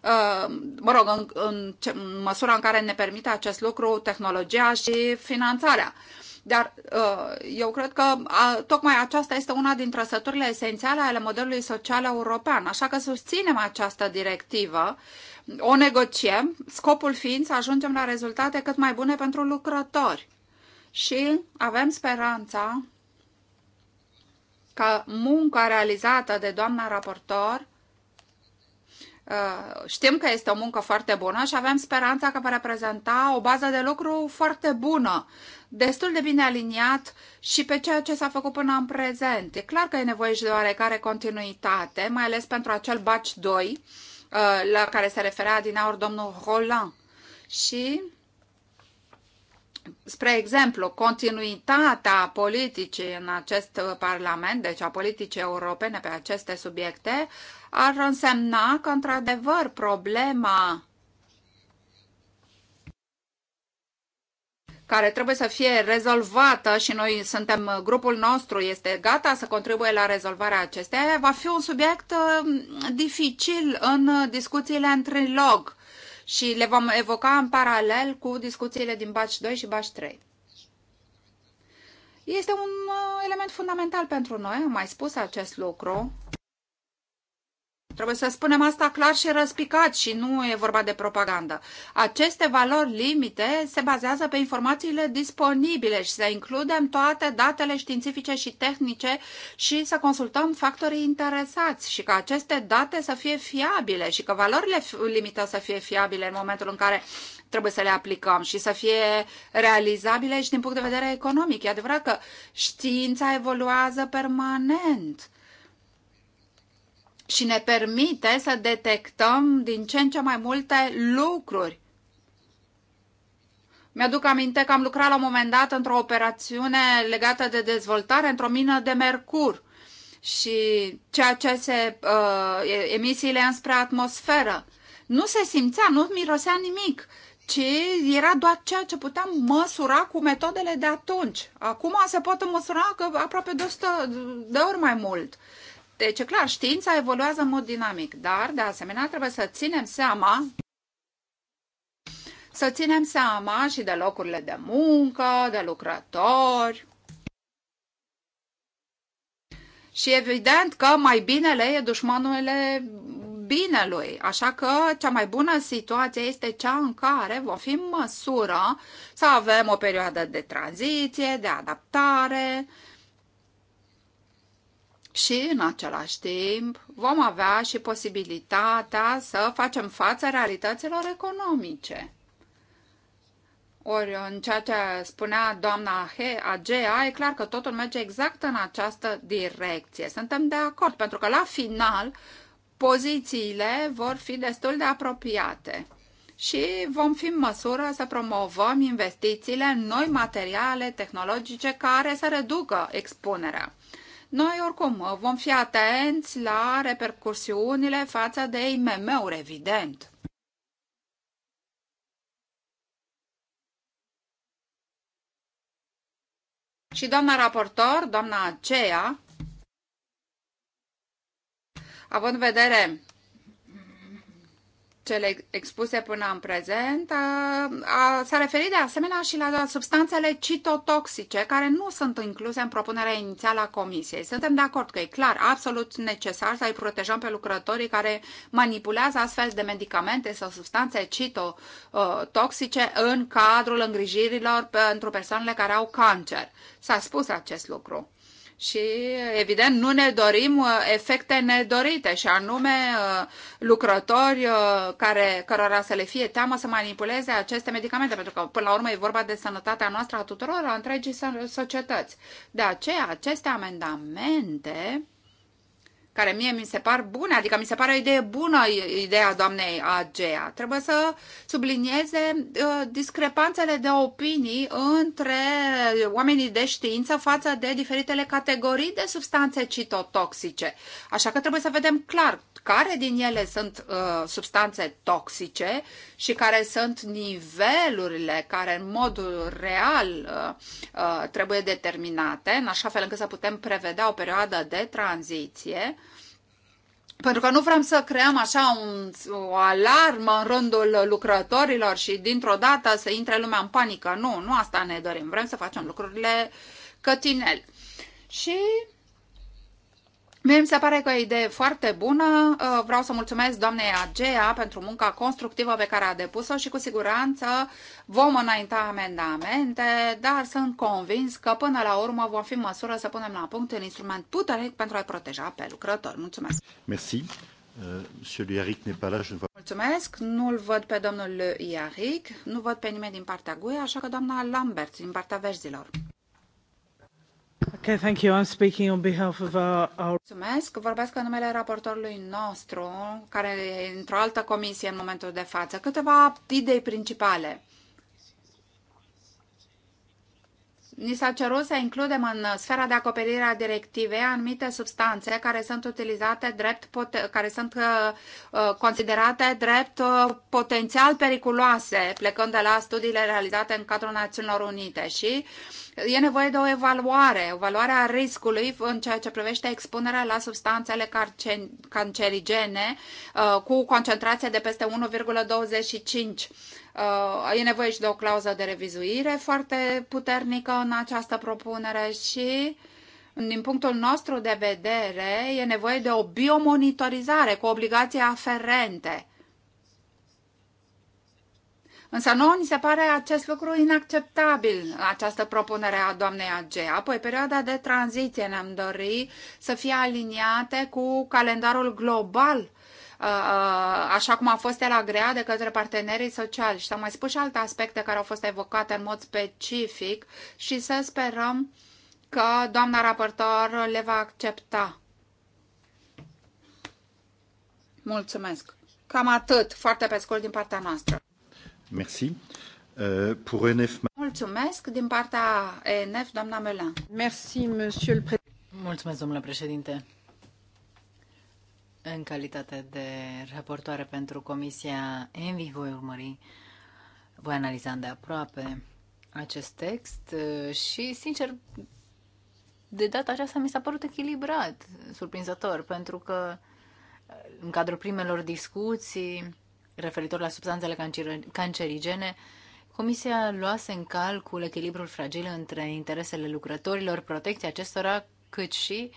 uh, mă rog, în, în, în măsura în care ne permite acest lucru tehnologia și finanțarea. Dar uh, eu cred că a, tocmai aceasta este una din trăsăturile esențiale ale modelului social european, așa că susținem această directivă, o negociem, scopul fiind să ajungem la rezultate cât mai bune pentru lucrători și avem speranța că munca realizată de doamna raportor uh, Știm că este o muncă foarte bună și avem speranța că va reprezenta o bază de lucru foarte bună, destul de bine aliniat și pe ceea ce s-a făcut până în prezent. E clar că e nevoie și de oarecare continuitate, mai ales pentru acel batch 2 uh, la care se referea din aur domnul Roland. Și spre exemplu, continuitatea politicii în acest Parlament, deci a politicii europene pe aceste subiecte, ar însemna că, într-adevăr, problema care trebuie să fie rezolvată și noi suntem, grupul nostru este gata să contribuie la rezolvarea acesteia, va fi un subiect mm, dificil în discuțiile în trilog și le vom evoca în paralel cu discuțiile din BACI 2 și BACI 3. Este un uh, element fundamental pentru noi, am mai spus acest lucru. Trebuie să spunem asta clar și răspicat și nu e vorba de propagandă. Aceste valori limite se bazează pe informațiile disponibile și să includem toate datele științifice și tehnice și să consultăm factorii interesați și ca aceste date să fie fiabile și că valorile limită să fie fiabile în momentul în care trebuie să le aplicăm și să fie realizabile și din punct de vedere economic. E adevărat că știința evoluează permanent și ne permite să detectăm din ce în ce mai multe lucruri. Mi-aduc aminte că am lucrat la un moment dat într-o operațiune legată de dezvoltare într-o mină de mercur și ceea ce se uh, emisiile înspre atmosferă. Nu se simțea, nu mirosea nimic, ci era doar ceea ce puteam măsura cu metodele de atunci. Acum se pot măsura că aproape de 100 de ori mai mult. Uh, deci, clar, știința evoluează în mod dinamic, dar, de asemenea, trebuie să ținem seama să ținem seama și de locurile de muncă, de lucrători. Și evident că mai binele e dușmanule binelui. Așa că cea mai bună situație este cea în care vom fi în măsură să avem o perioadă de tranziție, de adaptare, și în același timp vom avea și posibilitatea să facem față realităților economice. Ori în ceea ce spunea doamna Agea, e clar că totul merge exact în această direcție. Suntem de acord, pentru că la final pozițiile vor fi destul de apropiate și vom fi în măsură să promovăm investițiile în noi materiale tehnologice care să reducă expunerea. Noi, oricum, vom fi atenți la repercursiunile față de IMM-uri, evident. Și doamna raportor, doamna aceea, având în vedere cele expuse până în prezent, s-a referit de asemenea și la substanțele citotoxice, care nu sunt incluse în propunerea inițială a Comisiei. Suntem de acord că e clar, absolut necesar să îi protejăm pe lucrătorii care manipulează astfel de medicamente sau substanțe citotoxice în cadrul îngrijirilor pentru persoanele care au cancer. S-a spus acest lucru și, evident, nu ne dorim uh, efecte nedorite, și anume uh, lucrători uh, care, cărora să le fie teamă să manipuleze aceste medicamente, pentru că, până la urmă, e vorba de sănătatea noastră a tuturor, a întregii societăți. De aceea, aceste amendamente care mie mi se par bune, adică mi se pare o idee bună ideea doamnei Agea. Trebuie să sublinieze uh, discrepanțele de opinii între oamenii de știință față de diferitele categorii de substanțe citotoxice. Așa că trebuie să vedem clar care din ele sunt uh, substanțe toxice și care sunt nivelurile care în modul real uh, uh, trebuie determinate, în așa fel încât să putem prevedea o perioadă de tranziție. Pentru că nu vrem să creăm așa un, o alarmă în rândul lucrătorilor și dintr-o dată să intre lumea în panică. Nu, nu asta ne dorim. Vrem să facem lucrurile cătinel. Și Mie mi se pare că o idee foarte bună. Uh, vreau să mulțumesc doamnei Agea pentru munca constructivă pe care a depus-o și cu siguranță vom înainta amendamente, dar sunt convins că până la urmă vom fi în măsură să punem la punct un instrument puternic pentru a-i proteja pe lucrători. Mulțumesc! Merci. Uh, mulțumesc, nu-l văd pe domnul Iaric, nu văd pe nimeni din partea GUE, așa că doamna Lambert din partea verzilor. Okay, thank you. I'm speaking on behalf of our, our... Mulțumesc. Vorbesc în numele raportorului nostru, care e într-o altă comisie în momentul de față. Câteva idei principale. Ni s-a cerut să includem în sfera de acoperire a directivei anumite substanțe care sunt utilizate drept, care sunt uh, uh, considerate drept uh, potențial periculoase, plecând de la studiile realizate în cadrul Națiunilor Unite și e nevoie de o evaluare, o evaluare a riscului în ceea ce privește expunerea la substanțele cancerigene cu concentrație de peste 1,25 Uh, e nevoie și de o clauză de revizuire foarte puternică în această propunere și din punctul nostru de vedere, e nevoie de o biomonitorizare cu obligații aferente. Însă nouă ni se pare acest lucru inacceptabil, această propunere a doamnei AG. Apoi, perioada de tranziție ne-am dori să fie aliniate cu calendarul global Uh, așa cum a fost el agreat de către partenerii sociali. Și s-au mai spus și alte aspecte care au fost evocate în mod specific și să sperăm că doamna raportor le va accepta. Mulțumesc. Cam atât, foarte pe scurt din partea noastră. Merci. Euh, pour ENF... Mulțumesc din partea ENF, doamna Melan. Merci, monsieur le Mulțumesc, domnule președinte. În calitate de raportoare pentru Comisia Envi, voi urmări, voi analiza de aproape acest text uh, și, sincer, de data aceasta mi s-a părut echilibrat, surprinzător, pentru că uh, în cadrul primelor discuții referitor la substanțele cancerigene, Comisia luase în calcul echilibrul fragil între interesele lucrătorilor, protecția acestora, cât și uh,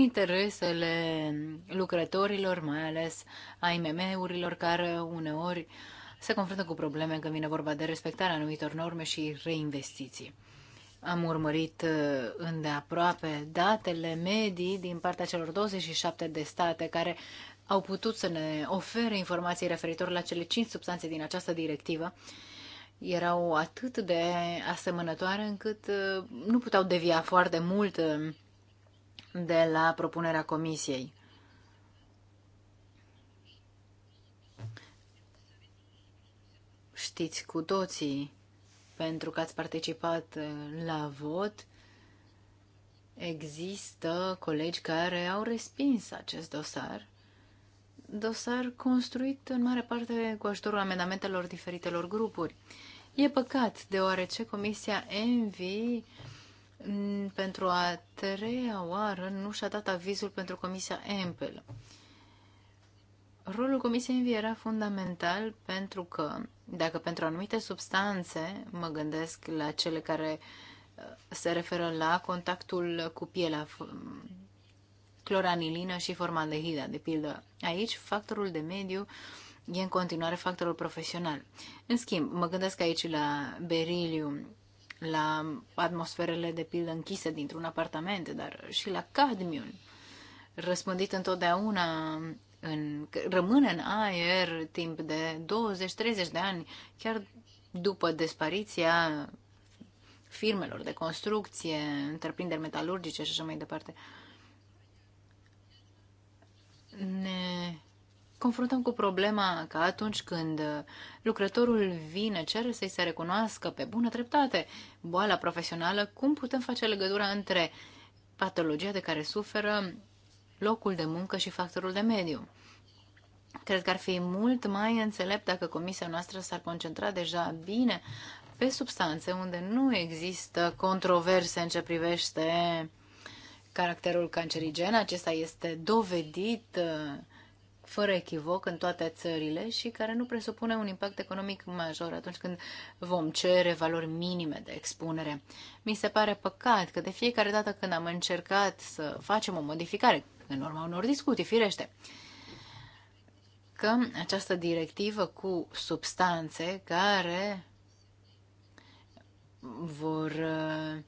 interesele lucrătorilor, mai ales a IMM-urilor, care uneori se confruntă cu probleme când vine vorba de respectarea anumitor norme și reinvestiții. Am urmărit uh, îndeaproape datele medii din partea celor 27 de state care au putut să ne ofere informații referitor la cele 5 substanțe din această directivă. Erau atât de asemănătoare încât uh, nu puteau devia foarte mult uh, de la propunerea comisiei. Știți cu toții, pentru că ați participat la vot, există colegi care au respins acest dosar dosar construit în mare parte cu ajutorul amendamentelor diferitelor grupuri. E păcat, deoarece Comisia Envi pentru a treia oară nu și-a dat avizul pentru Comisia Empel. Rolul Comisiei Envi era fundamental pentru că, dacă pentru anumite substanțe, mă gândesc la cele care uh, se referă la contactul cu pielea, cloranilină și formaldehida, de pildă. Aici, factorul de mediu e în continuare factorul profesional. În schimb, mă gândesc aici la beriliu, la atmosferele de pildă închise dintr-un apartament, dar și la cadmiul răspândit întotdeauna în, rămâne în aer timp de 20-30 de ani, chiar după dispariția firmelor de construcție, întreprinderi metalurgice și așa mai departe. Ne confruntăm cu problema că atunci când uh, lucrătorul vine, cere să-i se recunoască pe bună dreptate boala profesională, cum putem face legătura între patologia de care suferă locul de muncă și factorul de mediu. Cred că ar fi mult mai înțelept dacă comisia noastră s-ar concentra deja bine pe substanțe unde nu există controverse în ce privește caracterul cancerigen. Acesta este dovedit uh, fără echivoc în toate țările și care nu presupune un impact economic major atunci când vom cere valori minime de expunere. Mi se pare păcat că de fiecare dată când am încercat să facem o modificare, în urma unor discuții, firește, că această directivă cu substanțe care vor uh,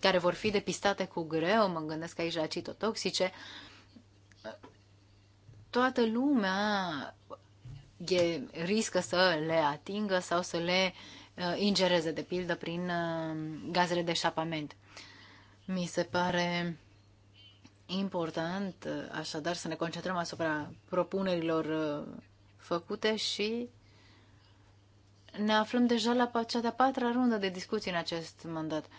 care vor fi depistate cu greu, mă gândesc aici la citotoxice, toată lumea e, riscă să le atingă sau să le uh, ingereze, de pildă, prin uh, gazele de șapament. Mi se pare important, uh, așadar, să ne concentrăm asupra propunerilor uh, făcute și ne aflăm deja la cea de-a patra rundă de discuții în acest mandat. Uh,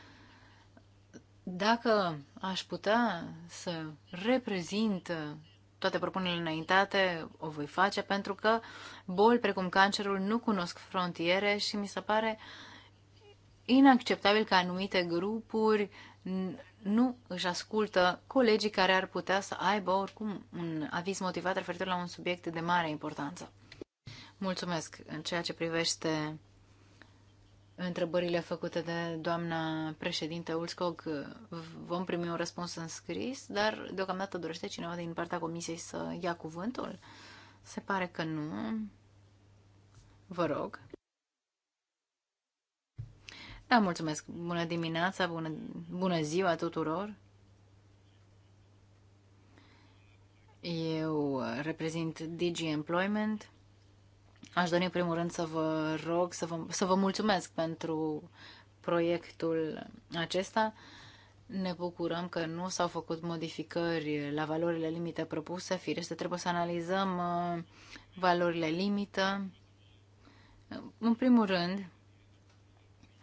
dacă aș putea să reprezint toate propunerile înaintate, o voi face pentru că boli precum cancerul nu cunosc frontiere și mi se pare inacceptabil că anumite grupuri nu își ascultă colegii care ar putea să aibă oricum un aviz motivat referitor la un subiect de mare importanță. Mulțumesc în ceea ce privește întrebările făcute de doamna președinte Ulskog vom primi un răspuns în scris, dar deocamdată dorește cineva din partea comisiei să ia cuvântul? Se pare că nu. Vă rog. Da, mulțumesc. Bună dimineața, bună, bună ziua tuturor. Eu reprezint Digi Employment Aș dori în primul rând să vă rog să vă, să vă mulțumesc pentru proiectul acesta. Ne bucurăm că nu s-au făcut modificări la valorile limite propuse. Firește, trebuie să analizăm uh, valorile limită. În primul rând,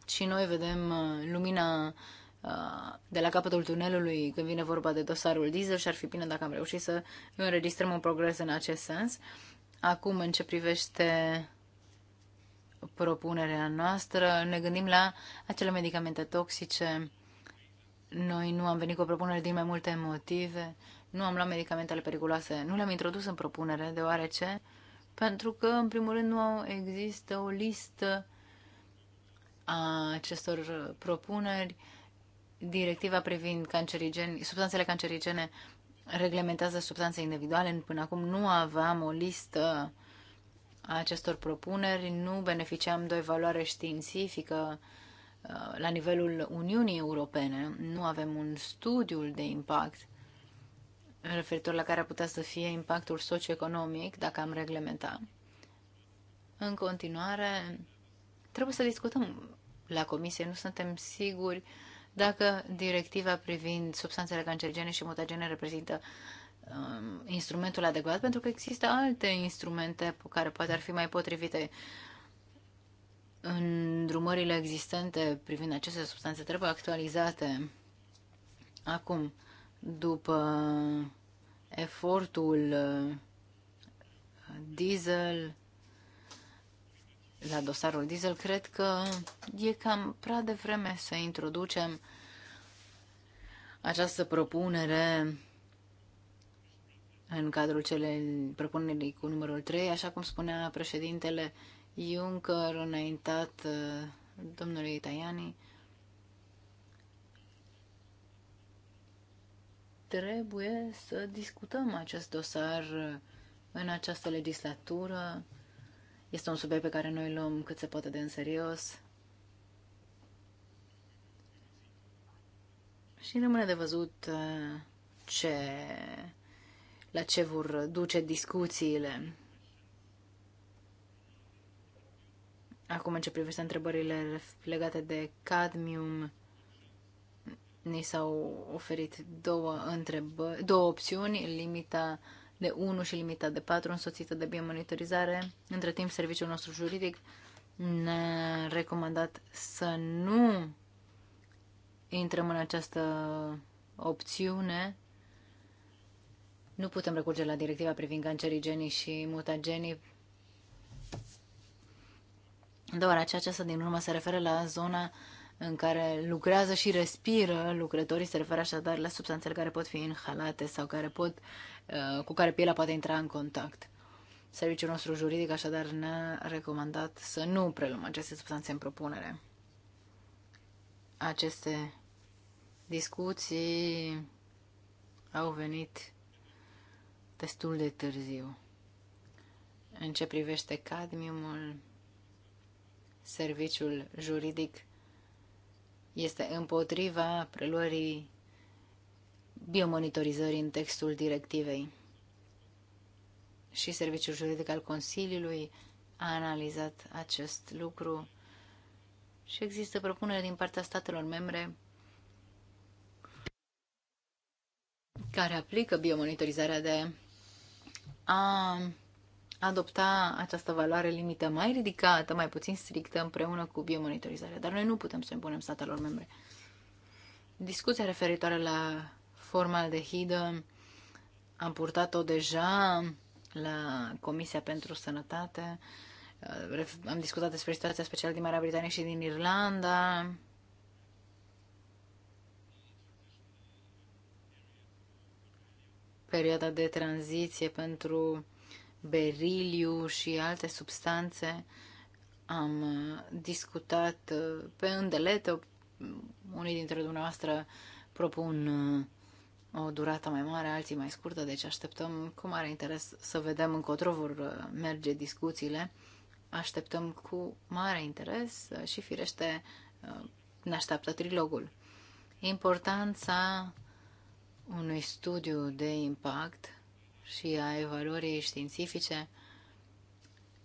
și noi vedem uh, lumina uh, de la capătul tunelului când vine vorba de dosarul diesel și ar fi bine dacă am reușit să înregistrăm un progres în acest sens. Acum, în ce privește propunerea noastră, ne gândim la acele medicamente toxice. Noi nu am venit cu o propunere din mai multe motive. Nu am luat medicamentele periculoase, nu le-am introdus în propunere, deoarece pentru că, în primul rând, nu există o listă a acestor propuneri. Directiva privind cancerigeni, substanțele cancerigene reglementează substanțe individuale. Până acum nu aveam o listă a acestor propuneri, nu beneficiam de o evaluare științifică uh, la nivelul Uniunii Europene, nu avem un studiu de impact referitor la care ar putea să fie impactul socioeconomic dacă am reglementa. În continuare, trebuie să discutăm la comisie, nu suntem siguri uh, dacă directiva privind substanțele cancerigene și mutagene reprezintă um, instrumentul adecvat, pentru că există alte instrumente pe care poate ar fi mai potrivite drumările existente privind aceste substanțe trebuie actualizate acum după efortul uh, diesel la dosarul diesel, cred că e cam prea devreme să introducem această propunere în cadrul cele propunerii cu numărul 3, așa cum spunea președintele Juncker înaintat uh, domnului Tajani, trebuie să discutăm acest dosar în această legislatură este un subiect pe care noi luăm cât se poate de în serios. Și rămâne de văzut uh, ce, la ce vor duce discuțiile. Acum, în ce privește întrebările legate de cadmium, ni s-au oferit două, întrebări, două opțiuni, limita uh, de 1 și limita de 4 însoțită de biomonitorizare. Între timp, serviciul nostru juridic ne-a recomandat să nu intrăm în această opțiune. Nu putem recurge la directiva privind cancerigenii și mutagenii, doar aceasta din urmă se referă la zona în care lucrează și respiră lucrătorii, se referă așadar la substanțele care pot fi inhalate sau care pot Uh, cu care pielea poate intra în contact. Serviciul nostru juridic așadar ne-a recomandat să nu preluăm aceste substanțe în propunere. Aceste discuții au venit destul de târziu. În ce privește cadmiumul, serviciul juridic este împotriva preluării biomonitorizării în textul directivei. Și Serviciul Juridic al Consiliului a analizat acest lucru și există propunere din partea statelor membre care aplică biomonitorizarea de a adopta această valoare limită mai ridicată, mai puțin strictă, împreună cu biomonitorizarea. Dar noi nu putem să impunem statelor membre. Discuția referitoare la formaldehidă. Am purtat-o deja la Comisia pentru Sănătate. Am discutat despre situația specială din Marea Britanie și din Irlanda. Perioada de tranziție pentru beriliu și alte substanțe. Am uh, discutat uh, pe îndelete. Unii dintre dumneavoastră propun uh, o durată mai mare, alții mai scurtă, deci așteptăm cu mare interes să vedem încotro vor uh, merge discuțiile. Așteptăm cu mare interes uh, și firește uh, ne așteaptă trilogul. Importanța unui studiu de impact și a evaluării științifice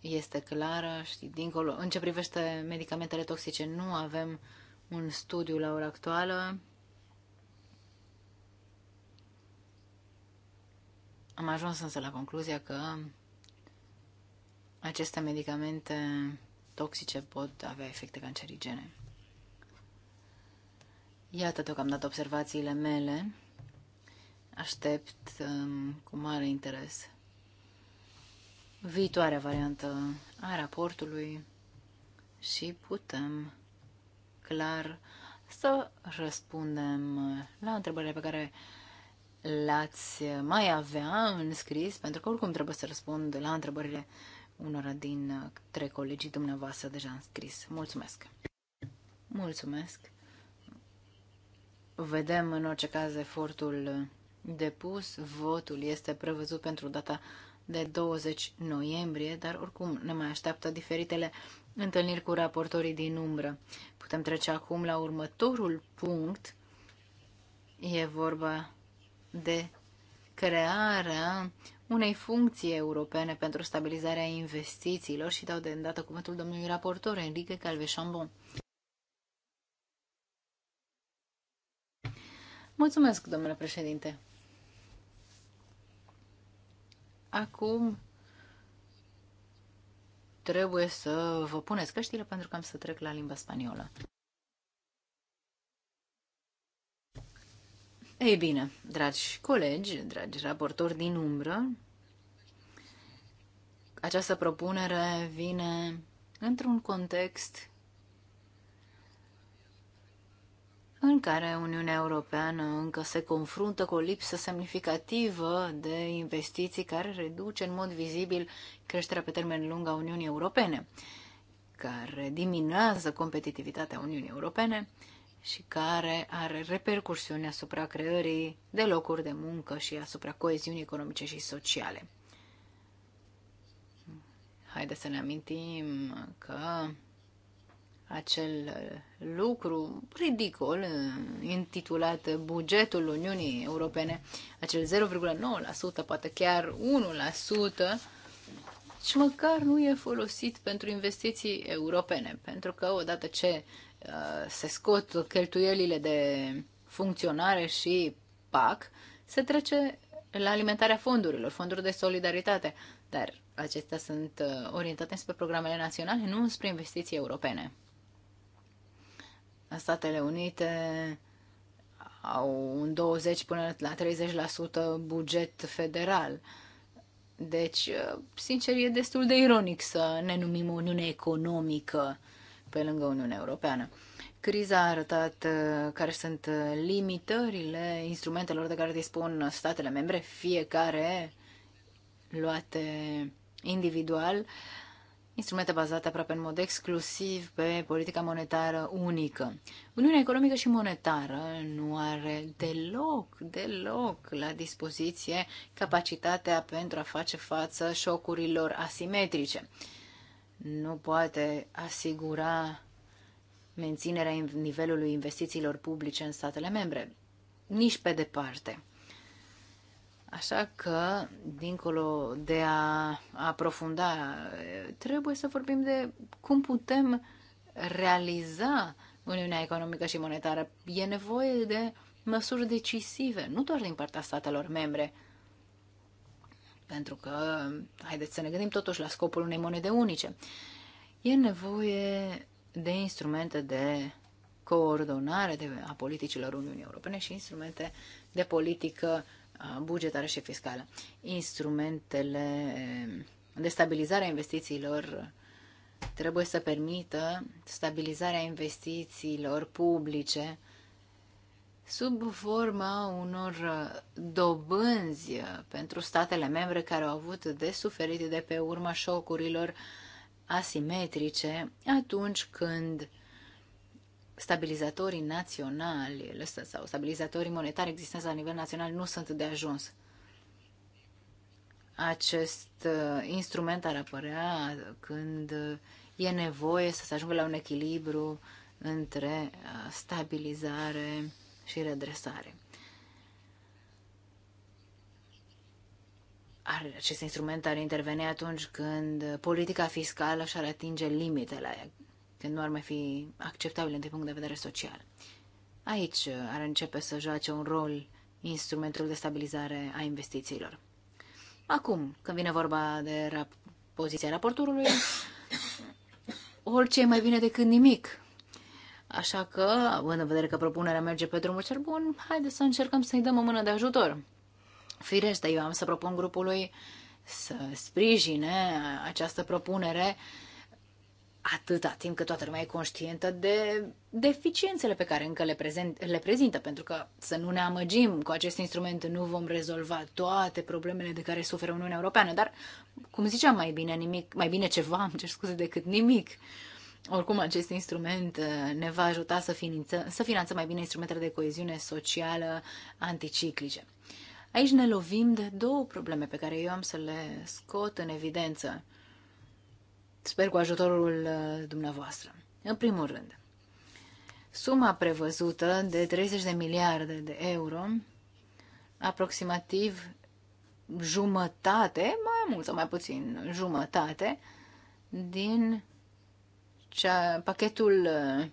este clară și dincolo. În ce privește medicamentele toxice, nu avem un studiu la ora actuală, Am ajuns însă la concluzia că aceste medicamente toxice pot avea efecte cancerigene. Iată deocamdată observațiile mele. Aștept um, cu mare interes viitoarea variantă a raportului și putem clar să răspundem uh, la întrebările pe care l-ați mai avea scris pentru că oricum trebuie să răspund la întrebările unora din trei colegii dumneavoastră deja scris Mulțumesc! Mulțumesc! Vedem în orice caz efortul depus. Votul este prevăzut pentru data de 20 noiembrie, dar oricum ne mai așteaptă diferitele întâlniri cu raportorii din umbră. Putem trece acum la următorul punct. E vorba de crearea unei funcții europene pentru stabilizarea investițiilor și dau de îndată cuvântul domnului raportor Enrique Calveșambon. Mulțumesc, domnule președinte. Acum trebuie să vă puneți căștile pentru că am să trec la limba spaniolă. Ei bine, dragi colegi, dragi raportori din umbră, această propunere vine într-un context în care Uniunea Europeană încă se confruntă cu o lipsă semnificativă de investiții care reduce în mod vizibil creșterea pe termen lung a Uniunii Europene, care diminuează competitivitatea Uniunii Europene și care are repercursiuni asupra creării de locuri de muncă și asupra coeziunii economice și sociale. Haideți să ne amintim că acel lucru ridicol intitulat bugetul Uniunii Europene, acel 0,9%, poate chiar 1%, și măcar nu e folosit pentru investiții europene, pentru că odată ce Uh, se scot cheltuielile de funcționare și PAC, se trece la alimentarea fondurilor, fonduri de solidaritate, dar acestea sunt uh, orientate spre programele naționale, nu spre investiții europene. Statele Unite au un 20 până la 30% buget federal. Deci, uh, sincer, e destul de ironic să ne numim Uniune Economică pe lângă Uniunea Europeană. Criza a arătat uh, care sunt limitările instrumentelor de care dispun statele membre, fiecare luate individual, instrumente bazate aproape în mod exclusiv pe politica monetară unică. Uniunea economică și monetară nu are deloc, deloc la dispoziție capacitatea pentru a face față șocurilor asimetrice nu poate asigura menținerea nivelului investițiilor publice în statele membre. Nici pe departe. Așa că, dincolo de a aprofunda, trebuie să vorbim de cum putem realiza Uniunea Economică și Monetară. E nevoie de măsuri decisive, nu doar din partea statelor membre, pentru că, haideți să ne gândim totuși la scopul unei monede unice. E nevoie de instrumente de coordonare de, a politicilor Uniunii Europene și instrumente de politică bugetară și fiscală. Instrumentele de stabilizare a investițiilor trebuie să permită stabilizarea investițiilor publice sub forma unor uh, dobânzi uh, pentru statele membre care au avut de suferit de pe urma șocurilor asimetrice atunci când stabilizatorii naționali sau stabilizatorii monetari existenți la nivel național nu sunt de ajuns. Acest uh, instrument ar apărea când e nevoie să se ajungă la un echilibru între stabilizare și redresare. Ar, acest instrument ar interveni atunci când politica fiscală și-ar atinge limitele, când nu ar mai fi acceptabil din punct de vedere social. Aici uh, ar începe să joace un rol instrumentul de stabilizare a investițiilor. Acum, când vine vorba de rap- poziția raportorului, orice e mai bine decât nimic. Așa că, având în vedere că propunerea merge pe drumul cel bun, haide să încercăm să-i dăm o mână de ajutor. Firește, eu am să propun grupului să sprijine această propunere atâta timp cât toată lumea e conștientă de deficiențele pe care încă le, prezent, le prezintă, pentru că să nu ne amăgim, cu acest instrument nu vom rezolva toate problemele de care suferă Uniunea Europeană, dar, cum ziceam, mai bine nimic, mai bine ceva, îmi cer scuze, decât nimic. Uh, oricum, acest instrument uh, ne va ajuta să, finință, să finanțăm mai bine instrumentele de coeziune socială anticiclice. Aici ne lovim de două probleme pe care eu am să le scot în evidență. Sper cu ajutorul uh, dumneavoastră. În primul rând, suma prevăzută de 30 de miliarde de euro, aproximativ jumătate, mai mult sau mai puțin jumătate, din cea, pachetul uh,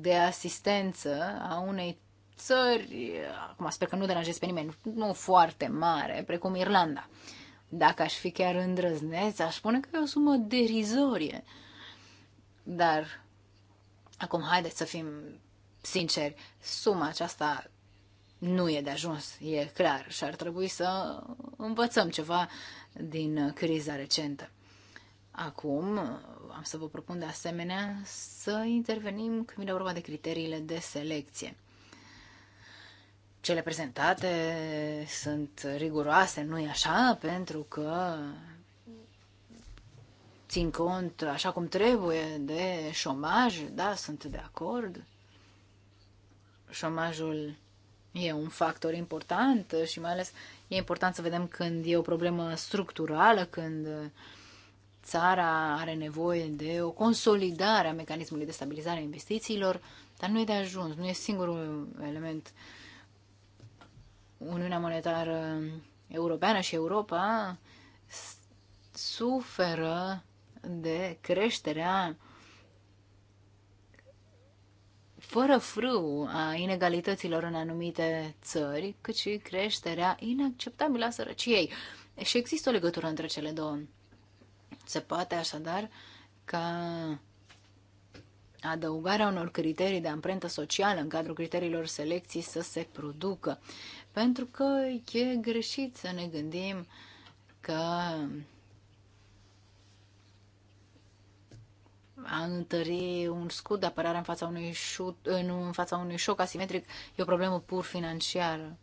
de asistență a unei țări, acum sper că nu deranjez pe nimeni, nu foarte mare, precum Irlanda. Dacă aș fi chiar îndrăzneț, aș spune că e o sumă derizorie. Dar, acum, haideți să fim sinceri, suma aceasta nu e de ajuns, e clar, și ar trebui să învățăm ceva din criza recentă. Acum, am să vă propun de asemenea să intervenim când vine vorba de criteriile de selecție. Cele prezentate sunt riguroase, nu-i așa? Pentru că țin cont așa cum trebuie de șomaj, da, sunt de acord. Șomajul e un factor important și mai ales e important să vedem când e o problemă structurală, când uh, țara are nevoie de o consolidare a mecanismului de stabilizare a investițiilor, dar nu e de ajuns, nu e singurul element. Uniunea Monetară Europeană și Europa suferă de creșterea fără frâu a inegalităților în anumite țări, cât și creșterea inacceptabilă a sărăciei. Și există o legătură între cele două. Se poate așadar ca adăugarea unor criterii de amprentă socială în cadrul criteriilor selecției să se producă. Pentru că e greșit să ne gândim că a întări un scut de apărare în fața unui, șut, în, în fața unui șoc asimetric e o problemă pur financiară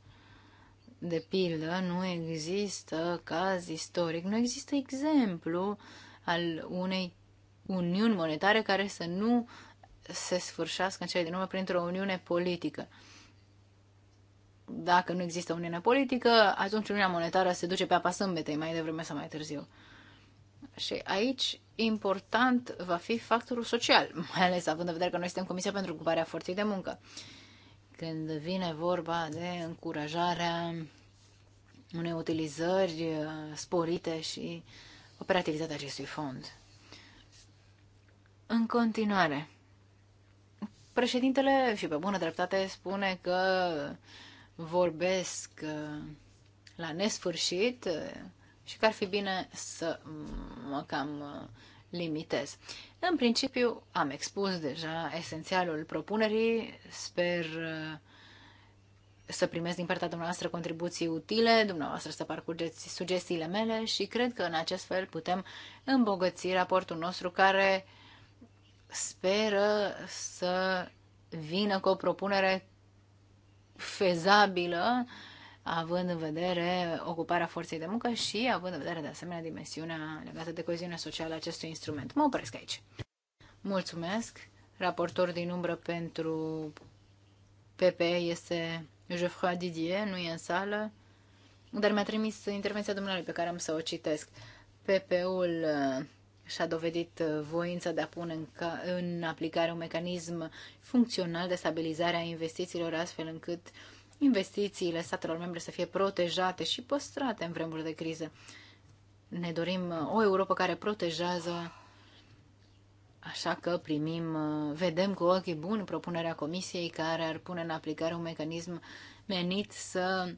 de pildă, nu există caz istoric, nu există exemplu al unei uniuni monetare care să nu se sfârșească în cele din urmă printr-o uniune politică. Dacă nu există uniune politică, atunci uniunea monetară se duce pe apa sâmbetei mai devreme sau mai târziu. Și aici important va fi factorul social, mai ales având în vedere că noi suntem Comisia pentru Ocuparea Forței de Muncă. Uh, când vine vorba de încurajarea unei utilizări uh, sporite și operativitatea acestui fond. În continuare, președintele, și pe bună dreptate, spune că vorbesc uh, la nesfârșit uh, și că ar fi bine să mă cam limitez. În principiu, am expus deja esențialul propunerii. Sper uh, să primesc din partea dumneavoastră contribuții utile, dumneavoastră să parcurgeți sugestiile mele și cred că în acest fel putem îmbogăți raportul nostru care speră să vină cu o propunere fezabilă având în vedere ocuparea forței de muncă și având în vedere de asemenea dimensiunea legată de coeziunea socială a acestui instrument. Mă opresc aici. Mulțumesc. Raportor din umbră pentru PP este Geoffroy Didier, nu e în sală, dar mi-a trimis intervenția domnului pe care am să o citesc. PP-ul uh, și-a dovedit uh, voința de a pune în, ca, în aplicare un mecanism funcțional de stabilizare a investițiilor, astfel încât uh, investițiile statelor membre să fie protejate și păstrate în vremuri de criză. Ne dorim uh, o Europa care protejează, așa că primim, uh, vedem cu ochii buni propunerea Comisiei care ar pune în aplicare un mecanism menit să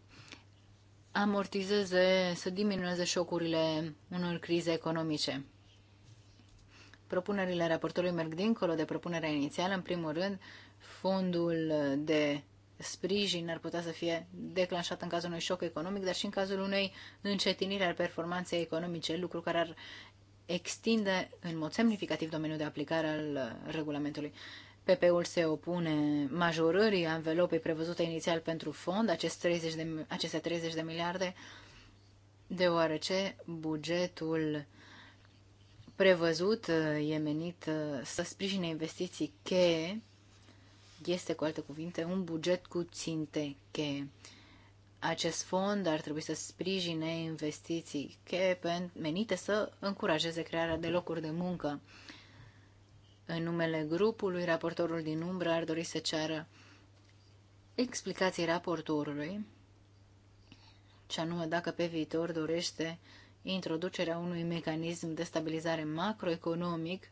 amortizeze, să diminueze șocurile unor crize economice. Propunerile raportului merg dincolo de propunerea inițială. În primul rând, fondul de sprijin ar putea să fie declanșat în cazul unui șoc economic, dar și în cazul unei încetiniri al performanței economice, lucru care ar extinde în mod semnificativ domeniul de aplicare al uh, regulamentului. PP-ul se opune majorării anvelopei prevăzute inițial pentru fond, acest 30 de, aceste 30 de miliarde, deoarece bugetul prevăzut uh, e menit uh, să sprijine investiții cheie este, cu alte cuvinte, un buget cu ținte che. Acest fond ar trebui să sprijine investiții che menite să încurajeze crearea de locuri de muncă. În numele grupului, raportorul din umbră ar dori să ceară explicații raportorului, ce anume dacă pe viitor dorește introducerea unui mecanism de stabilizare macroeconomic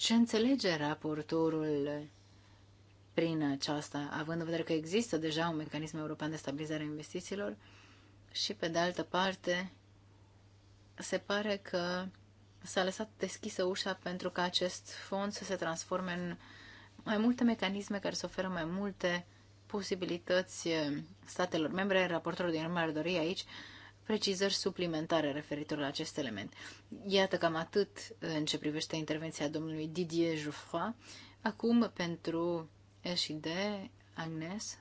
ce înțelege raportorul prin aceasta, având în vedere că există deja un mecanism european de stabilizare a investițiilor și, pe de altă parte, se pare că s-a lăsat deschisă ușa pentru ca acest fond să se transforme în mai multe mecanisme care să oferă mai multe posibilități eh, statelor membre. Raportorul din urmă ar dori aici precizări suplimentare referitor la acest element. Iată cam atât în ce privește intervenția domnului Didier Jouffroy. Acum, pentru S&D, Agnes.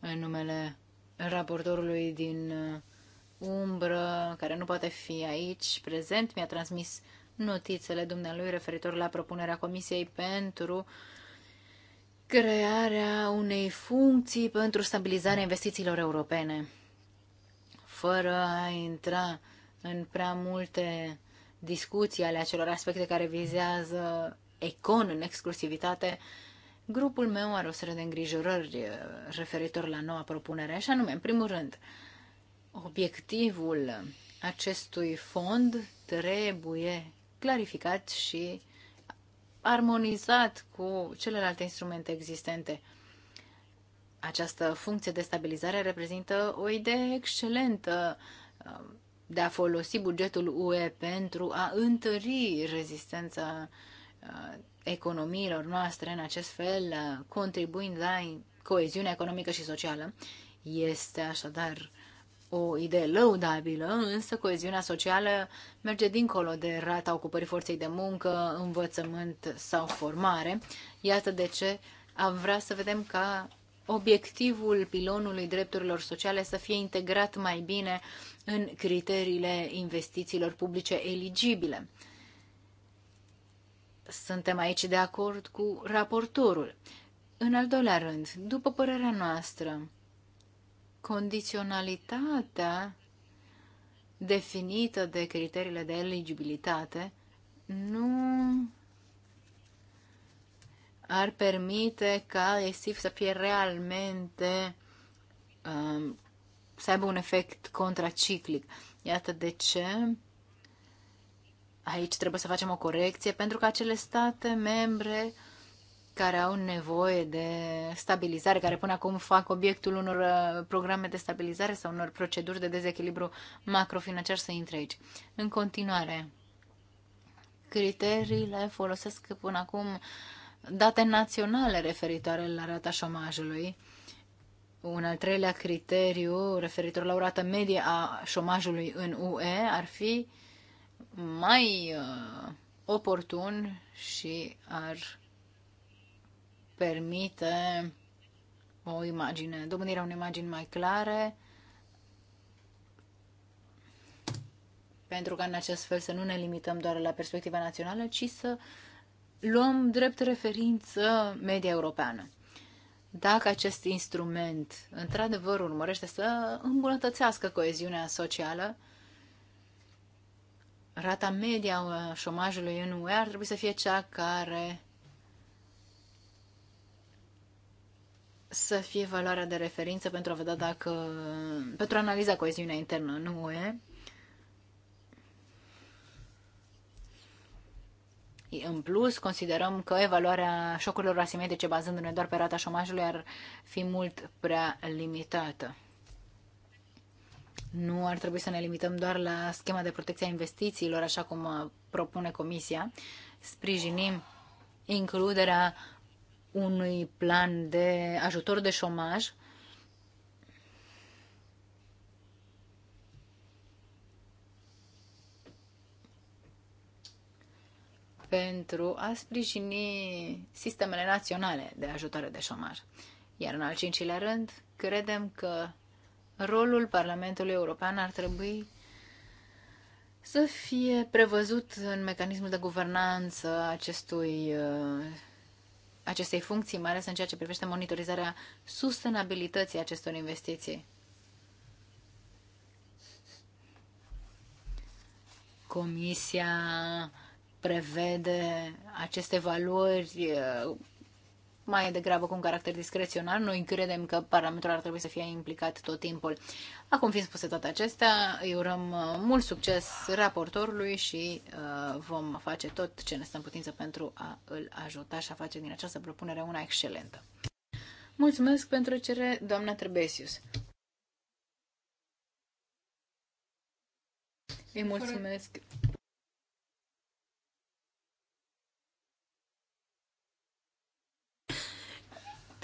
În numele raportorului din uh, umbră, care nu poate fi aici prezent, mi-a transmis notițele dumnealui referitor la propunerea Comisiei pentru uh, crearea unei funcții pentru stabilizarea investițiilor europene, fără a intra în prea multe discuții ale acelor aspecte care vizează econ în exclusivitate, grupul meu are o serie de îngrijorări eh, referitor la noua propunere, așa nume, în primul rând, obiectivul acestui fond trebuie clarificat și armonizat cu celelalte instrumente existente. Această funcție de stabilizare reprezintă o idee excelentă um, de a folosi bugetul UE pentru a întări rezistența uh, economiilor noastre, în acest fel uh, contribuind la coeziunea economică și socială. Este așadar o idee lăudabilă, însă coeziunea socială merge dincolo de rata ocupării forței de muncă, învățământ sau formare. Iată de ce am vrea să vedem ca obiectivul pilonului drepturilor sociale să fie integrat mai bine în criteriile investițiilor publice eligibile. Suntem aici de acord cu raportorul. În al doilea rând, după părerea noastră, condiționalitatea definită de criteriile de eligibilitate nu ar permite ca ESIF să fie realmente um, să aibă un efect contraciclic. Iată de ce aici trebuie să facem o corecție pentru că acele state membre uh, care au nevoie de stabilizare, care până acum fac obiectul unor uh, programe de stabilizare sau unor proceduri de dezechilibru macrofinanciar să intre aici. În continuare, criteriile folosesc până acum date naționale referitoare la rata șomajului. Un al treilea criteriu referitor la o rată medie a șomajului în UE ar fi mai uh, oportun și ar permite o imagine, domnirea unei imagini mai clare, pentru ca în acest fel să nu ne limităm doar la perspectiva națională, ci să luăm drept referință media europeană. Dacă acest instrument într-adevăr urmărește să îmbunătățească coeziunea socială, rata media a șomajului în UE ar trebui să fie cea care să fie valoarea de referință pentru a vedea dacă. pentru a analiza coeziunea internă, nu e? În plus, considerăm că evaluarea șocurilor asimetrice bazându-ne doar pe rata șomajului ar fi mult prea limitată. Nu ar trebui să ne limităm doar la schema de protecție a investițiilor, așa cum propune Comisia. Sprijinim includerea unui plan de ajutor de șomaj pentru a sprijini sistemele naționale de ajutare de șomaj. Iar în al cincilea rând, credem că rolul Parlamentului European ar trebui să fie prevăzut în mecanismul de guvernanță acestui uh, acestei funcții, mai ales în ceea ce privește monitorizarea sustenabilității acestor investiții. Comisia prevede aceste valori uh, mai degrabă cu un caracter discreționar. Noi credem că Parlamentul ar trebui să fie implicat tot timpul. Acum fiind spuse toate acestea, îi urăm uh, mult succes raportorului și uh, vom face tot ce ne stă în putință pentru a îl ajuta și a face din această propunere una excelentă. Mulțumesc pentru cere, doamna Trebesius. Îi mulțumesc.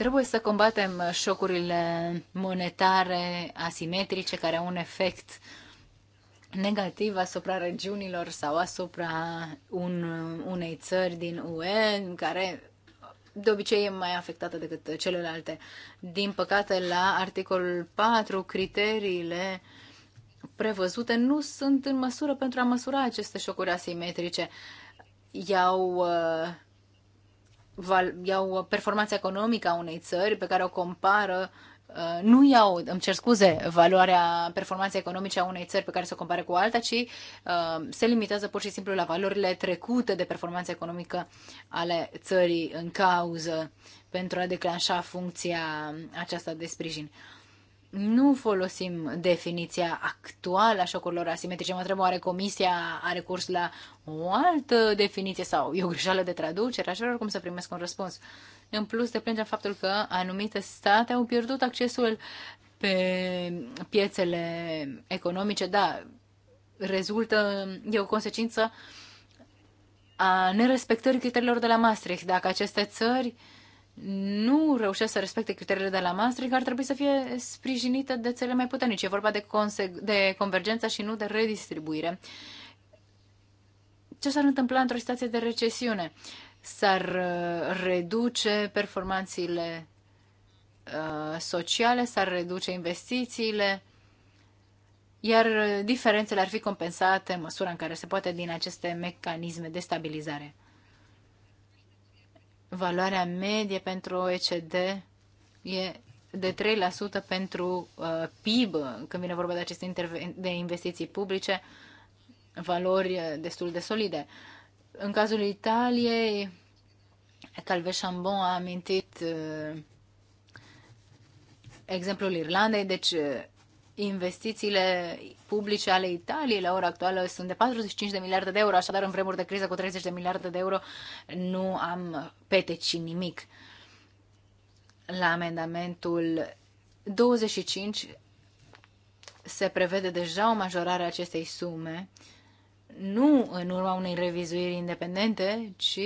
Trebuie să combatem uh, șocurile monetare asimetrice care au un efect negativ asupra regiunilor sau asupra un, unei țări din UE care de obicei e mai afectată decât celelalte. Din păcate, la articolul 4, criteriile prevăzute nu sunt în măsură pentru a măsura aceste șocuri asimetrice. I-au uh, iau performanța economică a unei țări pe care o compară uh, nu iau, îmi cer scuze, valoarea performanței economice a unei țări pe care se o compare cu alta, ci uh, se limitează pur și simplu la valorile trecute de performanță economică ale țării în cauză pentru a declanșa funcția aceasta de sprijin. Uh, nu folosim definiția actuală a șocurilor asimetrice. Mă întreb, oare comisia a recurs la o altă definiție sau e o greșeală de traducere? Aș vrea oricum să primesc un răspuns. În plus, deplângem faptul că anumite state au pierdut accesul pe piețele economice. Da, rezultă, e o consecință a nerespectării criteriilor de la Maastricht. Dacă aceste țări uh, nu reușesc să respecte criteriile de la Maastricht, ar trebui să fie sprijinită de țele mai puternice. E vorba de, de convergență și nu de redistribuire. Ce s-ar întâmpla într-o situație de recesiune? S-ar uh, reduce performanțele uh, sociale, s-ar reduce investițiile, iar uh, diferențele ar fi compensate în măsura în care se poate din aceste mecanisme de stabilizare. Valoarea medie pentru OECD e de 3% pentru uh, PIB, când vine vorba de aceste de investiții publice, valori uh, destul de solide. În cazul Italiei, Calve Chambon a amintit uh, exemplul Irlandei, deci uh, investițiile publice ale Italiei la ora actuală sunt de 45 de miliarde de euro, așadar în vremuri de criză cu 30 de miliarde de euro nu am peteci nimic. La amendamentul 25 se prevede deja o majorare a acestei sume, nu în urma unei revizuiri independente, ci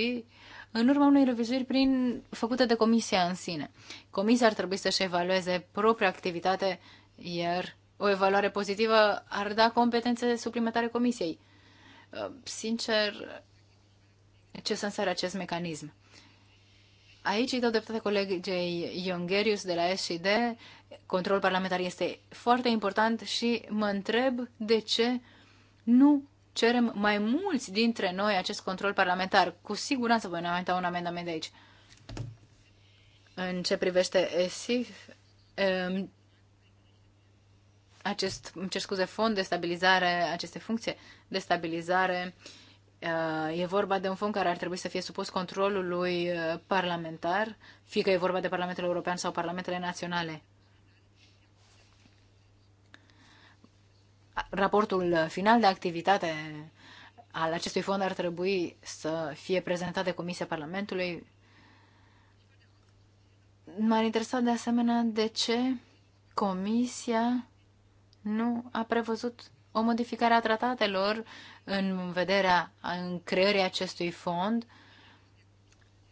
în urma unei revizuiri prin, făcute de comisia în sine. Comisia ar trebui să-și evalueze propria activitate, iar o evaluare pozitivă ar da competențe suplimentare comisiei. Uh, sincer, ce sens are acest mecanism? Aici îi dau dreptate colegei Iongerius de la SCD. Controlul parlamentar este foarte important și mă întreb de ce nu cerem mai mulți dintre noi acest control parlamentar. Cu siguranță voi înainta un amendament de aici. În ce privește ESIF, um, acest, îmi cer scuze, fond de stabilizare, aceste funcții de stabilizare, uh, e vorba de un fond care ar trebui să fie supus controlului uh, parlamentar, fie că e vorba de Parlamentul European sau Parlamentele Naționale. Raportul final de activitate al acestui fond ar trebui să fie prezentat de Comisia Parlamentului. M-ar interesa de asemenea de ce Comisia nu a prevăzut o modificare a tratatelor în vederea în creării acestui fond.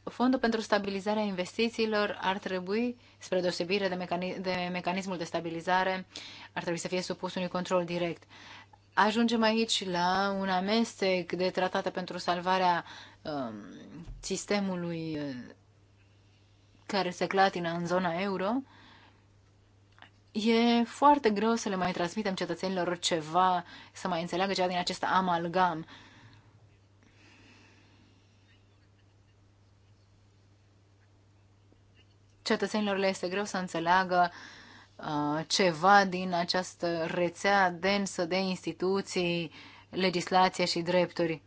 Fondul pentru stabilizarea investițiilor ar trebui, spre deosebire de, mecani- de mecanismul de stabilizare, ar trebui să fie supus unui control direct. Ajungem aici la un amestec de tratate pentru salvarea um, sistemului uh, care se clatină în zona euro e foarte greu să le mai transmitem cetățenilor ceva, să mai înțeleagă ceva din acest amalgam. Cetățenilor le este greu să înțeleagă uh, ceva din această rețea densă de instituții, legislație și drepturi.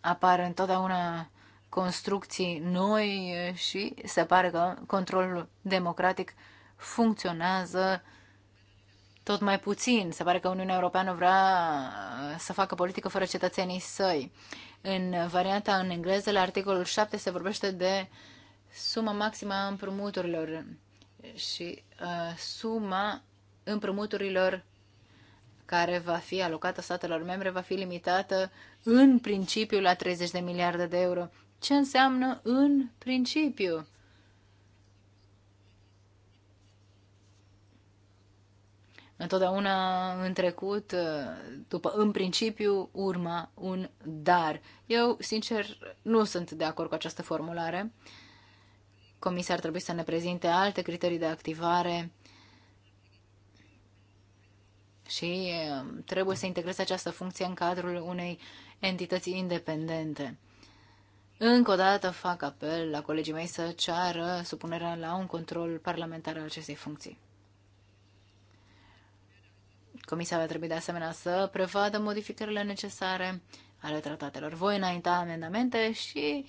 Apar întotdeauna construcții noi și se pare că controlul democratic funcționează tot mai puțin. Se pare că Uniunea Europeană vrea uh, să facă politică fără cetățenii săi. În varianta în engleză, la articolul 7, se vorbește de suma maximă a împrumuturilor și uh, suma împrumuturilor care va fi alocată statelor membre va fi limitată în principiu la 30 de miliarde de euro. Ce înseamnă în principiu? Întotdeauna în trecut, ă, după în principiu, urma un dar. Eu, sincer, nu sunt de acord cu această formulare. Comisia ar trebui să ne prezinte alte criterii de activare și ă, trebuie să integreze această funcție în cadrul unei entități independente. Încă o dată fac apel la colegii mei să ceară supunerea la un control parlamentar al acestei funcții. Comisia va trebui de asemenea să prevadă modificările necesare ale tratatelor. Voi înainta amendamente și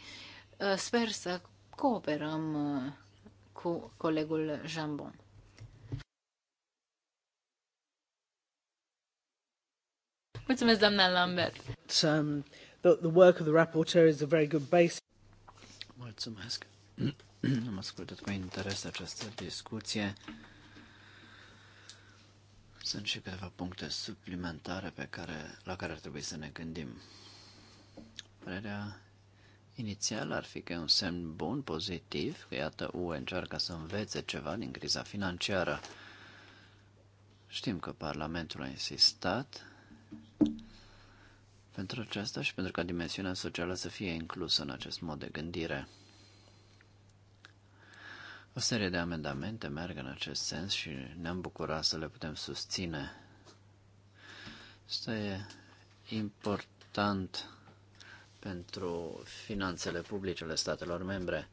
uh, sper să cooperăm uh, cu colegul Jambon. Mulțumesc, doamna Lambert. Um, the, the work of the rapporteur is a very good base. Mulțumesc. Am ascultat cu interes această discuție. Sunt și câteva puncte suplimentare pe care, la care ar trebui să ne gândim. Părerea inițială ar fi că e un semn bun, pozitiv, că iată UE încearcă să învețe ceva din criza financiară. Știm că Parlamentul a insistat pentru aceasta și pentru ca dimensiunea socială să fie inclusă în acest mod de gândire. O serie de amendamente merg în acest sens și ne-am bucurat să le putem susține. Asta e important pentru finanțele publice ale statelor membre.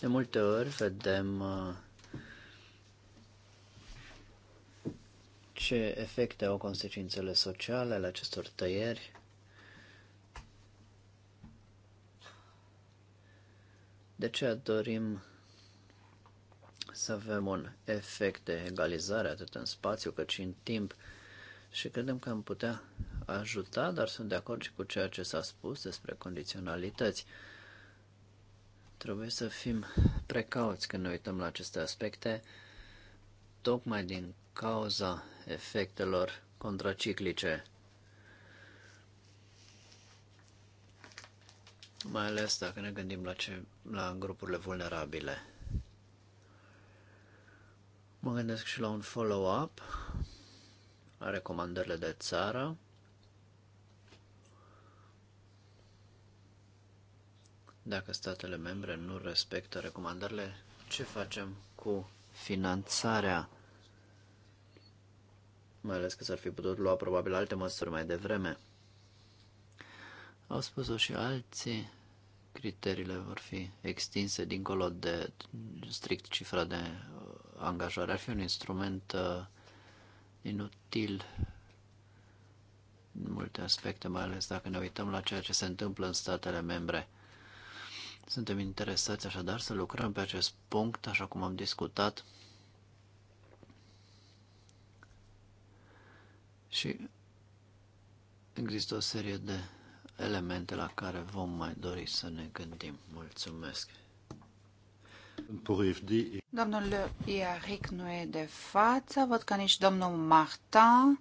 De multe ori vedem uh, ce efecte au consecințele sociale ale acestor tăieri De ce dorim să avem un efect de egalizare atât în spațiu cât și în timp și credem că am putea ajuta, dar sunt de acord și cu ceea ce s-a spus despre condiționalități. Trebuie să fim precauți când ne uităm la aceste aspecte, tocmai din cauza efectelor contraciclice. mai ales dacă ne gândim la, ce, la grupurile vulnerabile. Mă gândesc și la un follow-up la recomandările de țară. Dacă statele membre nu respectă recomandările, ce facem cu finanțarea? Mai ales că s-ar fi putut lua probabil alte măsuri mai devreme. Au spus-o și alții, criteriile vor fi extinse dincolo de strict cifra de uh, angajare. Ar fi un instrument uh, inutil în multe aspecte, mai ales dacă ne uităm la ceea ce se întâmplă în statele membre. Suntem interesați așadar să lucrăm pe acest punct, așa cum am discutat. Și există o serie de elemente la care vom mai dori să ne gândim. Mulțumesc! Domnul Iaric nu e de față, văd că nici domnul Martin.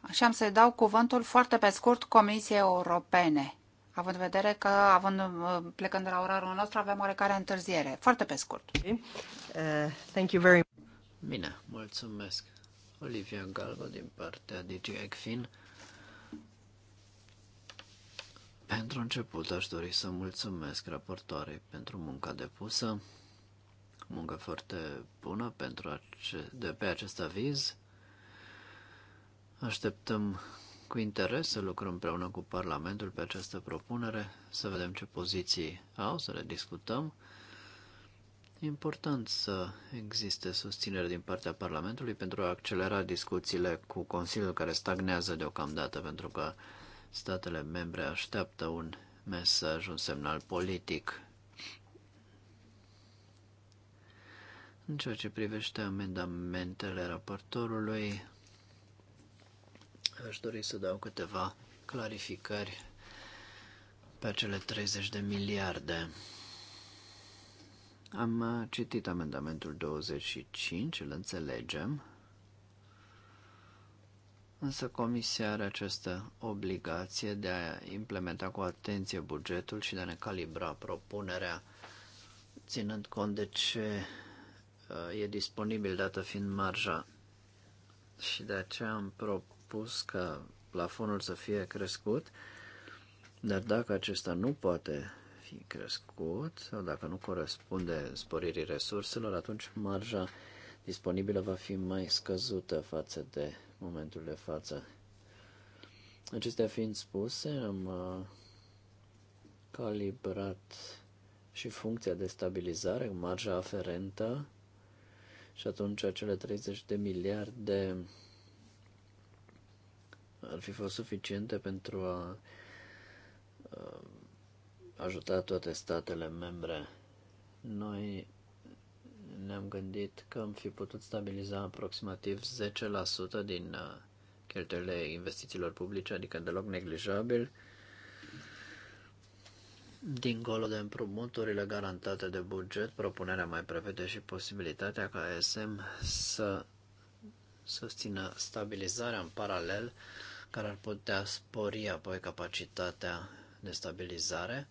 Așa am să-i dau cuvântul foarte pe scurt Comisiei Europene, având în vedere că, având, uh, plecând de la orarul nostru, avem oarecare întârziere. Foarte pe scurt. Uh, thank you very much. Bine, mulțumesc. Olivia Galva din partea DJ ECFIN. Pentru început aș dori să mulțumesc raportoarei pentru munca depusă, muncă foarte bună pentru ace- de pe acest aviz. Așteptăm cu interes să lucrăm împreună cu Parlamentul pe această propunere, să vedem ce poziții au, să le discutăm. E important să existe susținere din partea Parlamentului pentru a accelera discuțiile cu Consiliul care stagnează deocamdată, pentru că statele membre așteaptă un mesaj, un semnal politic. În ceea ce privește amendamentele raportorului, aș dori să dau câteva clarificări pe cele 30 de miliarde. Am citit amendamentul 25, îl înțelegem însă Comisia are această obligație de a implementa cu atenție bugetul și de a ne calibra propunerea, ținând cont de ce uh, e disponibil, dată fiind marja. Și de aceea am propus ca plafonul să fie crescut, dar dacă acesta nu poate fi crescut sau dacă nu corespunde sporirii resurselor, atunci marja disponibilă va fi mai scăzută față de momentul de față. Acestea fiind spuse, am uh, calibrat și funcția de stabilizare, marja aferentă și atunci acele 30 de miliarde ar fi fost suficiente pentru a uh, ajuta toate statele membre. Noi ne-am gândit că am fi putut stabiliza aproximativ 10% din uh, cheltuielile investițiilor publice, adică deloc neglijabil, dincolo de împrumuturile garantate de buget, propunerea mai prevede și posibilitatea ca ESM să susțină stabilizarea în paralel, care ar putea spori apoi capacitatea de stabilizare.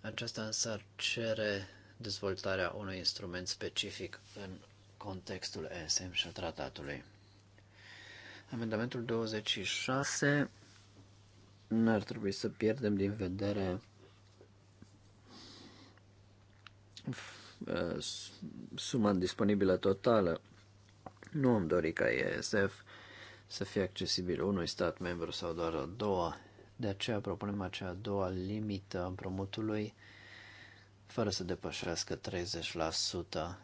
Aceasta însă ar cere dezvoltarea unui instrument specific în contextul ESM și a tratatului. Amendamentul 26 n-ar trebui să pierdem din vedere uh, suma disponibilă totală. Nu am dorit ca ESF să fie accesibil unui stat membru sau doar a doua. De aceea propunem acea a doua limită a împrumutului fără să depășească 30%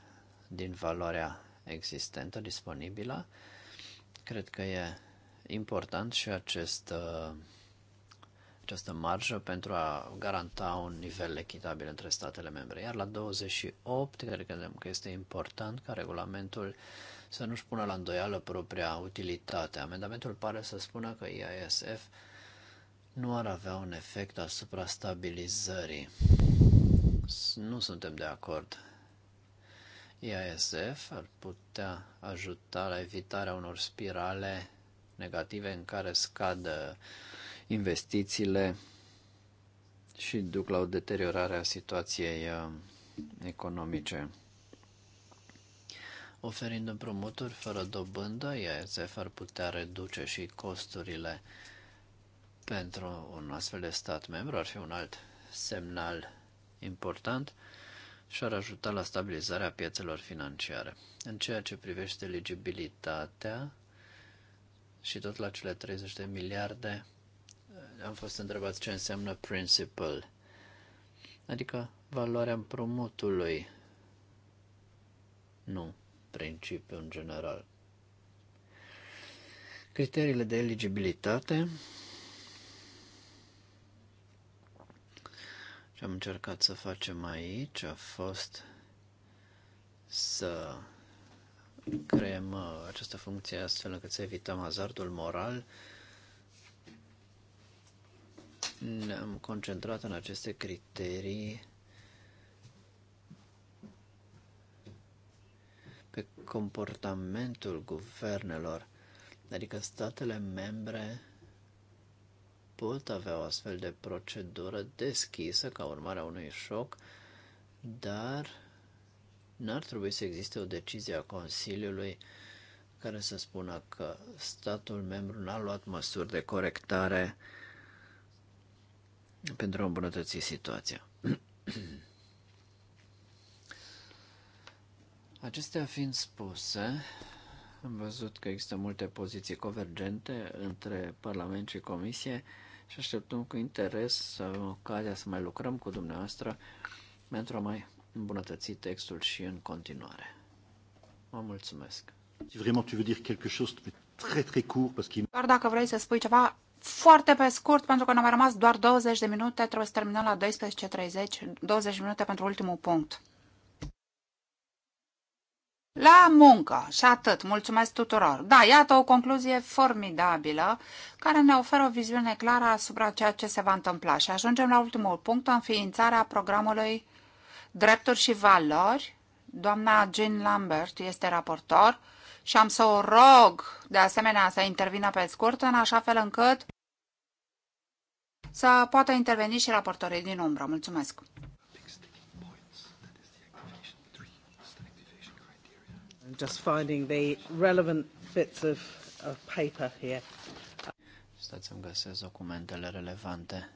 din valoarea existentă, disponibilă. Cred că e important și acest, uh, această marjă pentru a garanta un nivel echitabil între statele membre. Iar la 28, cred că este important ca regulamentul să nu-și pună la îndoială propria utilitate. Amendamentul pare să spună că IASF nu ar avea un efect asupra stabilizării nu suntem de acord. IASF ar putea ajuta la evitarea unor spirale negative în care scad investițiile și duc la o deteriorare a situației uh, economice. Oferind împrumuturi fără dobândă, IASF ar putea reduce și costurile pentru un astfel de stat membru, ar fi un alt semnal important și ar ajuta la stabilizarea piețelor financiare. În ceea ce privește eligibilitatea și tot la cele 30 de miliarde, am fost întrebat ce înseamnă principal, adică valoarea împrumutului, nu principiul în general. Criteriile de eligibilitate Ce am încercat să facem aici a fost să creăm uh, această funcție astfel încât să evităm hazardul moral. Ne-am concentrat în aceste criterii pe comportamentul guvernelor, adică statele membre pot avea o astfel de procedură deschisă ca urmare a unui șoc, dar n-ar trebui să existe o decizie a Consiliului care să spună că statul membru n-a luat măsuri de corectare pentru a îmbunătăți situația. Acestea fiind spuse, am văzut că există multe poziții convergente între Parlament și Comisie și așteptăm cu interes să avem ocazia să mai lucrăm cu dumneavoastră pentru a mai îmbunătăți textul și în continuare. Vă mulțumesc! Doar dacă vrei să spui ceva foarte pe scurt, pentru că ne-au mai rămas doar 20 de minute, trebuie să terminăm la 12.30, 20 minute pentru ultimul punct la muncă și atât. Mulțumesc tuturor. Da, iată o concluzie formidabilă care ne oferă o viziune clară asupra ceea ce se va întâmpla. Și ajungem la ultimul punct, înființarea programului Drepturi și Valori. Doamna Jean Lambert este raportor și am să o rog de asemenea să intervină pe scurt în așa fel încât să poată interveni și raportorii din umbră. Mulțumesc! just finding the relevant bits of, of paper here. Stați să-mi găsesc documentele relevante.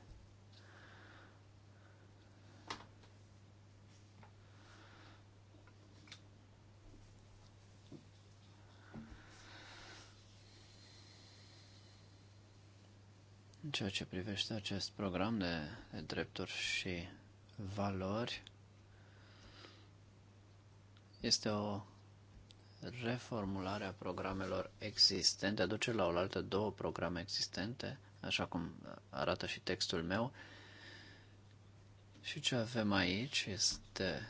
În ceea ce privește acest program de, de drepturi și valori, este o reformularea programelor existente, aduce la oaltă două programe existente, așa cum arată și textul meu. Și ce avem aici este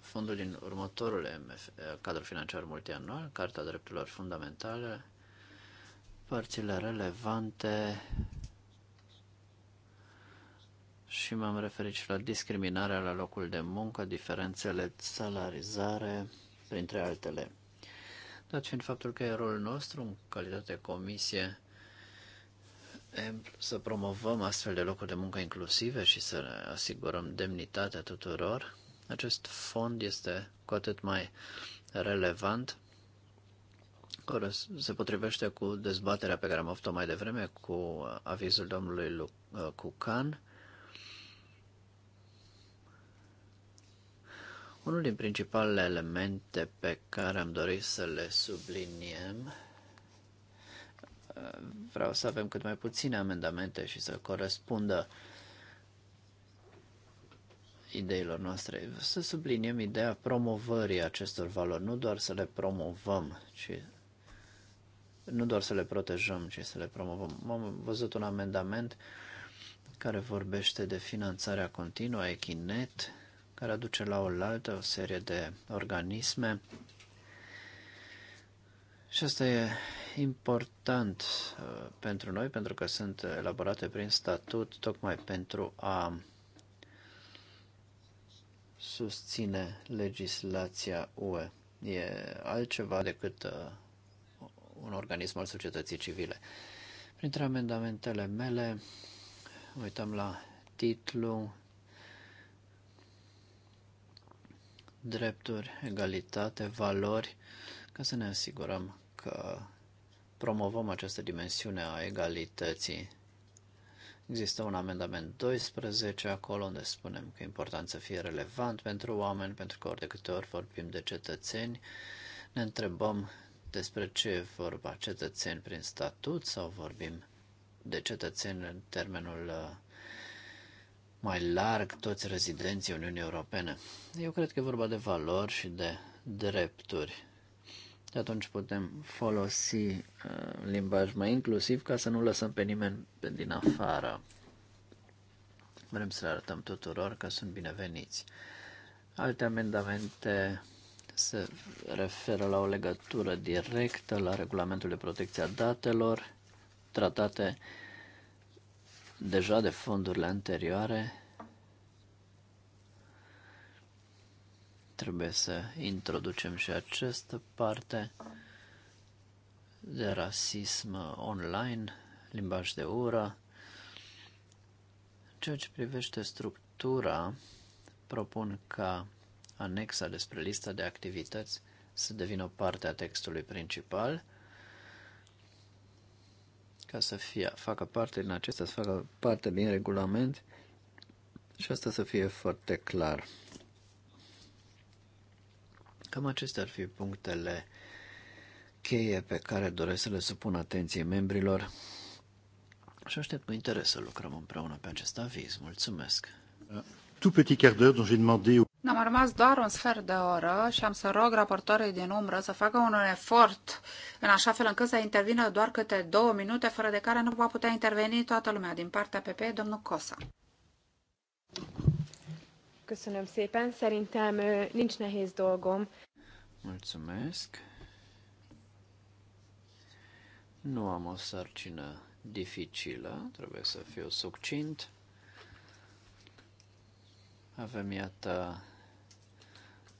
fondul din următorul MF, cadru financiar multianual, Carta Drepturilor Fundamentale, părțile relevante și m-am referit și la discriminarea la locul de muncă, diferențele salarizare, printre altele. Dat fiind faptul că e rolul nostru, în calitate de comisie, să promovăm astfel de locuri de muncă inclusive și să ne asigurăm demnitatea tuturor, acest fond este cu atât mai relevant, care se potrivește cu dezbaterea pe care am avut-o mai devreme cu avizul domnului Cucan, Unul din principalele elemente pe care am dorit să le subliniem, vreau să avem cât mai puține amendamente și să corespundă ideilor noastre, să subliniem ideea promovării acestor valori, nu doar să le promovăm, ci nu doar să le protejăm, ci să le promovăm. Am văzut un amendament care vorbește de finanțarea continuă a Echinet, care aduce la oaltă o serie de organisme. Și asta e important uh, pentru noi, pentru că sunt elaborate prin statut, tocmai pentru a susține legislația UE. E altceva decât uh, un organism al societății civile. Printre amendamentele mele, uităm la titlu, drepturi, egalitate, valori, ca să ne asigurăm că promovăm această dimensiune a egalității. Există un amendament 12 acolo unde spunem că e important să fie relevant pentru oameni, pentru că ori de câte ori vorbim de cetățeni, ne întrebăm despre ce e vorba cetățeni prin statut sau vorbim de cetățeni în termenul uh, mai larg toți rezidenții Uniunii Europene. Eu cred că e vorba de valori și de drepturi. De atunci putem folosi uh, limbaj mai inclusiv ca să nu lăsăm pe nimeni din afară. Vrem să le arătăm tuturor că sunt bineveniți. Alte amendamente se referă la o legătură directă la regulamentul de protecție a datelor tratate uh, deja de fondurile anterioare, trebuie să introducem și această parte de rasism online, limbaj de ură. Ceea ce privește structura, propun ca anexa despre lista de activități să devină parte a textului principal – ca să fie, facă parte din acesta, să facă parte din regulament și asta să fie foarte clar. Cam acestea ar fi punctele cheie pe care doresc să le supun atenției membrilor și aștept cu interes să lucrăm împreună pe acest aviz. Mulțumesc! Tout petit quart d'heure dont j'ai demandé am rămas doar un sfert de oră și am să rog raportorii din umbră să facă un efort în așa fel încât să intervină doar câte două minute, fără de care nu va putea interveni toată lumea. Din partea PP, domnul Cosa. Köszönöm szépen, szerintem nincs nehéz dolgom. Mulțumesc. Nu am o sarcină dificilă, trebuie să fiu succint avem, iată,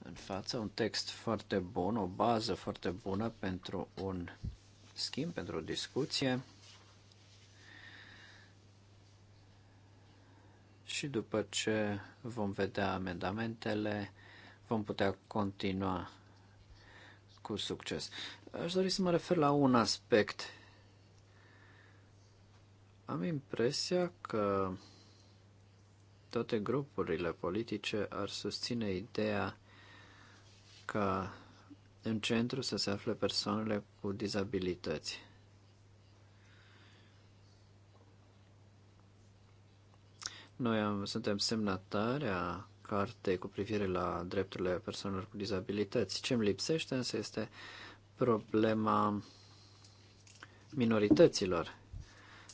în față, un text foarte bun, o bază foarte bună pentru un schimb, pentru o discuție. Și după ce vom vedea amendamentele, vom putea continua cu succes. Aș dori să mă refer la un aspect. Am impresia că toate grupurile politice ar susține ideea ca în centru să se afle persoanele cu dizabilități. Noi am, suntem semnatari a cartei cu privire la drepturile persoanelor cu dizabilități. Ce îmi lipsește însă este problema minorităților.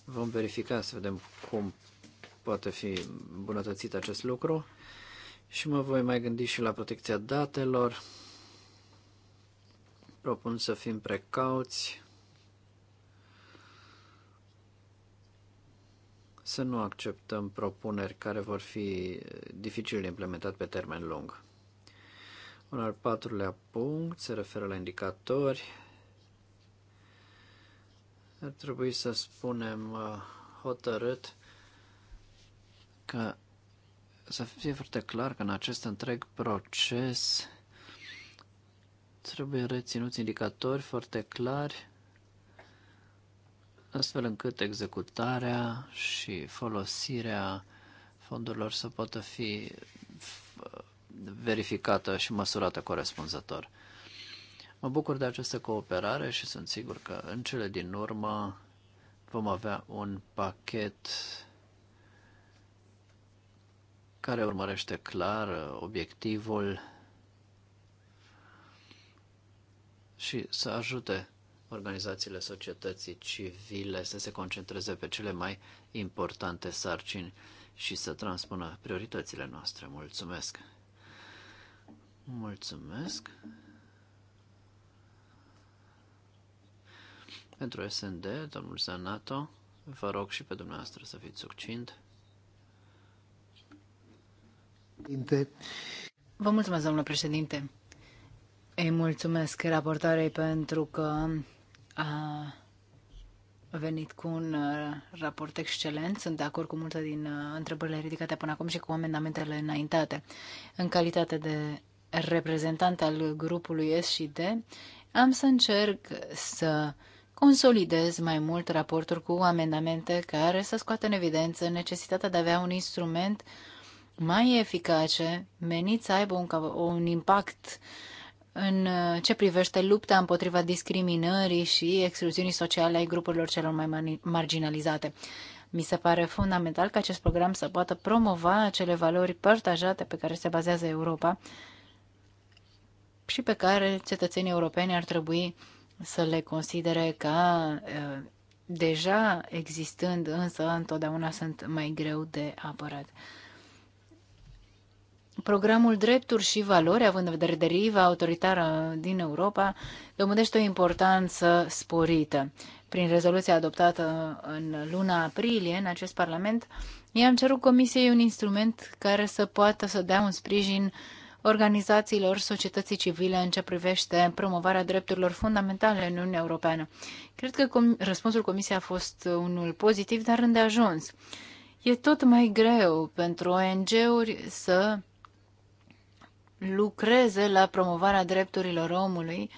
Vom verifica să vedem cum poate fi îmbunătățit acest lucru și mă voi mai gândi și la protecția datelor Propun să fim precauți, să nu acceptăm propuneri care vor fi dificil de implementat pe termen lung. Un al patrulea punct se referă la indicatori. Ar trebui să spunem uh, hotărât că să fie foarte clar că în acest întreg proces Trebuie reținuți indicatori foarte clari, astfel încât executarea și folosirea fondurilor să poată fi uh, verificată și măsurată corespunzător. Mă bucur de această cooperare și sunt sigur că în cele din urmă vom avea un pachet care urmărește clar uh, obiectivul și să ajute organizațiile societății civile să se concentreze pe cele mai importante sarcini și să transpună prioritățile noastre. Mulțumesc! Mulțumesc! Pentru SND, domnul Zanato, vă rog și pe dumneavoastră să fiți succint. Vă mulțumesc, domnule președinte. Îi mulțumesc raportoarei pentru că a venit cu un uh, raport excelent. Sunt de acord cu multe din uh, întrebările ridicate până acum și cu amendamentele înaintate. În calitate de reprezentant al grupului S și D, am să încerc să consolidez mai mult raportul cu amendamente care să scoată în evidență necesitatea de a avea un instrument mai eficace, menit să aibă un, un impact uh, în uh, ce privește lupta împotriva discriminării și excluziunii sociale ai grupurilor celor mai marginalizate. Mi se pare fundamental ca acest program să poată promova acele valori partajate pe care se bazează Europa și pe care cetățenii europeni ar trebui să le considere ca uh, deja existând, însă întotdeauna sunt mai greu de apărat programul Drepturi și Valori, având în vedere deriva autoritară din Europa, dobândește o importanță sporită. Prin rezoluția adoptată în luna aprilie în acest Parlament, i-am cerut Comisiei un instrument care să poată să dea un sprijin organizațiilor societății civile în ce privește promovarea drepturilor fundamentale în Uniunea Europeană. Cred că com- răspunsul Comisiei a fost unul pozitiv, dar îndeajuns. E tot mai greu pentru ONG-uri să lucreze la promovarea drepturilor omului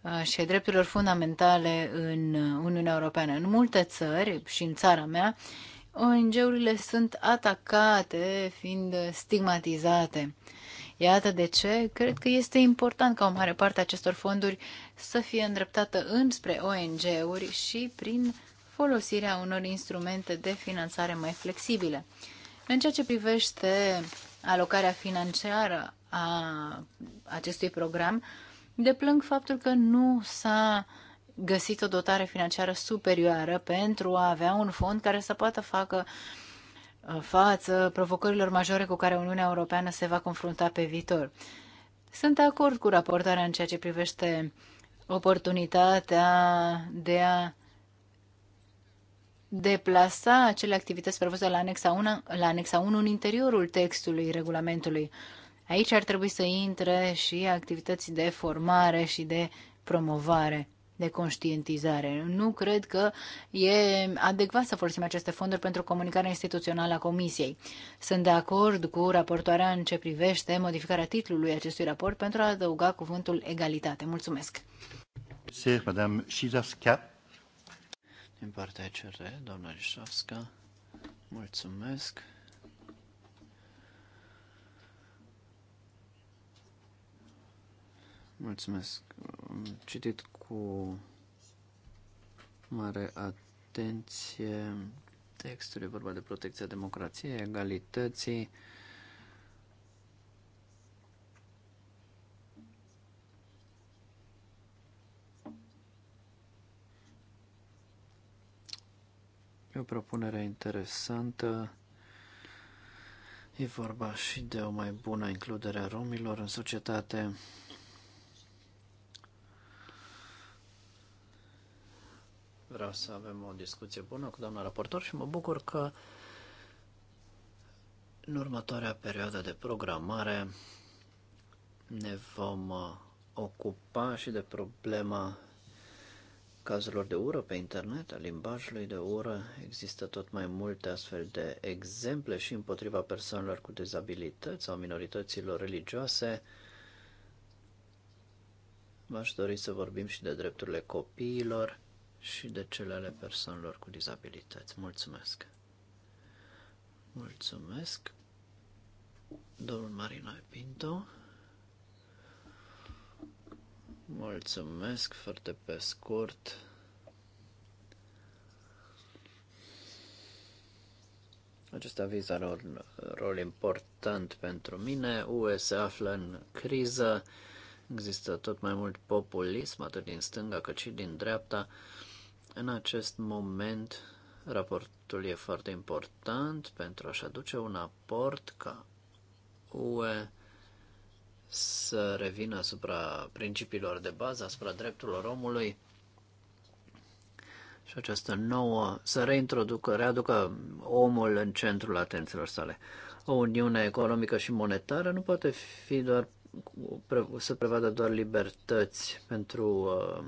uh, și drepturilor fundamentale în Uniunea Europeană. În multe țări și în țara mea, ONG-urile sunt atacate, fiind stigmatizate. Iată de ce cred că este important ca o mare parte a acestor fonduri să fie îndreptată înspre ONG-uri și prin folosirea unor instrumente de finanțare mai flexibile. În ceea ce privește alocarea financiară a acestui program, deplâng faptul că nu s-a găsit o dotare financiară superioară pentru a avea un fond care să poată facă uh, față provocărilor majore cu care Uniunea Europeană se va confrunta pe viitor. Sunt de acord cu raportarea în ceea ce privește oportunitatea de a deplasa acele activități prevăzute la anexa 1, la anexa 1 în interiorul textului regulamentului. Aici ar trebui să intre și activități de formare și de promovare de conștientizare. Nu cred că e adecvat să folosim aceste fonduri pentru comunicarea instituțională a Comisiei. Sunt de acord cu raportoarea în ce privește modificarea titlului acestui raport pentru a adăuga cuvântul egalitate. Mulțumesc! Din partea CR, doamna Șizasca, mulțumesc. Mulțumesc. Am citit cu mare atenție textul. E vorba de protecția democrației, egalității. E o propunere interesantă. E vorba și de o mai bună includere a romilor în societate. Vreau să avem o discuție bună cu doamna raportor și mă bucur că în următoarea perioadă de programare ne vom uh, ocupa și de problema cazurilor de ură pe internet, a limbajului de ură. Există tot mai multe astfel de exemple și împotriva persoanelor cu dezabilități sau minorităților religioase. V-aș dori să vorbim și de drepturile copiilor și de cele ale persoanelor cu dizabilități. Mulțumesc! Mulțumesc, domnul Marina Pinto. Mulțumesc foarte pe scurt. Acest aviz are un rol important pentru mine. UE se află în criză. Există tot mai mult populism, atât din stânga cât și din dreapta în acest moment, raportul e foarte important pentru a-și aduce un aport ca UE să revină asupra principiilor de bază, asupra drepturilor omului și această nouă, să reintroducă, readucă omul în centrul atențiilor sale. O uniune economică și monetară nu poate fi doar să prevadă doar libertăți pentru uh,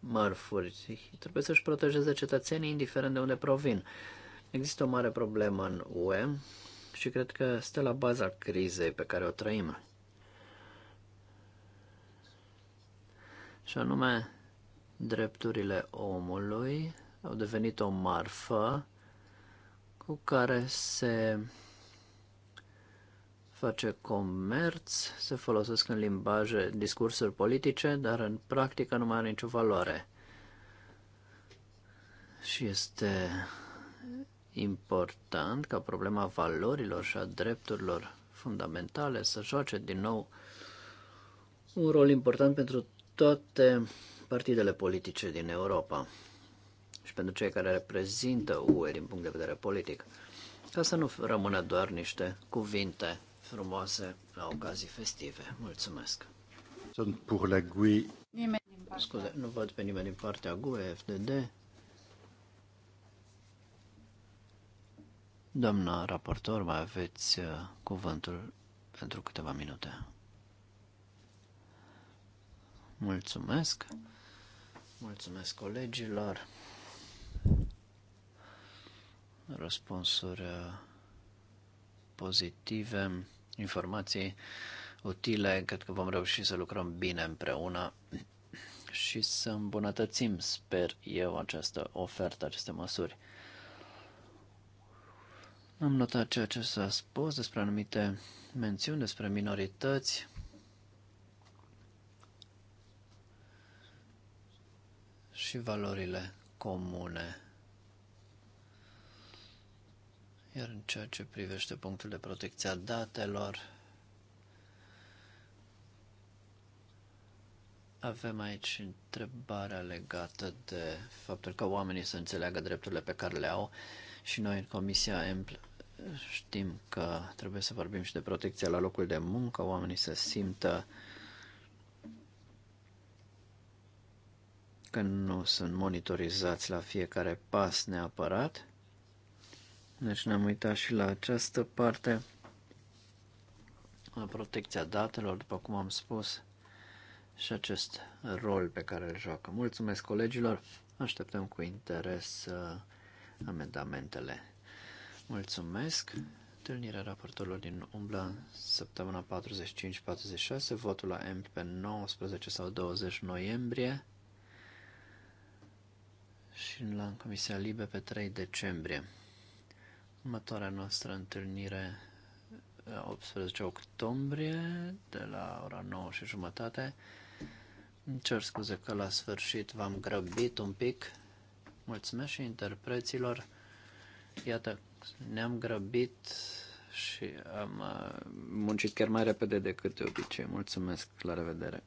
mărfuri. Trebuie să-și protejeze cetățenii indiferent de unde provin. Există o mare problemă în UE și cred că stă la baza crizei pe care o trăim. Și anume, drepturile omului au devenit o marfă cu care se face comerț, se folosesc în limbaje discursuri politice, dar în practică nu mai are nicio valoare. Și este important ca problema valorilor și a drepturilor fundamentale să joace din nou un rol important pentru toate partidele politice din Europa și pentru cei care reprezintă UE din punct de vedere politic, ca să nu rămână doar niște cuvinte frumoase la ocazii festive. Mulțumesc! Sunt pur la GUI. Nimeni din partea... Scuze, nu văd pe nimeni din partea GUE, FDD. Doamna raportor, mai aveți uh, cuvântul pentru câteva minute. Mulțumesc! Mulțumesc colegilor! Răspunsuri uh, pozitive, informații utile. Cred că vom reuși să lucrăm bine împreună și să îmbunătățim, sper eu, această ofertă, aceste măsuri. Am notat ceea ce s-a spus despre anumite mențiuni, despre minorități. și valorile comune. Iar în ceea ce privește punctul de protecție a datelor, avem aici întrebarea legată de faptul că oamenii să înțeleagă drepturile pe care le au și noi în Comisia EMPL știm că trebuie să vorbim și de protecția la locul de muncă, oamenii să simtă că nu sunt monitorizați la fiecare pas neapărat. Deci ne-am uitat și la această parte, la protecția datelor, după cum am spus, și acest rol pe care îl joacă. Mulțumesc colegilor, așteptăm cu interes uh, amendamentele. Mulțumesc! Întâlnirea raportorilor din umbla săptămâna 45-46, votul la MP pe 19 sau 20 noiembrie și la Comisia Libe pe 3 decembrie. Următoarea noastră întâlnire 18 uh, octombrie de la ora 9 și jumătate. Îmi cer scuze că la sfârșit v-am grăbit un pic. Mulțumesc și interpreților. Iată, ne-am grăbit și am uh, muncit chiar mai repede decât de obicei. Mulțumesc, la revedere!